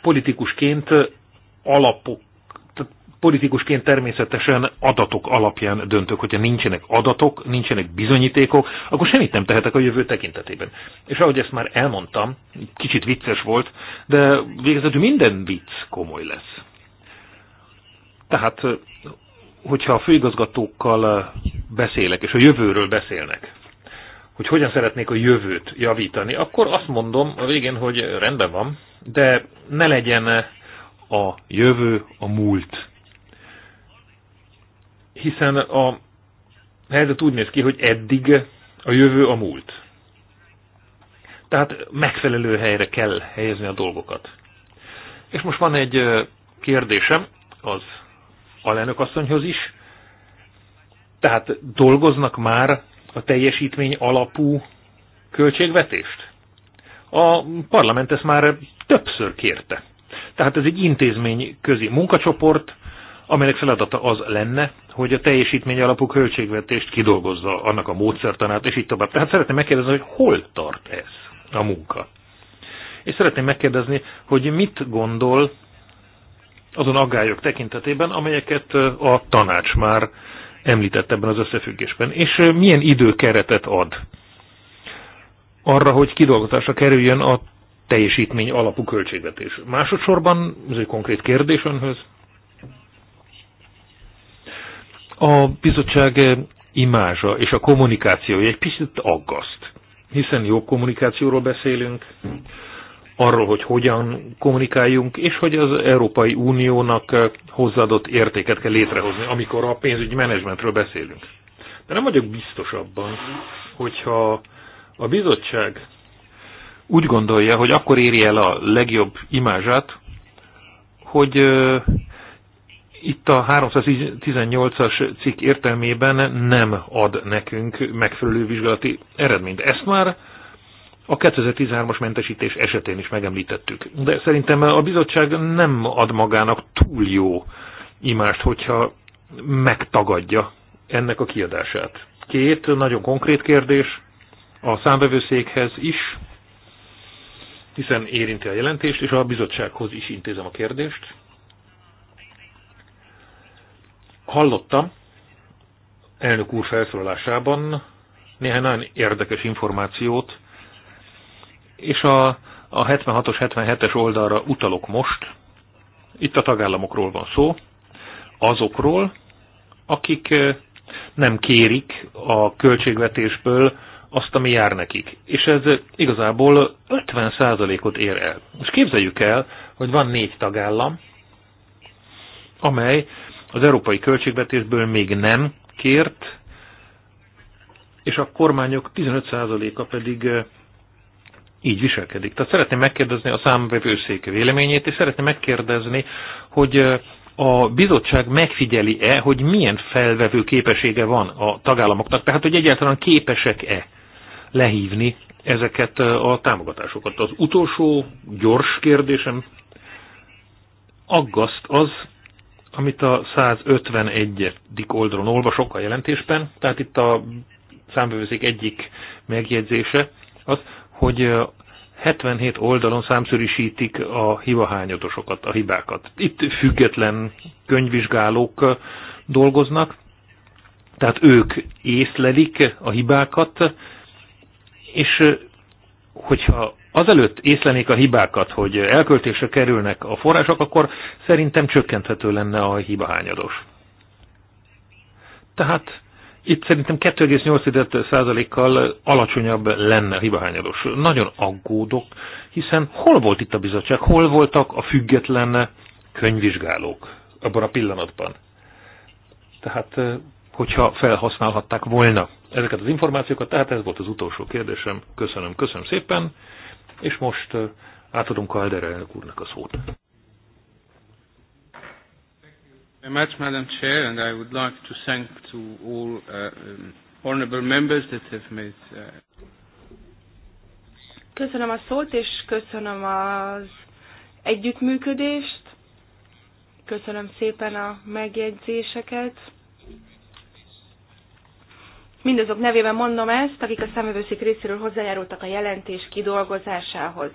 politikusként eh, alapok, politikusként természetesen adatok alapján döntök, hogyha nincsenek adatok, nincsenek bizonyítékok, akkor semmit nem tehetek a jövő tekintetében. És ahogy ezt már elmondtam, kicsit vicces volt, de végezetül minden vicc komoly lesz. Tehát, eh, hogyha a főigazgatókkal beszélek, és a jövőről beszélnek, hogy hogyan szeretnék a jövőt javítani, akkor azt mondom a végén, hogy rendben van, de ne legyen a jövő a múlt. Hiszen a helyzet úgy néz ki, hogy eddig a jövő a múlt. Tehát megfelelő helyre kell helyezni a dolgokat. És most van egy kérdésem az alelnök asszonyhoz is. Tehát dolgoznak már a teljesítmény alapú költségvetést? A parlament ezt már többször kérte. Tehát ez egy intézmény közi munkacsoport, amelynek feladata az lenne, hogy a teljesítmény alapú költségvetést kidolgozza annak a módszertanát, és így tovább. Tehát szeretném megkérdezni, hogy hol tart ez a munka. És szeretném megkérdezni, hogy mit gondol azon aggályok tekintetében, amelyeket a tanács már említett ebben az összefüggésben. És milyen időkeretet ad arra, hogy kidolgozásra kerüljön a teljesítmény alapú költségvetés? Másodszorban, ez egy konkrét kérdés önhöz, a bizottság imázsa és a kommunikációja egy picit aggaszt, hiszen jó kommunikációról beszélünk, arról, hogy hogyan kommunikáljunk, és hogy az Európai Uniónak eh, hozzáadott értéket kell létrehozni, amikor a pénzügyi menedzsmentről beszélünk. De nem vagyok biztos abban, hogyha a bizottság úgy gondolja, hogy akkor éri el a legjobb imázsát, hogy eh, itt a 318-as cikk értelmében nem ad nekünk megfelelő vizsgálati eredményt. Ezt már a 2013-as mentesítés esetén is megemlítettük. De szerintem a bizottság nem ad magának túl jó imást, hogyha megtagadja ennek a kiadását. Két nagyon konkrét kérdés a számvevőszékhez is, hiszen érinti a jelentést, és a bizottsághoz is intézem a kérdést. Hallottam elnök úr felszólalásában néhány nagyon érdekes információt és a, a 76-os, 77-es oldalra utalok most. Itt a tagállamokról van szó, azokról, akik nem kérik a költségvetésből azt, ami jár nekik. És ez igazából 50%-ot ér el. És képzeljük el, hogy van négy tagállam, amely az európai költségvetésből még nem kért, és a kormányok 15%-a pedig így viselkedik. Tehát szeretném megkérdezni a számvevőszék véleményét, és szeretném megkérdezni, hogy a bizottság megfigyeli-e, hogy milyen felvevő képessége van a tagállamoknak, tehát hogy egyáltalán képesek-e lehívni ezeket a támogatásokat. Az utolsó gyors kérdésem aggaszt az, amit a 151. oldalon olvasok a jelentésben, tehát itt a számbevőzék egyik megjegyzése az, hogy 77 oldalon számszörűsítik a hibahányadosokat, a hibákat. Itt független könyvvizsgálók dolgoznak, tehát ők észlelik a hibákat, és hogyha azelőtt észlenék a hibákat, hogy elköltésre kerülnek a források, akkor szerintem csökkenthető lenne a hibahányados. Tehát itt szerintem 2,8%-kal alacsonyabb lenne a hibahányados. Nagyon aggódok, hiszen hol volt itt a bizottság, hol voltak a független könyvvizsgálók abban a pillanatban? Tehát, eh, hogyha felhasználhatták volna ezeket az információkat, tehát ez volt az utolsó kérdésem. Köszönöm, köszönöm szépen, és most eh, átadom Kalder elnök úrnak a szót very much, Madam Chair, and I would like to thank to all uh, um, honorable members that have made. Uh, köszönöm a szót, és köszönöm az együttműködést. Köszönöm szépen a megjegyzéseket. Mindazok nevében mondom ezt, akik a számövőszék részéről hozzájárultak a jelentés kidolgozásához.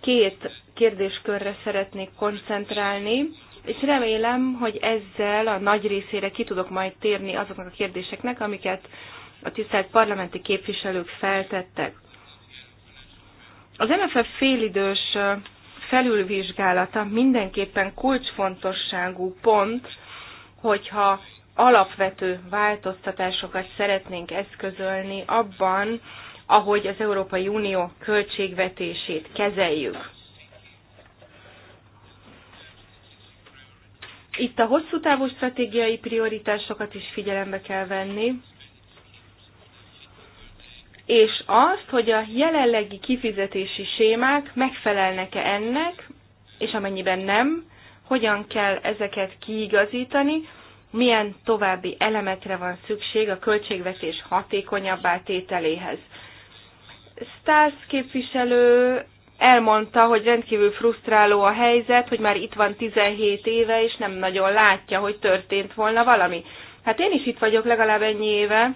Két kérdéskörre szeretnék koncentrálni és remélem, hogy ezzel a nagy részére ki tudok majd térni azoknak a kérdéseknek, amiket a tisztelt parlamenti képviselők feltettek. Az MFF félidős felülvizsgálata mindenképpen kulcsfontosságú pont, hogyha alapvető változtatásokat szeretnénk eszközölni abban, ahogy az Európai Unió költségvetését kezeljük. Itt a hosszú távú stratégiai prioritásokat is figyelembe kell venni, és azt, hogy a jelenlegi kifizetési sémák megfelelnek-e ennek, és amennyiben nem, hogyan kell ezeket kiigazítani, milyen további elemekre van szükség a költségvetés hatékonyabbá tételéhez. Stars képviselő elmondta, hogy rendkívül frusztráló a helyzet, hogy már itt van 17 éve, és nem nagyon látja, hogy történt volna valami. Hát én is itt vagyok legalább ennyi éve,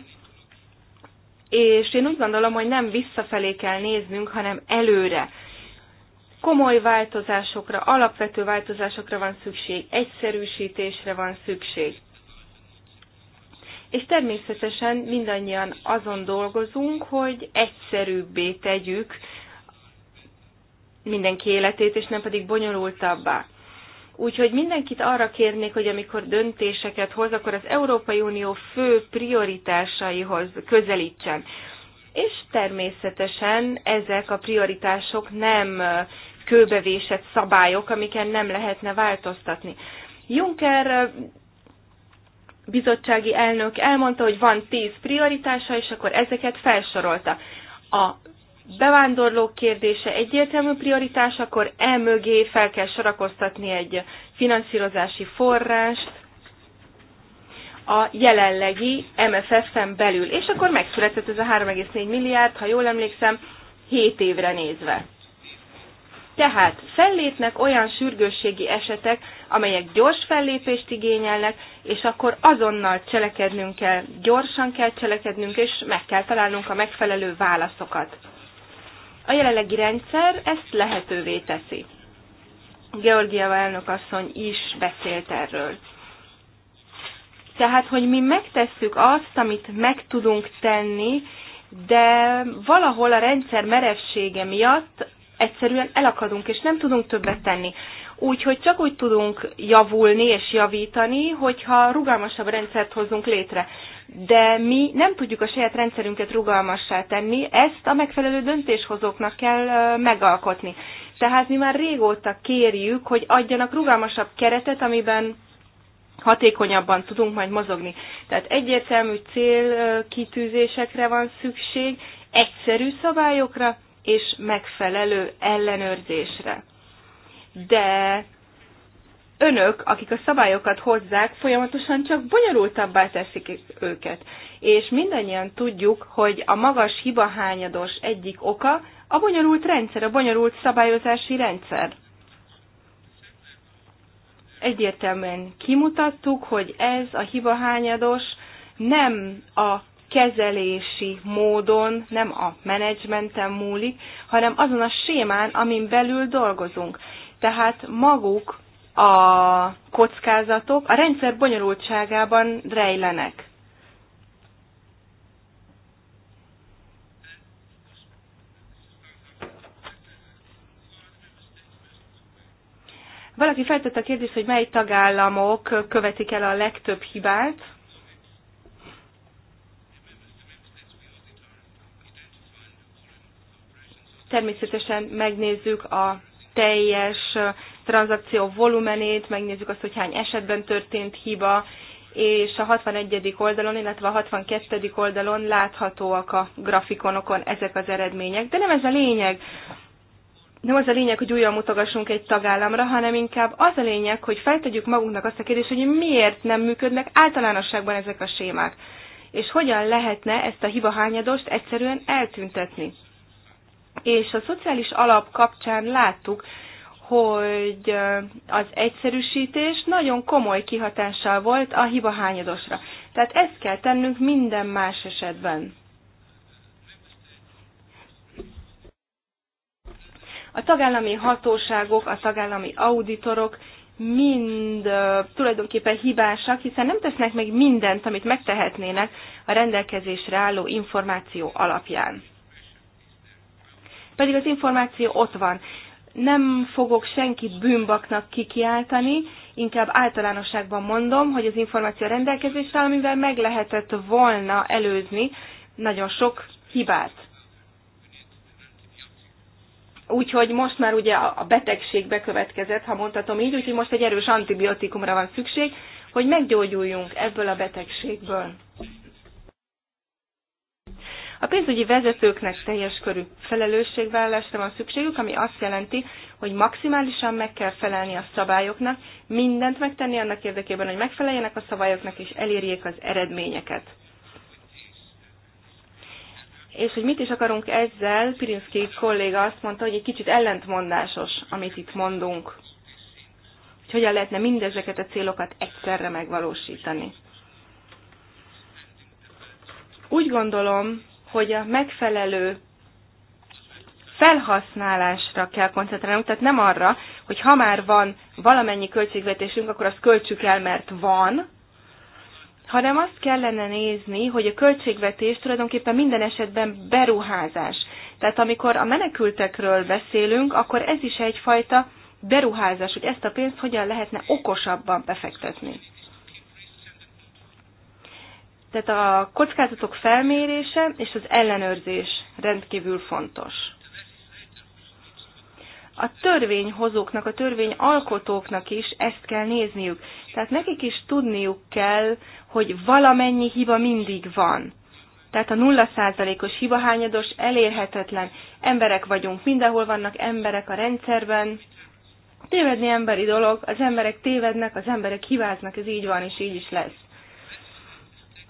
és én úgy gondolom, hogy nem visszafelé kell néznünk, hanem előre. Komoly változásokra, alapvető változásokra van szükség, egyszerűsítésre van szükség. És természetesen mindannyian azon dolgozunk, hogy egyszerűbbé tegyük mindenki életét, és nem pedig bonyolultabbá. Úgyhogy mindenkit arra kérnék, hogy amikor döntéseket hoz, akkor az Európai Unió fő prioritásaihoz közelítsen. És természetesen ezek a prioritások nem kőbevésett szabályok, amiken nem lehetne változtatni. Juncker bizottsági elnök elmondta, hogy van tíz prioritása, és akkor ezeket felsorolta. A bevándorlók kérdése egyértelmű prioritás, akkor e mögé fel kell sorakoztatni egy finanszírozási forrást a jelenlegi MFF-en belül. És akkor megszületett ez a 3,4 milliárd, ha jól emlékszem, 7 évre nézve. Tehát fellépnek olyan sürgősségi esetek, amelyek gyors fellépést igényelnek, és akkor azonnal cselekednünk kell, gyorsan kell cselekednünk, és meg kell találnunk a megfelelő válaszokat. A jelenlegi rendszer ezt lehetővé teszi. Georgia elnök asszony is beszélt erről. Tehát, hogy mi megtesszük azt, amit meg tudunk tenni, de valahol a rendszer merevsége miatt egyszerűen elakadunk, és nem tudunk többet tenni. Úgyhogy csak úgy tudunk javulni és javítani, hogyha rugalmasabb rendszert hozunk létre de mi nem tudjuk a saját rendszerünket rugalmassá tenni, ezt a megfelelő döntéshozóknak kell megalkotni. Tehát mi már régóta kérjük, hogy adjanak rugalmasabb keretet, amiben hatékonyabban tudunk majd mozogni. Tehát egyértelmű célkitűzésekre van szükség, egyszerű szabályokra és megfelelő ellenőrzésre. De önök, akik a szabályokat hozzák, folyamatosan csak bonyolultabbá teszik őket. És mindannyian tudjuk, hogy a magas hibahányados egyik oka a bonyolult rendszer, a bonyolult szabályozási rendszer. Egyértelműen kimutattuk, hogy ez a hibahányados nem a kezelési módon, nem a menedzsmenten múlik, hanem azon a sémán, amin belül dolgozunk. Tehát maguk a kockázatok a rendszer bonyolultságában rejlenek. Valaki feltette a kérdést, hogy mely tagállamok követik el a legtöbb hibát. Természetesen megnézzük a teljes tranzakció volumenét, megnézzük azt, hogy hány esetben történt hiba, és a 61. oldalon, illetve a 62. oldalon láthatóak a grafikonokon ezek az eredmények. De nem ez a lényeg. Nem az a lényeg, hogy újra mutogassunk egy tagállamra, hanem inkább az a lényeg, hogy feltegyük magunknak azt a kérdést, hogy miért nem működnek általánosságban ezek a sémák, és hogyan lehetne ezt a hibahányadost egyszerűen eltüntetni és a szociális alap kapcsán láttuk, hogy az egyszerűsítés nagyon komoly kihatással volt a hiba hányadosra. Tehát ezt kell tennünk minden más esetben. A tagállami hatóságok, a tagállami auditorok mind uh, tulajdonképpen hibásak, hiszen nem tesznek meg mindent, amit megtehetnének a rendelkezésre álló információ alapján pedig az információ ott van. Nem fogok senkit bűnbaknak kikiáltani, inkább általánosságban mondom, hogy az információ rendelkezésre, amivel meg lehetett volna előzni nagyon sok hibát. Úgyhogy most már ugye a betegség bekövetkezett, ha mondhatom így, úgyhogy most egy erős antibiotikumra van szükség, hogy meggyógyuljunk ebből a betegségből. A pénzügyi vezetőknek teljes körű felelősségvállalásra van szükségük, ami azt jelenti, hogy maximálisan meg kell felelni a szabályoknak, mindent megtenni annak érdekében, hogy megfeleljenek a szabályoknak és elérjék az eredményeket. És hogy mit is akarunk ezzel, Pirinszki kolléga azt mondta, hogy egy kicsit ellentmondásos, amit itt mondunk. Hogy hogyan lehetne mindezeket a célokat egyszerre megvalósítani. Úgy gondolom, hogy a megfelelő felhasználásra kell koncentrálnunk, tehát nem arra, hogy ha már van valamennyi költségvetésünk, akkor azt költsük el, mert van, hanem azt kellene nézni, hogy a költségvetés tulajdonképpen minden esetben beruházás. Tehát amikor a menekültekről beszélünk, akkor ez is egyfajta beruházás, hogy ezt a pénzt hogyan lehetne okosabban befektetni. Tehát a kockázatok felmérése és az ellenőrzés rendkívül fontos. A törvényhozóknak, a törvényalkotóknak is ezt kell nézniük. Tehát nekik is tudniuk kell, hogy valamennyi hiba mindig van. Tehát a nulla százalékos hibahányados elérhetetlen. Emberek vagyunk, mindenhol vannak emberek a rendszerben. Tévedni emberi dolog, az emberek tévednek, az emberek hibáznak, ez így van és így is lesz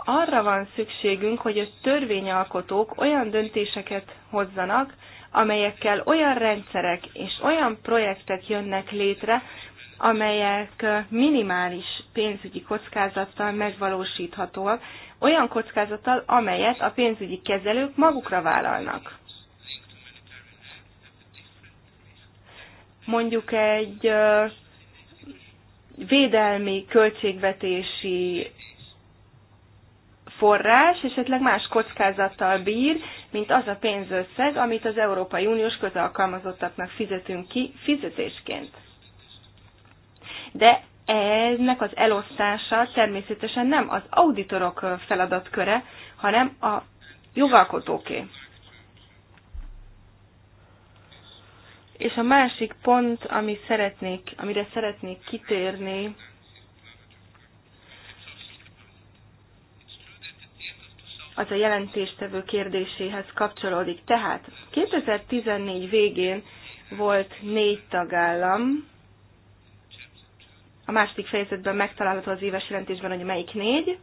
arra van szükségünk, hogy a törvényalkotók olyan döntéseket hozzanak, amelyekkel olyan rendszerek és olyan projektek jönnek létre, amelyek minimális pénzügyi kockázattal megvalósíthatóak, olyan kockázattal, amelyet a pénzügyi kezelők magukra vállalnak. Mondjuk egy védelmi költségvetési forrás esetleg más kockázattal bír, mint az a pénzösszeg, amit az Európai Uniós közalkalmazottaknak fizetünk ki fizetésként. De ennek az elosztása természetesen nem az auditorok feladatköre, hanem a jogalkotóké. És a másik pont, ami szeretnék, amire szeretnék kitérni, az a jelentéstevő kérdéséhez kapcsolódik. Tehát 2014 végén volt négy tagállam, a második fejezetben megtalálható az éves jelentésben, hogy melyik négy,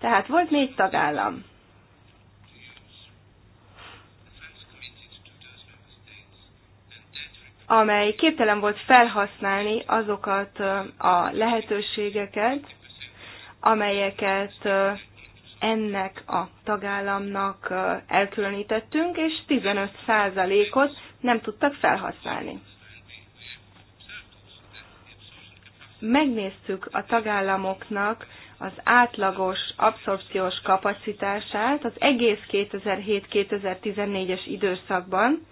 tehát volt négy tagállam. amely képtelen volt felhasználni azokat a lehetőségeket, amelyeket ennek a tagállamnak elkülönítettünk, és 15%-ot nem tudtak felhasználni. Megnéztük a tagállamoknak az átlagos abszorpciós kapacitását az egész 2007-2014-es időszakban,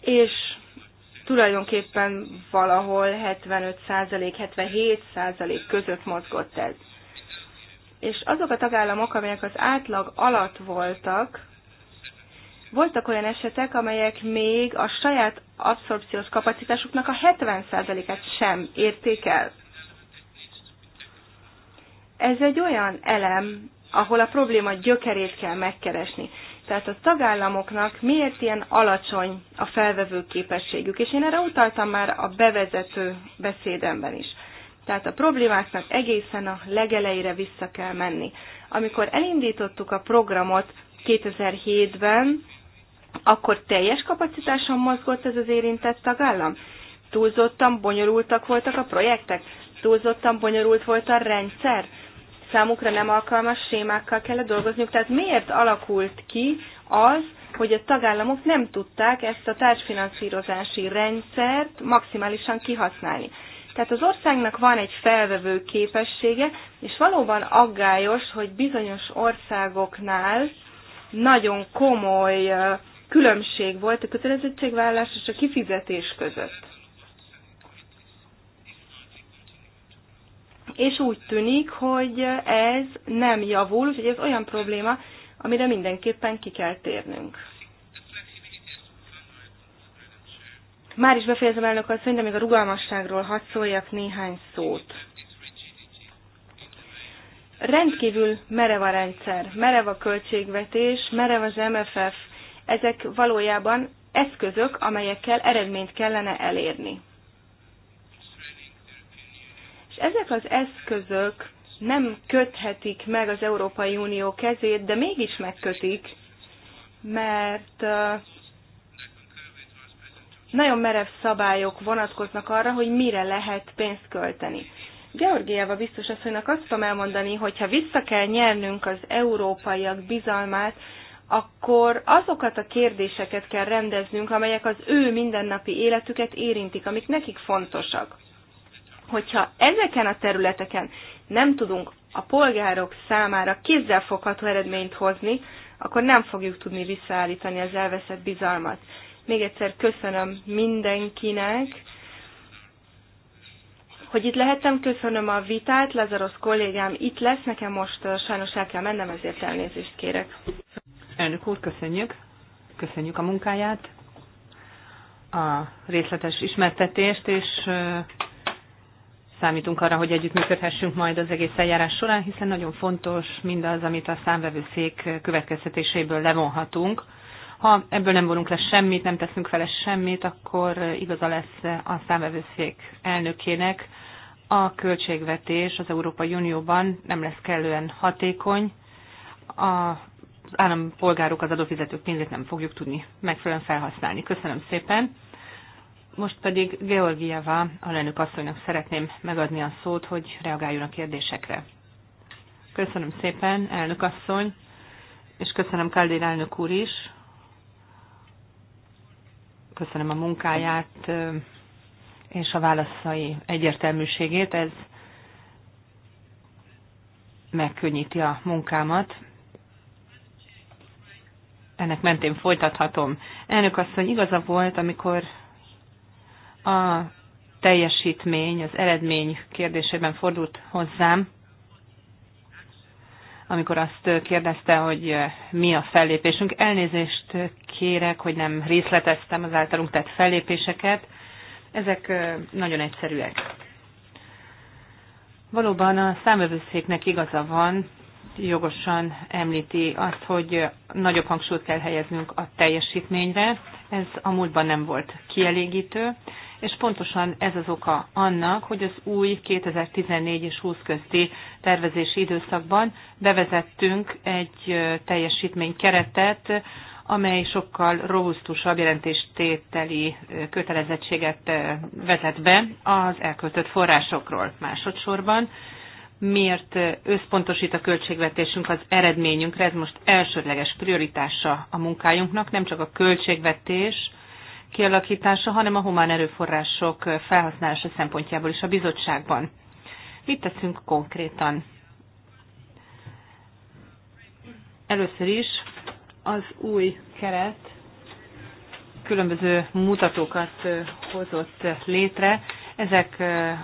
és tulajdonképpen valahol 75-77% között mozgott ez. És azok a tagállamok, amelyek az átlag alatt voltak, voltak olyan esetek, amelyek még a saját abszorpciós kapacitásuknak a 70 et sem érték el. Ez egy olyan elem, ahol a probléma gyökerét kell megkeresni. Tehát a tagállamoknak miért ilyen alacsony a felvevő képességük, és én erre utaltam már a bevezető beszédemben is. Tehát a problémáknak egészen a legeleire vissza kell menni. Amikor elindítottuk a programot 2007-ben, akkor teljes kapacitáson mozgott ez az érintett tagállam? Túlzottan bonyolultak voltak a projektek? Túlzottan bonyolult volt a rendszer? számukra nem alkalmas sémákkal kellett dolgozniuk. Tehát miért alakult ki az, hogy a tagállamok nem tudták ezt a társfinanszírozási rendszert maximálisan kihasználni? Tehát az országnak van egy felvevő képessége, és valóban aggályos, hogy bizonyos országoknál nagyon komoly különbség volt a kötelezettségvállás és a kifizetés között. és úgy tűnik, hogy ez nem javul, úgyhogy ez olyan probléma, amire mindenképpen ki kell térnünk. Már is befejezem elnök asszony, de még a rugalmasságról hadd szóljak néhány szót. Rendkívül merev a rendszer, merev a költségvetés, merev az MFF. Ezek valójában eszközök, amelyekkel eredményt kellene elérni. És ezek az eszközök nem köthetik meg az Európai Unió kezét, de mégis megkötik, mert nagyon merev szabályok vonatkoznak arra, hogy mire lehet pénzt költeni. Georgiáva biztos asszonynak azt tudom elmondani, hogy ha vissza kell nyernünk az európaiak bizalmát, akkor azokat a kérdéseket kell rendeznünk, amelyek az ő mindennapi életüket érintik, amik nekik fontosak hogyha ezeken a területeken nem tudunk a polgárok számára kézzelfogható eredményt hozni, akkor nem fogjuk tudni visszaállítani az elveszett bizalmat. Még egyszer köszönöm mindenkinek, hogy itt lehettem, köszönöm a vitát, Lazarosz kollégám itt lesz, nekem most sajnos el kell mennem, ezért elnézést kérek. Elnök úr, köszönjük. Köszönjük a munkáját, a részletes ismertetést, és számítunk arra, hogy együttműködhessünk majd az egész eljárás során, hiszen nagyon fontos mindaz, amit a számvevőszék következtetéséből levonhatunk. Ha ebből nem vonunk le semmit, nem teszünk vele semmit, akkor igaza lesz a számvevőszék elnökének, a költségvetés az Európai Unióban nem lesz kellően hatékony, A az állampolgárok, az adófizetők pénzét nem fogjuk tudni megfelelően felhasználni. Köszönöm szépen! Most pedig Georgieva, alelnök asszonynak szeretném megadni a szót, hogy reagáljon a kérdésekre. Köszönöm szépen, elnök asszony, és köszönöm Kaldér elnök úr is. Köszönöm a munkáját és a válaszai egyértelműségét. Ez megkönnyíti a munkámat. Ennek mentén folytathatom. Elnök asszony igaza volt, amikor a teljesítmény, az eredmény kérdésében fordult hozzám, amikor azt kérdezte, hogy mi a fellépésünk. Elnézést kérek, hogy nem részleteztem az általunk tett fellépéseket. Ezek nagyon egyszerűek. Valóban a számövőszéknek igaza van, jogosan említi azt, hogy nagyobb hangsúlyt kell helyeznünk a teljesítményre, ez a múltban nem volt kielégítő, és pontosan ez az oka annak, hogy az új 2014 és 20 közti tervezési időszakban bevezettünk egy teljesítménykeretet, amely sokkal robusztusabb jelentéstételi kötelezettséget vezet be az elköltött forrásokról másodszorban miért összpontosít a költségvetésünk az eredményünkre, ez most elsődleges prioritása a munkájunknak, nem csak a költségvetés kialakítása, hanem a humán erőforrások felhasználása szempontjából is a bizottságban. Mit teszünk konkrétan? Először is az új keret különböző mutatókat hozott létre, ezek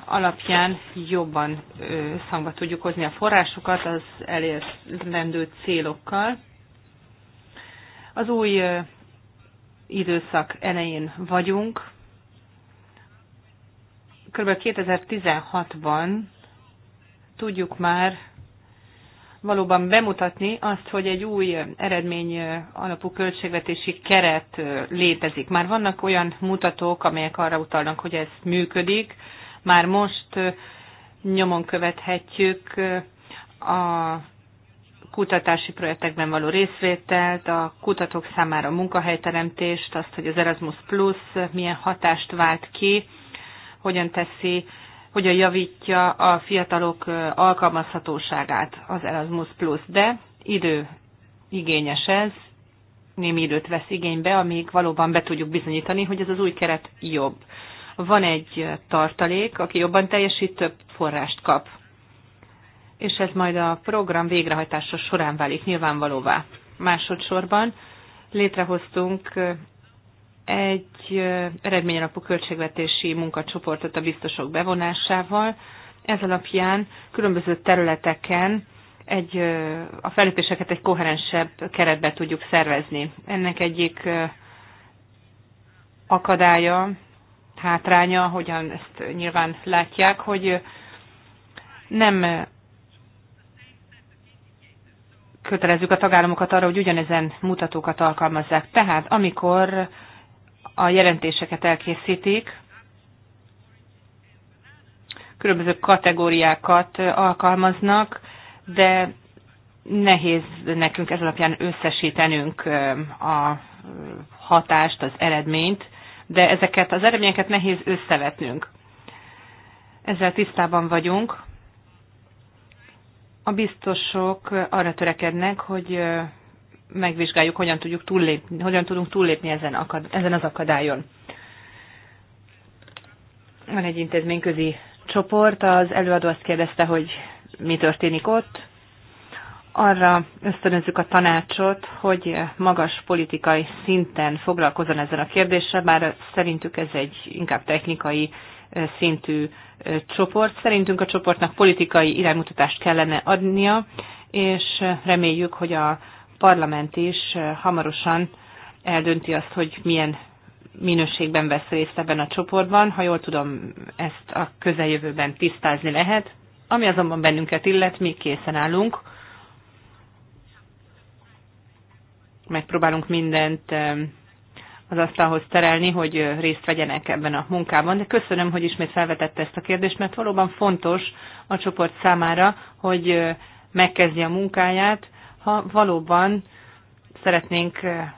alapján jobban összhangba tudjuk hozni a forrásokat az elérendő célokkal. Az új időszak elején vagyunk. Kb. 2016-ban tudjuk már, valóban bemutatni azt, hogy egy új eredmény alapú költségvetési keret létezik. Már vannak olyan mutatók, amelyek arra utalnak, hogy ez működik. Már most nyomon követhetjük a kutatási projektekben való részvételt, a kutatók számára a munkahelyteremtést, azt, hogy az Erasmus Plus milyen hatást vált ki, hogyan teszi hogyan javítja a fiatalok alkalmazhatóságát az Erasmus Plus, de idő igényes ez, némi időt vesz igénybe, amíg valóban be tudjuk bizonyítani, hogy ez az új keret jobb. Van egy tartalék, aki jobban teljesít, több forrást kap. És ez majd a program végrehajtása során válik nyilvánvalóvá. Másodszorban létrehoztunk egy eredményalapú költségvetési munkacsoportot a biztosok bevonásával. Ez alapján különböző területeken egy, a fellépéseket egy koherensebb keretbe tudjuk szervezni. Ennek egyik akadálya, hátránya, hogyan ezt nyilván látják, hogy nem kötelezzük a tagállamokat arra, hogy ugyanezen mutatókat alkalmazzák. Tehát amikor a jelentéseket elkészítik, különböző kategóriákat alkalmaznak, de nehéz nekünk ez alapján összesítenünk a hatást, az eredményt, de ezeket az eredményeket nehéz összevetnünk. Ezzel tisztában vagyunk. A biztosok arra törekednek, hogy megvizsgáljuk, hogyan, tudjuk túllépni, hogyan tudunk túllépni ezen, akad, ezen az akadályon. Van egy intézményközi csoport, az előadó azt kérdezte, hogy mi történik ott. Arra ösztönözzük a tanácsot, hogy magas politikai szinten foglalkozzon ezzel a kérdéssel, bár szerintük ez egy inkább technikai eh, szintű eh, csoport. Szerintünk a csoportnak politikai iránymutatást kellene adnia, és eh, reméljük, hogy a parlament is hamarosan eldönti azt, hogy milyen minőségben vesz részt ebben a csoportban. Ha jól tudom, ezt a közeljövőben tisztázni lehet. Ami azonban bennünket illet, mi készen állunk. Megpróbálunk mindent az asztalhoz terelni, hogy részt vegyenek ebben a munkában. De köszönöm, hogy ismét felvetette ezt a kérdést, mert valóban fontos a csoport számára, hogy megkezdje a munkáját, ha valóban szeretnénk eh,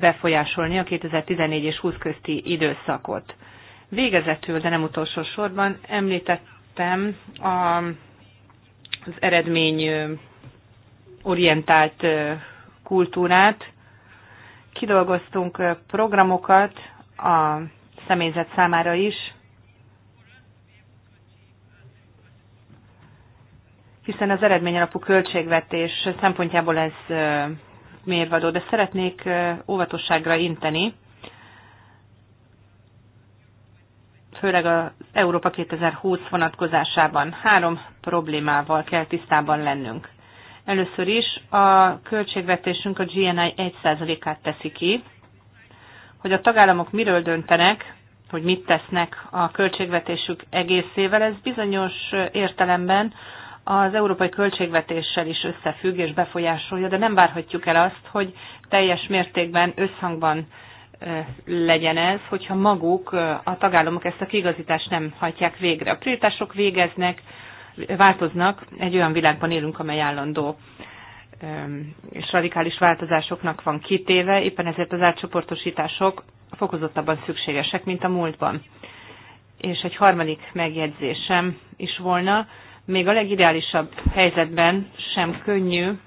befolyásolni a 2014 és 20 közti időszakot. Végezetül, de nem utolsó sorban említettem a, az eredmény eh, orientált eh, kultúrát. Kidolgoztunk programokat a személyzet számára is, hiszen az alapú költségvetés szempontjából ez mérvadó, de szeretnék óvatosságra inteni, főleg az Európa 2020 vonatkozásában három problémával kell tisztában lennünk. Először is a költségvetésünk a GNI 1%-át teszi ki, hogy a tagállamok miről döntenek, hogy mit tesznek a költségvetésük egészével, ez bizonyos értelemben az európai költségvetéssel is összefügg és befolyásolja, de nem várhatjuk el azt, hogy teljes mértékben összhangban legyen ez, hogyha maguk a tagállamok ezt a kigazítást nem hajtják végre. A prioritások végeznek, változnak, egy olyan világban élünk, amely állandó és radikális változásoknak van kitéve, éppen ezért az átcsoportosítások fokozottabban szükségesek, mint a múltban. És egy harmadik megjegyzésem is volna, még a legideálisabb helyzetben sem könnyű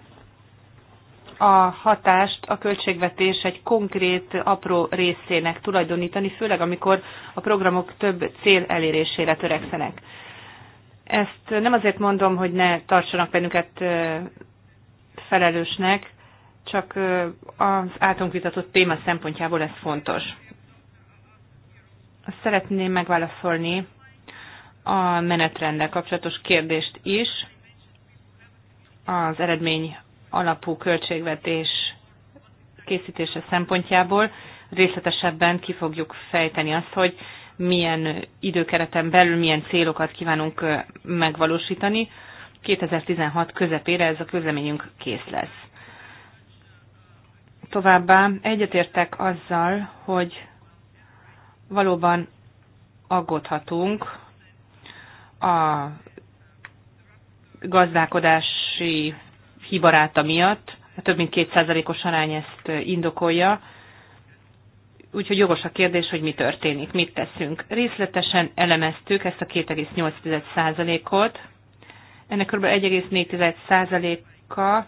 a hatást a költségvetés egy konkrét apró részének tulajdonítani, főleg amikor a programok több cél elérésére törekszenek. Ezt nem azért mondom, hogy ne tartsanak bennünket felelősnek, csak az általunk vitatott téma szempontjából ez fontos. Szeretném megválaszolni a menetrenddel kapcsolatos kérdést is. Az eredmény alapú költségvetés készítése szempontjából részletesebben ki fogjuk fejteni azt, hogy milyen időkereten belül milyen célokat kívánunk megvalósítani. 2016 közepére ez a közleményünk kész lesz. Továbbá egyetértek azzal, hogy valóban aggódhatunk a gazdálkodási hibaráta miatt, több mint kétszázalékos arány ezt indokolja, úgyhogy jogos a kérdés, hogy mi történik, mit teszünk. Részletesen elemeztük ezt a 2,8%-ot, ennek kb. 1,4%-a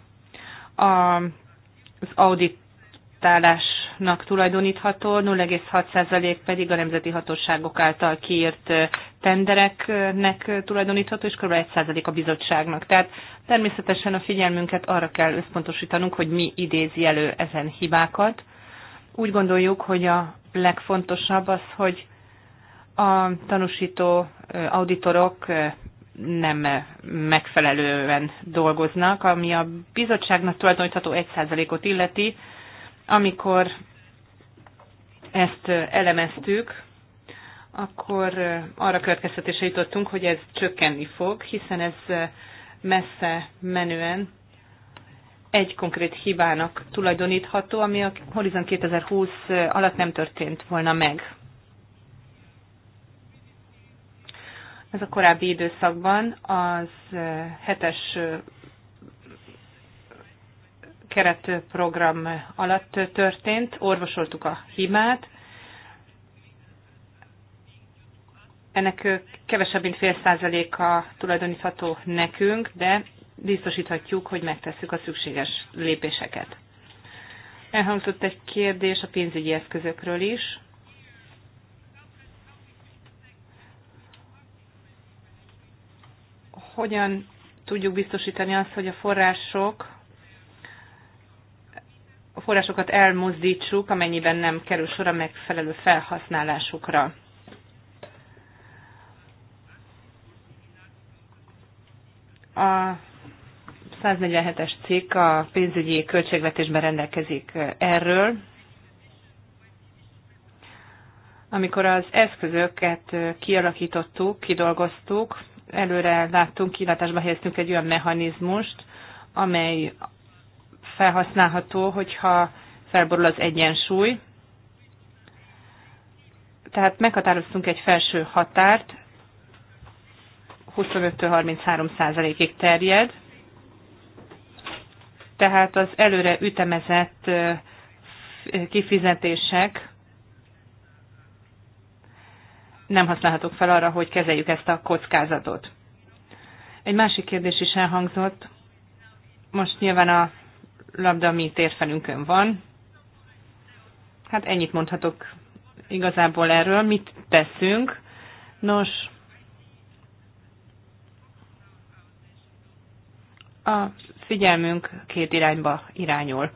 az auditálás államnak tulajdonítható, 0,6% pedig a nemzeti hatóságok által kiírt tendereknek tulajdonítható, és kb. 1% a bizottságnak. Tehát természetesen a figyelmünket arra kell összpontosítanunk, hogy mi idézi elő ezen hibákat. Úgy gondoljuk, hogy a legfontosabb az, hogy a tanúsító auditorok nem megfelelően dolgoznak, ami a bizottságnak tulajdonítható 1%-ot illeti, amikor ezt elemeztük, akkor arra következtetése jutottunk, hogy ez csökkenni fog, hiszen ez messze menően egy konkrét hibának tulajdonítható, ami a Horizon 2020 alatt nem történt volna meg. Ez a korábbi időszakban az hetes keretprogram alatt történt, orvosoltuk a hibát. Ennek kevesebb, mint fél százaléka tulajdonítható nekünk, de biztosíthatjuk, hogy megtesszük a szükséges lépéseket. Elhangzott egy kérdés a pénzügyi eszközökről is. Hogyan tudjuk biztosítani azt, hogy a források forrásokat elmozdítsuk, amennyiben nem kerül sor a megfelelő felhasználásukra. A 147-es cikk a pénzügyi költségvetésben rendelkezik erről, amikor az eszközöket kialakítottuk, kidolgoztuk, előre láttunk, kilátásba helyeztünk egy olyan mechanizmust, amely felhasználható, hogyha felborul az egyensúly. Tehát meghatároztunk egy felső határt, 25-33 százalékig terjed, tehát az előre ütemezett kifizetések nem használhatók fel arra, hogy kezeljük ezt a kockázatot. Egy másik kérdés is elhangzott. Most nyilván a labda mi térfelünkön van. Hát ennyit mondhatok igazából erről, mit teszünk. Nos, a figyelmünk két irányba irányul.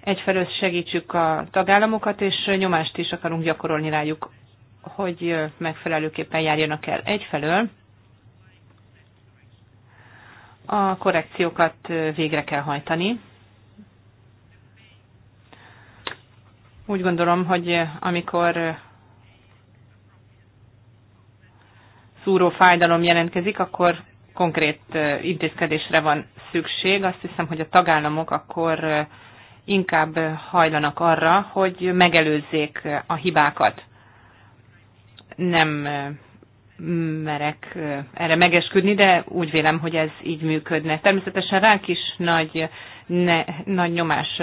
Egyfelől segítsük a tagállamokat, és nyomást is akarunk gyakorolni rájuk, hogy megfelelőképpen járjanak el. Egyfelől a korrekciókat végre kell hajtani, Úgy gondolom, hogy eh, amikor eh, szúró fájdalom jelentkezik, akkor konkrét eh, intézkedésre van szükség. Azt hiszem, hogy a tagállamok akkor inkább hajlanak arra, hogy megelőzzék a hibákat. Nem merek erre megesküdni, de úgy vélem, hogy ez így működne. Természetesen ránk is nagy, ne, nagy nyomás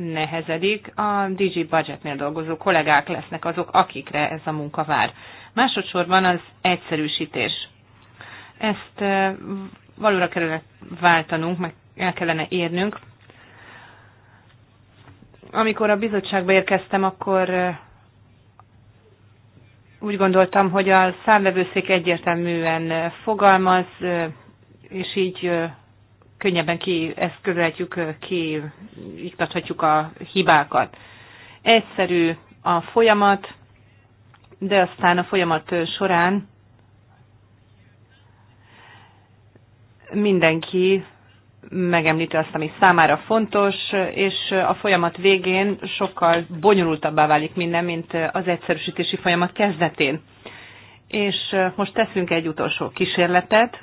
nehezedik a DG Budgetnél dolgozó kollégák lesznek azok, akikre ez a munka vár. Másodszorban az egyszerűsítés. Ezt valóra kellene váltanunk, meg el kellene érnünk. Amikor a bizottságba érkeztem, akkor úgy gondoltam, hogy a számvevőszék egyértelműen fogalmaz, és így könnyebben kieszközöltjük, kiiktathatjuk a hibákat. Egyszerű a folyamat, de aztán a folyamat során mindenki megemlíti azt, ami számára fontos, és a folyamat végén sokkal bonyolultabbá válik minden, mint az egyszerűsítési folyamat kezdetén. És most teszünk egy utolsó kísérletet,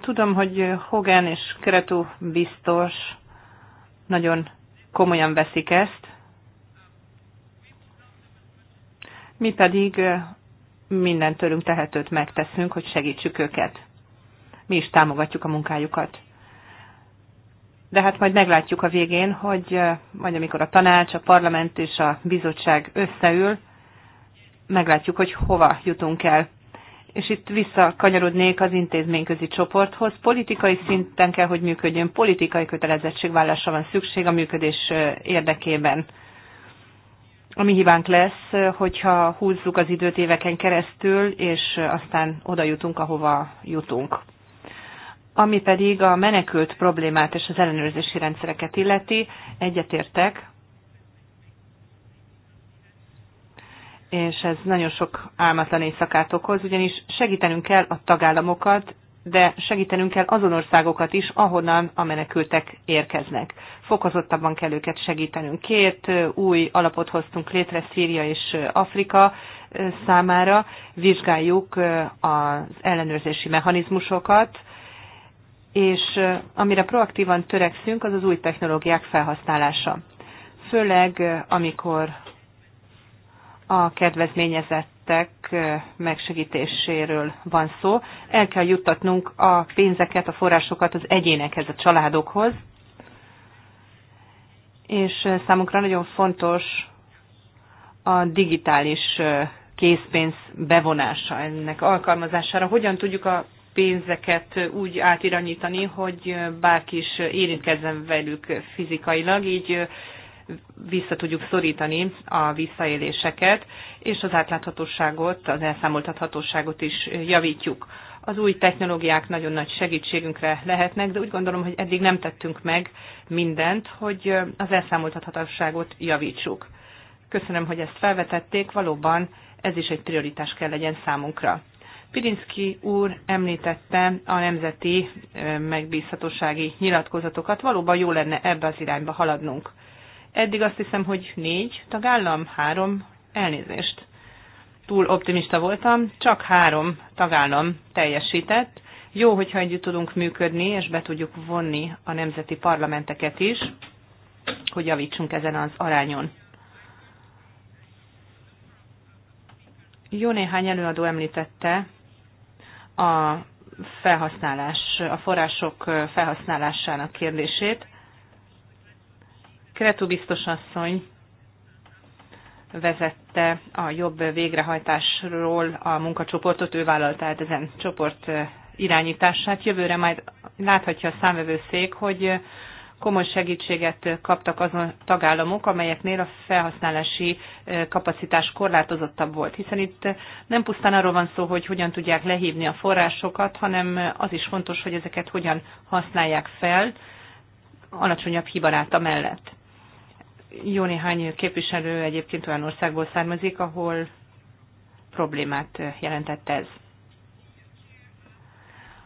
Tudom, hogy Hogan és Kretu biztos nagyon komolyan veszik ezt. Mi pedig eh, minden tőlünk tehetőt megteszünk, hogy segítsük őket. Mi is támogatjuk a munkájukat. De hát majd meglátjuk a végén, hogy eh, majd amikor a tanács, a parlament és a bizottság összeül, meglátjuk, hogy hova jutunk el és itt visszakanyarodnék az intézményközi csoporthoz, politikai szinten kell, hogy működjön, politikai kötelezettségvállásra van szükség a működés érdekében. ami hibánk lesz, hogyha húzzuk az időt éveken keresztül, és aztán oda jutunk, ahova jutunk. Ami pedig a menekült problémát és az ellenőrzési rendszereket illeti, egyetértek, és ez nagyon sok álmatlan éjszakát okoz, ugyanis segítenünk kell a tagállamokat, de segítenünk kell azon országokat is, ahonnan a menekültek érkeznek. Fokozottabban kell őket segítenünk. Két új alapot hoztunk létre Szíria és Afrika számára. Vizsgáljuk az ellenőrzési mechanizmusokat, és amire proaktívan törekszünk, az az új technológiák felhasználása. Főleg amikor a kedvezményezettek megsegítéséről van szó. El kell juttatnunk a pénzeket, a forrásokat az egyénekhez, a családokhoz, és számunkra nagyon fontos a digitális készpénz bevonása ennek alkalmazására. Hogyan tudjuk a pénzeket úgy átirányítani, hogy bárki is érintkezzen velük fizikailag, így vissza tudjuk szorítani a visszaéléseket, és az átláthatóságot, az elszámoltathatóságot is javítjuk. Az új technológiák nagyon nagy segítségünkre lehetnek, de úgy gondolom, hogy eddig nem tettünk meg mindent, hogy az elszámoltathatóságot javítsuk. Köszönöm, hogy ezt felvetették, valóban ez is egy prioritás kell legyen számunkra. Pirinszki úr említette a nemzeti megbízhatósági nyilatkozatokat, valóban jó lenne ebbe az irányba haladnunk. Eddig azt hiszem, hogy négy tagállam, három elnézést. Túl optimista voltam, csak három tagállam teljesített. Jó, hogyha együtt tudunk működni, és be tudjuk vonni a nemzeti parlamenteket is, hogy javítsunk ezen az arányon. Jó néhány előadó említette a felhasználás, a források felhasználásának kérdését. Kretu biztos asszony vezette a jobb végrehajtásról a munkacsoportot, ő vállalta át ezen csoport irányítását. Jövőre majd láthatja a számvevőszék, hogy komoly segítséget kaptak azon tagállamok, amelyeknél a felhasználási kapacitás korlátozottabb volt. Hiszen itt nem pusztán arról van szó, hogy hogyan tudják lehívni a forrásokat, hanem az is fontos, hogy ezeket hogyan használják fel alacsonyabb hibaráta mellett jó néhány képviselő egyébként olyan országból származik, ahol problémát jelentett ez.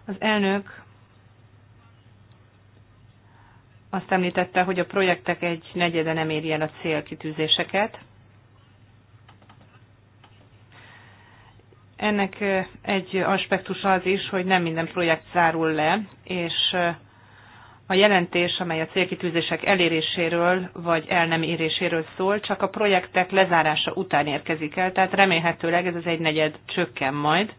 Az elnök azt említette, hogy a projektek egy negyede nem éri el a célkitűzéseket. Ennek egy aspektus az is, hogy nem minden projekt zárul le, és a jelentés, amely a célkitűzések eléréséről vagy el nem éréséről szól, csak a projektek lezárása után érkezik el, tehát remélhetőleg ez az egynegyed csökken majd,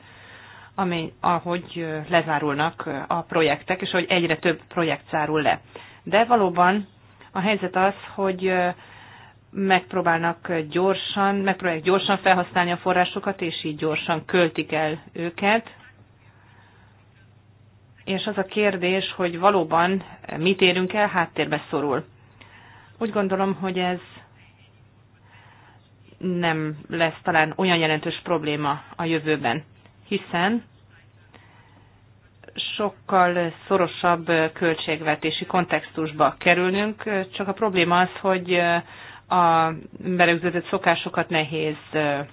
ami, ahogy lezárulnak a projektek, és hogy egyre több projekt zárul le. De valóban a helyzet az, hogy megpróbálnak gyorsan, megpróbálják gyorsan felhasználni a forrásokat, és így gyorsan költik el őket, és az a kérdés, hogy valóban mit érünk el, háttérbe szorul. Úgy gondolom, hogy ez nem lesz talán olyan jelentős probléma a jövőben, hiszen sokkal szorosabb költségvetési kontextusba kerülünk. csak a probléma az, hogy a berögzített szokásokat nehéz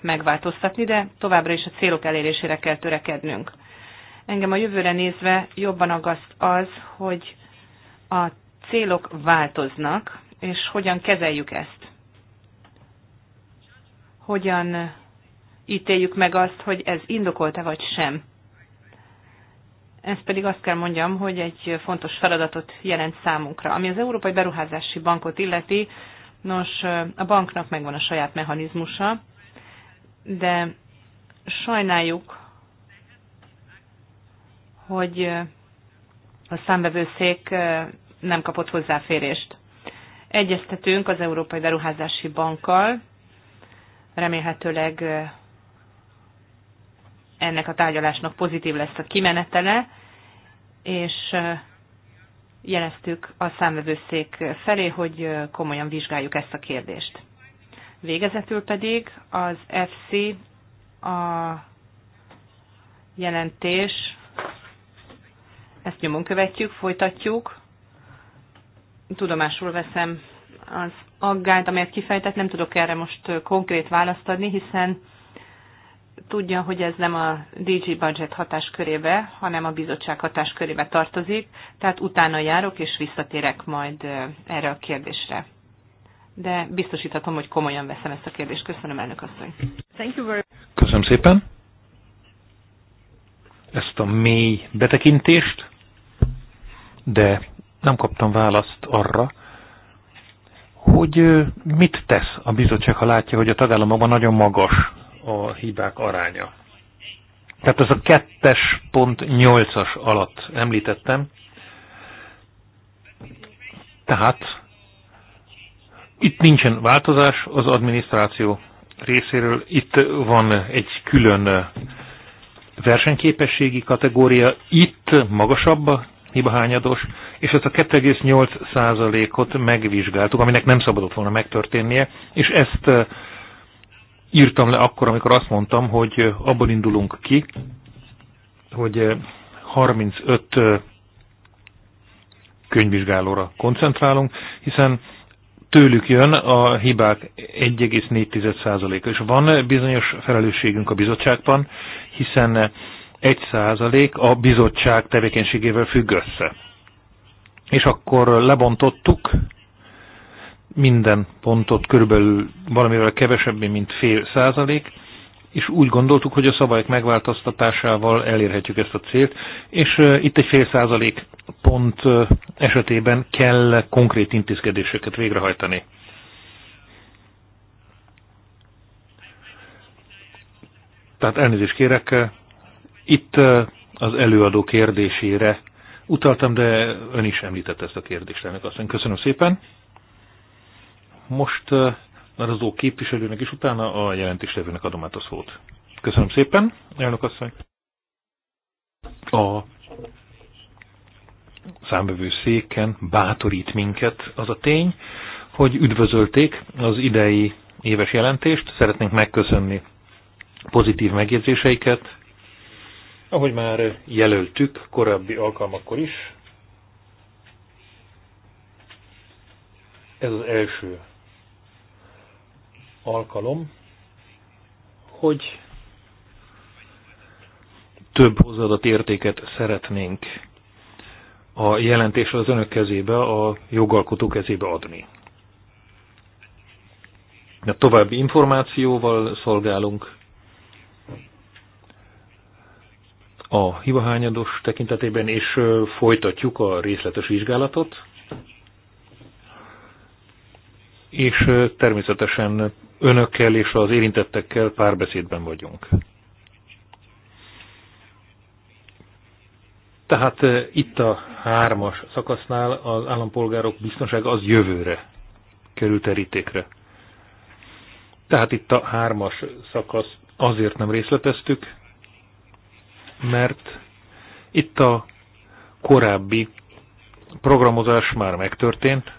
megváltoztatni, de továbbra is a célok elérésére kell törekednünk. Engem a jövőre nézve jobban agaszt az, hogy a célok változnak, és hogyan kezeljük ezt. Hogyan ítéljük meg azt, hogy ez indokolta vagy sem. Ez pedig azt kell mondjam, hogy egy fontos feladatot jelent számunkra. Ami az Európai Beruházási Bankot illeti, nos, a banknak megvan a saját mechanizmusa, de sajnáljuk, hogy a számbevőszék nem kapott hozzáférést. Egyeztetünk az Európai Beruházási Bankkal, remélhetőleg ennek a tárgyalásnak pozitív lesz a kimenetele, és jeleztük a számvevőszék felé, hogy komolyan vizsgáljuk ezt a kérdést. Végezetül pedig az FC a jelentés ezt nyomon követjük, folytatjuk. Tudomásul veszem az aggályt, amelyet kifejtett, nem tudok erre most konkrét választ adni, hiszen tudja, hogy ez nem a DG budget hatáskörébe, hanem a bizottság hatáskörébe tartozik, tehát utána járok és visszatérek majd erre a kérdésre. De biztosíthatom, hogy komolyan veszem ezt a kérdést. Köszönöm, elnök asszony. Köszönöm szépen ezt a mély betekintést de nem kaptam választ arra, hogy mit tesz a bizottság, ha látja, hogy a tagállamokban nagyon magas a hibák aránya. Tehát ez a 2.8-as alatt említettem. Tehát itt nincsen változás az adminisztráció részéről. Itt van egy külön versenyképességi kategória, itt magasabb a hibahányados, és ezt a 2,8 százalékot megvizsgáltuk, aminek nem szabadott volna megtörténnie, és ezt írtam le akkor, amikor azt mondtam, hogy abban indulunk ki, hogy 35 könyvvizsgálóra koncentrálunk, hiszen tőlük jön a hibák 14 százaléka, és van bizonyos felelősségünk a bizottságban, hiszen 1% a bizottság tevékenységével függ össze. És akkor lebontottuk minden pontot körülbelül valamivel kevesebb, mint fél százalék, és úgy gondoltuk, hogy a szabályok megváltoztatásával elérhetjük ezt a célt, és itt egy fél százalék pont esetében kell konkrét intézkedéseket végrehajtani. Tehát elnézést kérek, itt az előadó kérdésére utaltam, de ön is említette ezt a kérdést ennek. Aztán köszönöm szépen. Most már az képviselőnek is utána a jelentéstevőnek adom át a szót. Köszönöm szépen, elnök asszony. A széken bátorít minket az a tény, hogy üdvözölték az idei éves jelentést. Szeretnénk megköszönni pozitív megjegyzéseiket, ahogy már jelöltük korábbi alkalmakkor is, ez az első alkalom, hogy több hozzáadott értéket szeretnénk a jelentés az önök kezébe, a jogalkotó kezébe adni. De további információval szolgálunk, a hibahányados tekintetében, és folytatjuk a részletes vizsgálatot. És természetesen önökkel és az érintettekkel párbeszédben vagyunk. Tehát itt a hármas szakasznál az állampolgárok biztonsága az jövőre kerül terítékre. Tehát itt a hármas szakasz azért nem részleteztük, mert itt a korábbi programozás már megtörtént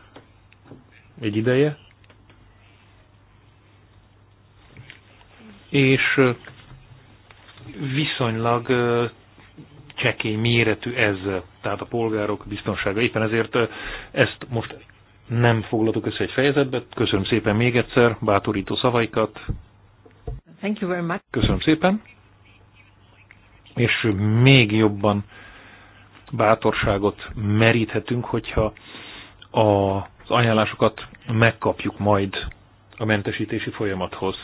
egy ideje, és viszonylag csekély méretű ez, tehát a polgárok biztonsága. Éppen ezért ezt most nem foglaltuk össze egy fejezetbe. Köszönöm szépen még egyszer bátorító szavaikat. Thank you very much. Köszönöm szépen és még jobban bátorságot meríthetünk, hogyha az ajánlásokat megkapjuk majd a mentesítési folyamathoz.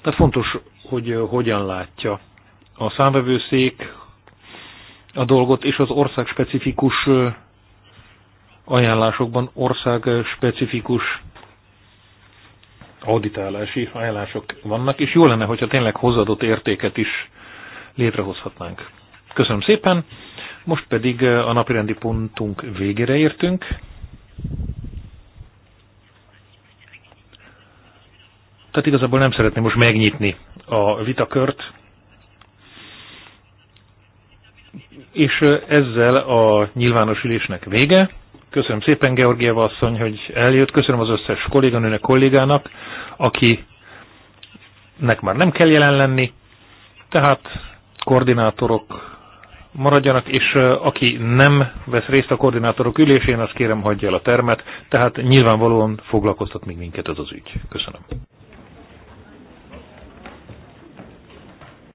Tehát fontos, hogy hogyan látja a számvevőszék a dolgot, és az ország specifikus ajánlásokban ország specifikus auditálási ajánlások vannak, és jó lenne, hogyha tényleg hozadott értéket is létrehozhatnánk. Köszönöm szépen, most pedig eh, a napirendi pontunk végére értünk. Tehát igazából nem szeretném most megnyitni a vitakört, és eh, ezzel a nyilvános ülésnek vége. Köszönöm szépen Georgieva asszony, hogy eljött. Köszönöm az összes kolléganőnek, kollégának, akinek már nem kell jelen lenni. Tehát koordinátorok maradjanak, és aki nem vesz részt a koordinátorok ülésén, azt kérem hagyja el a termet, tehát nyilvánvalóan foglalkoztat még minket ez az ügy. Köszönöm.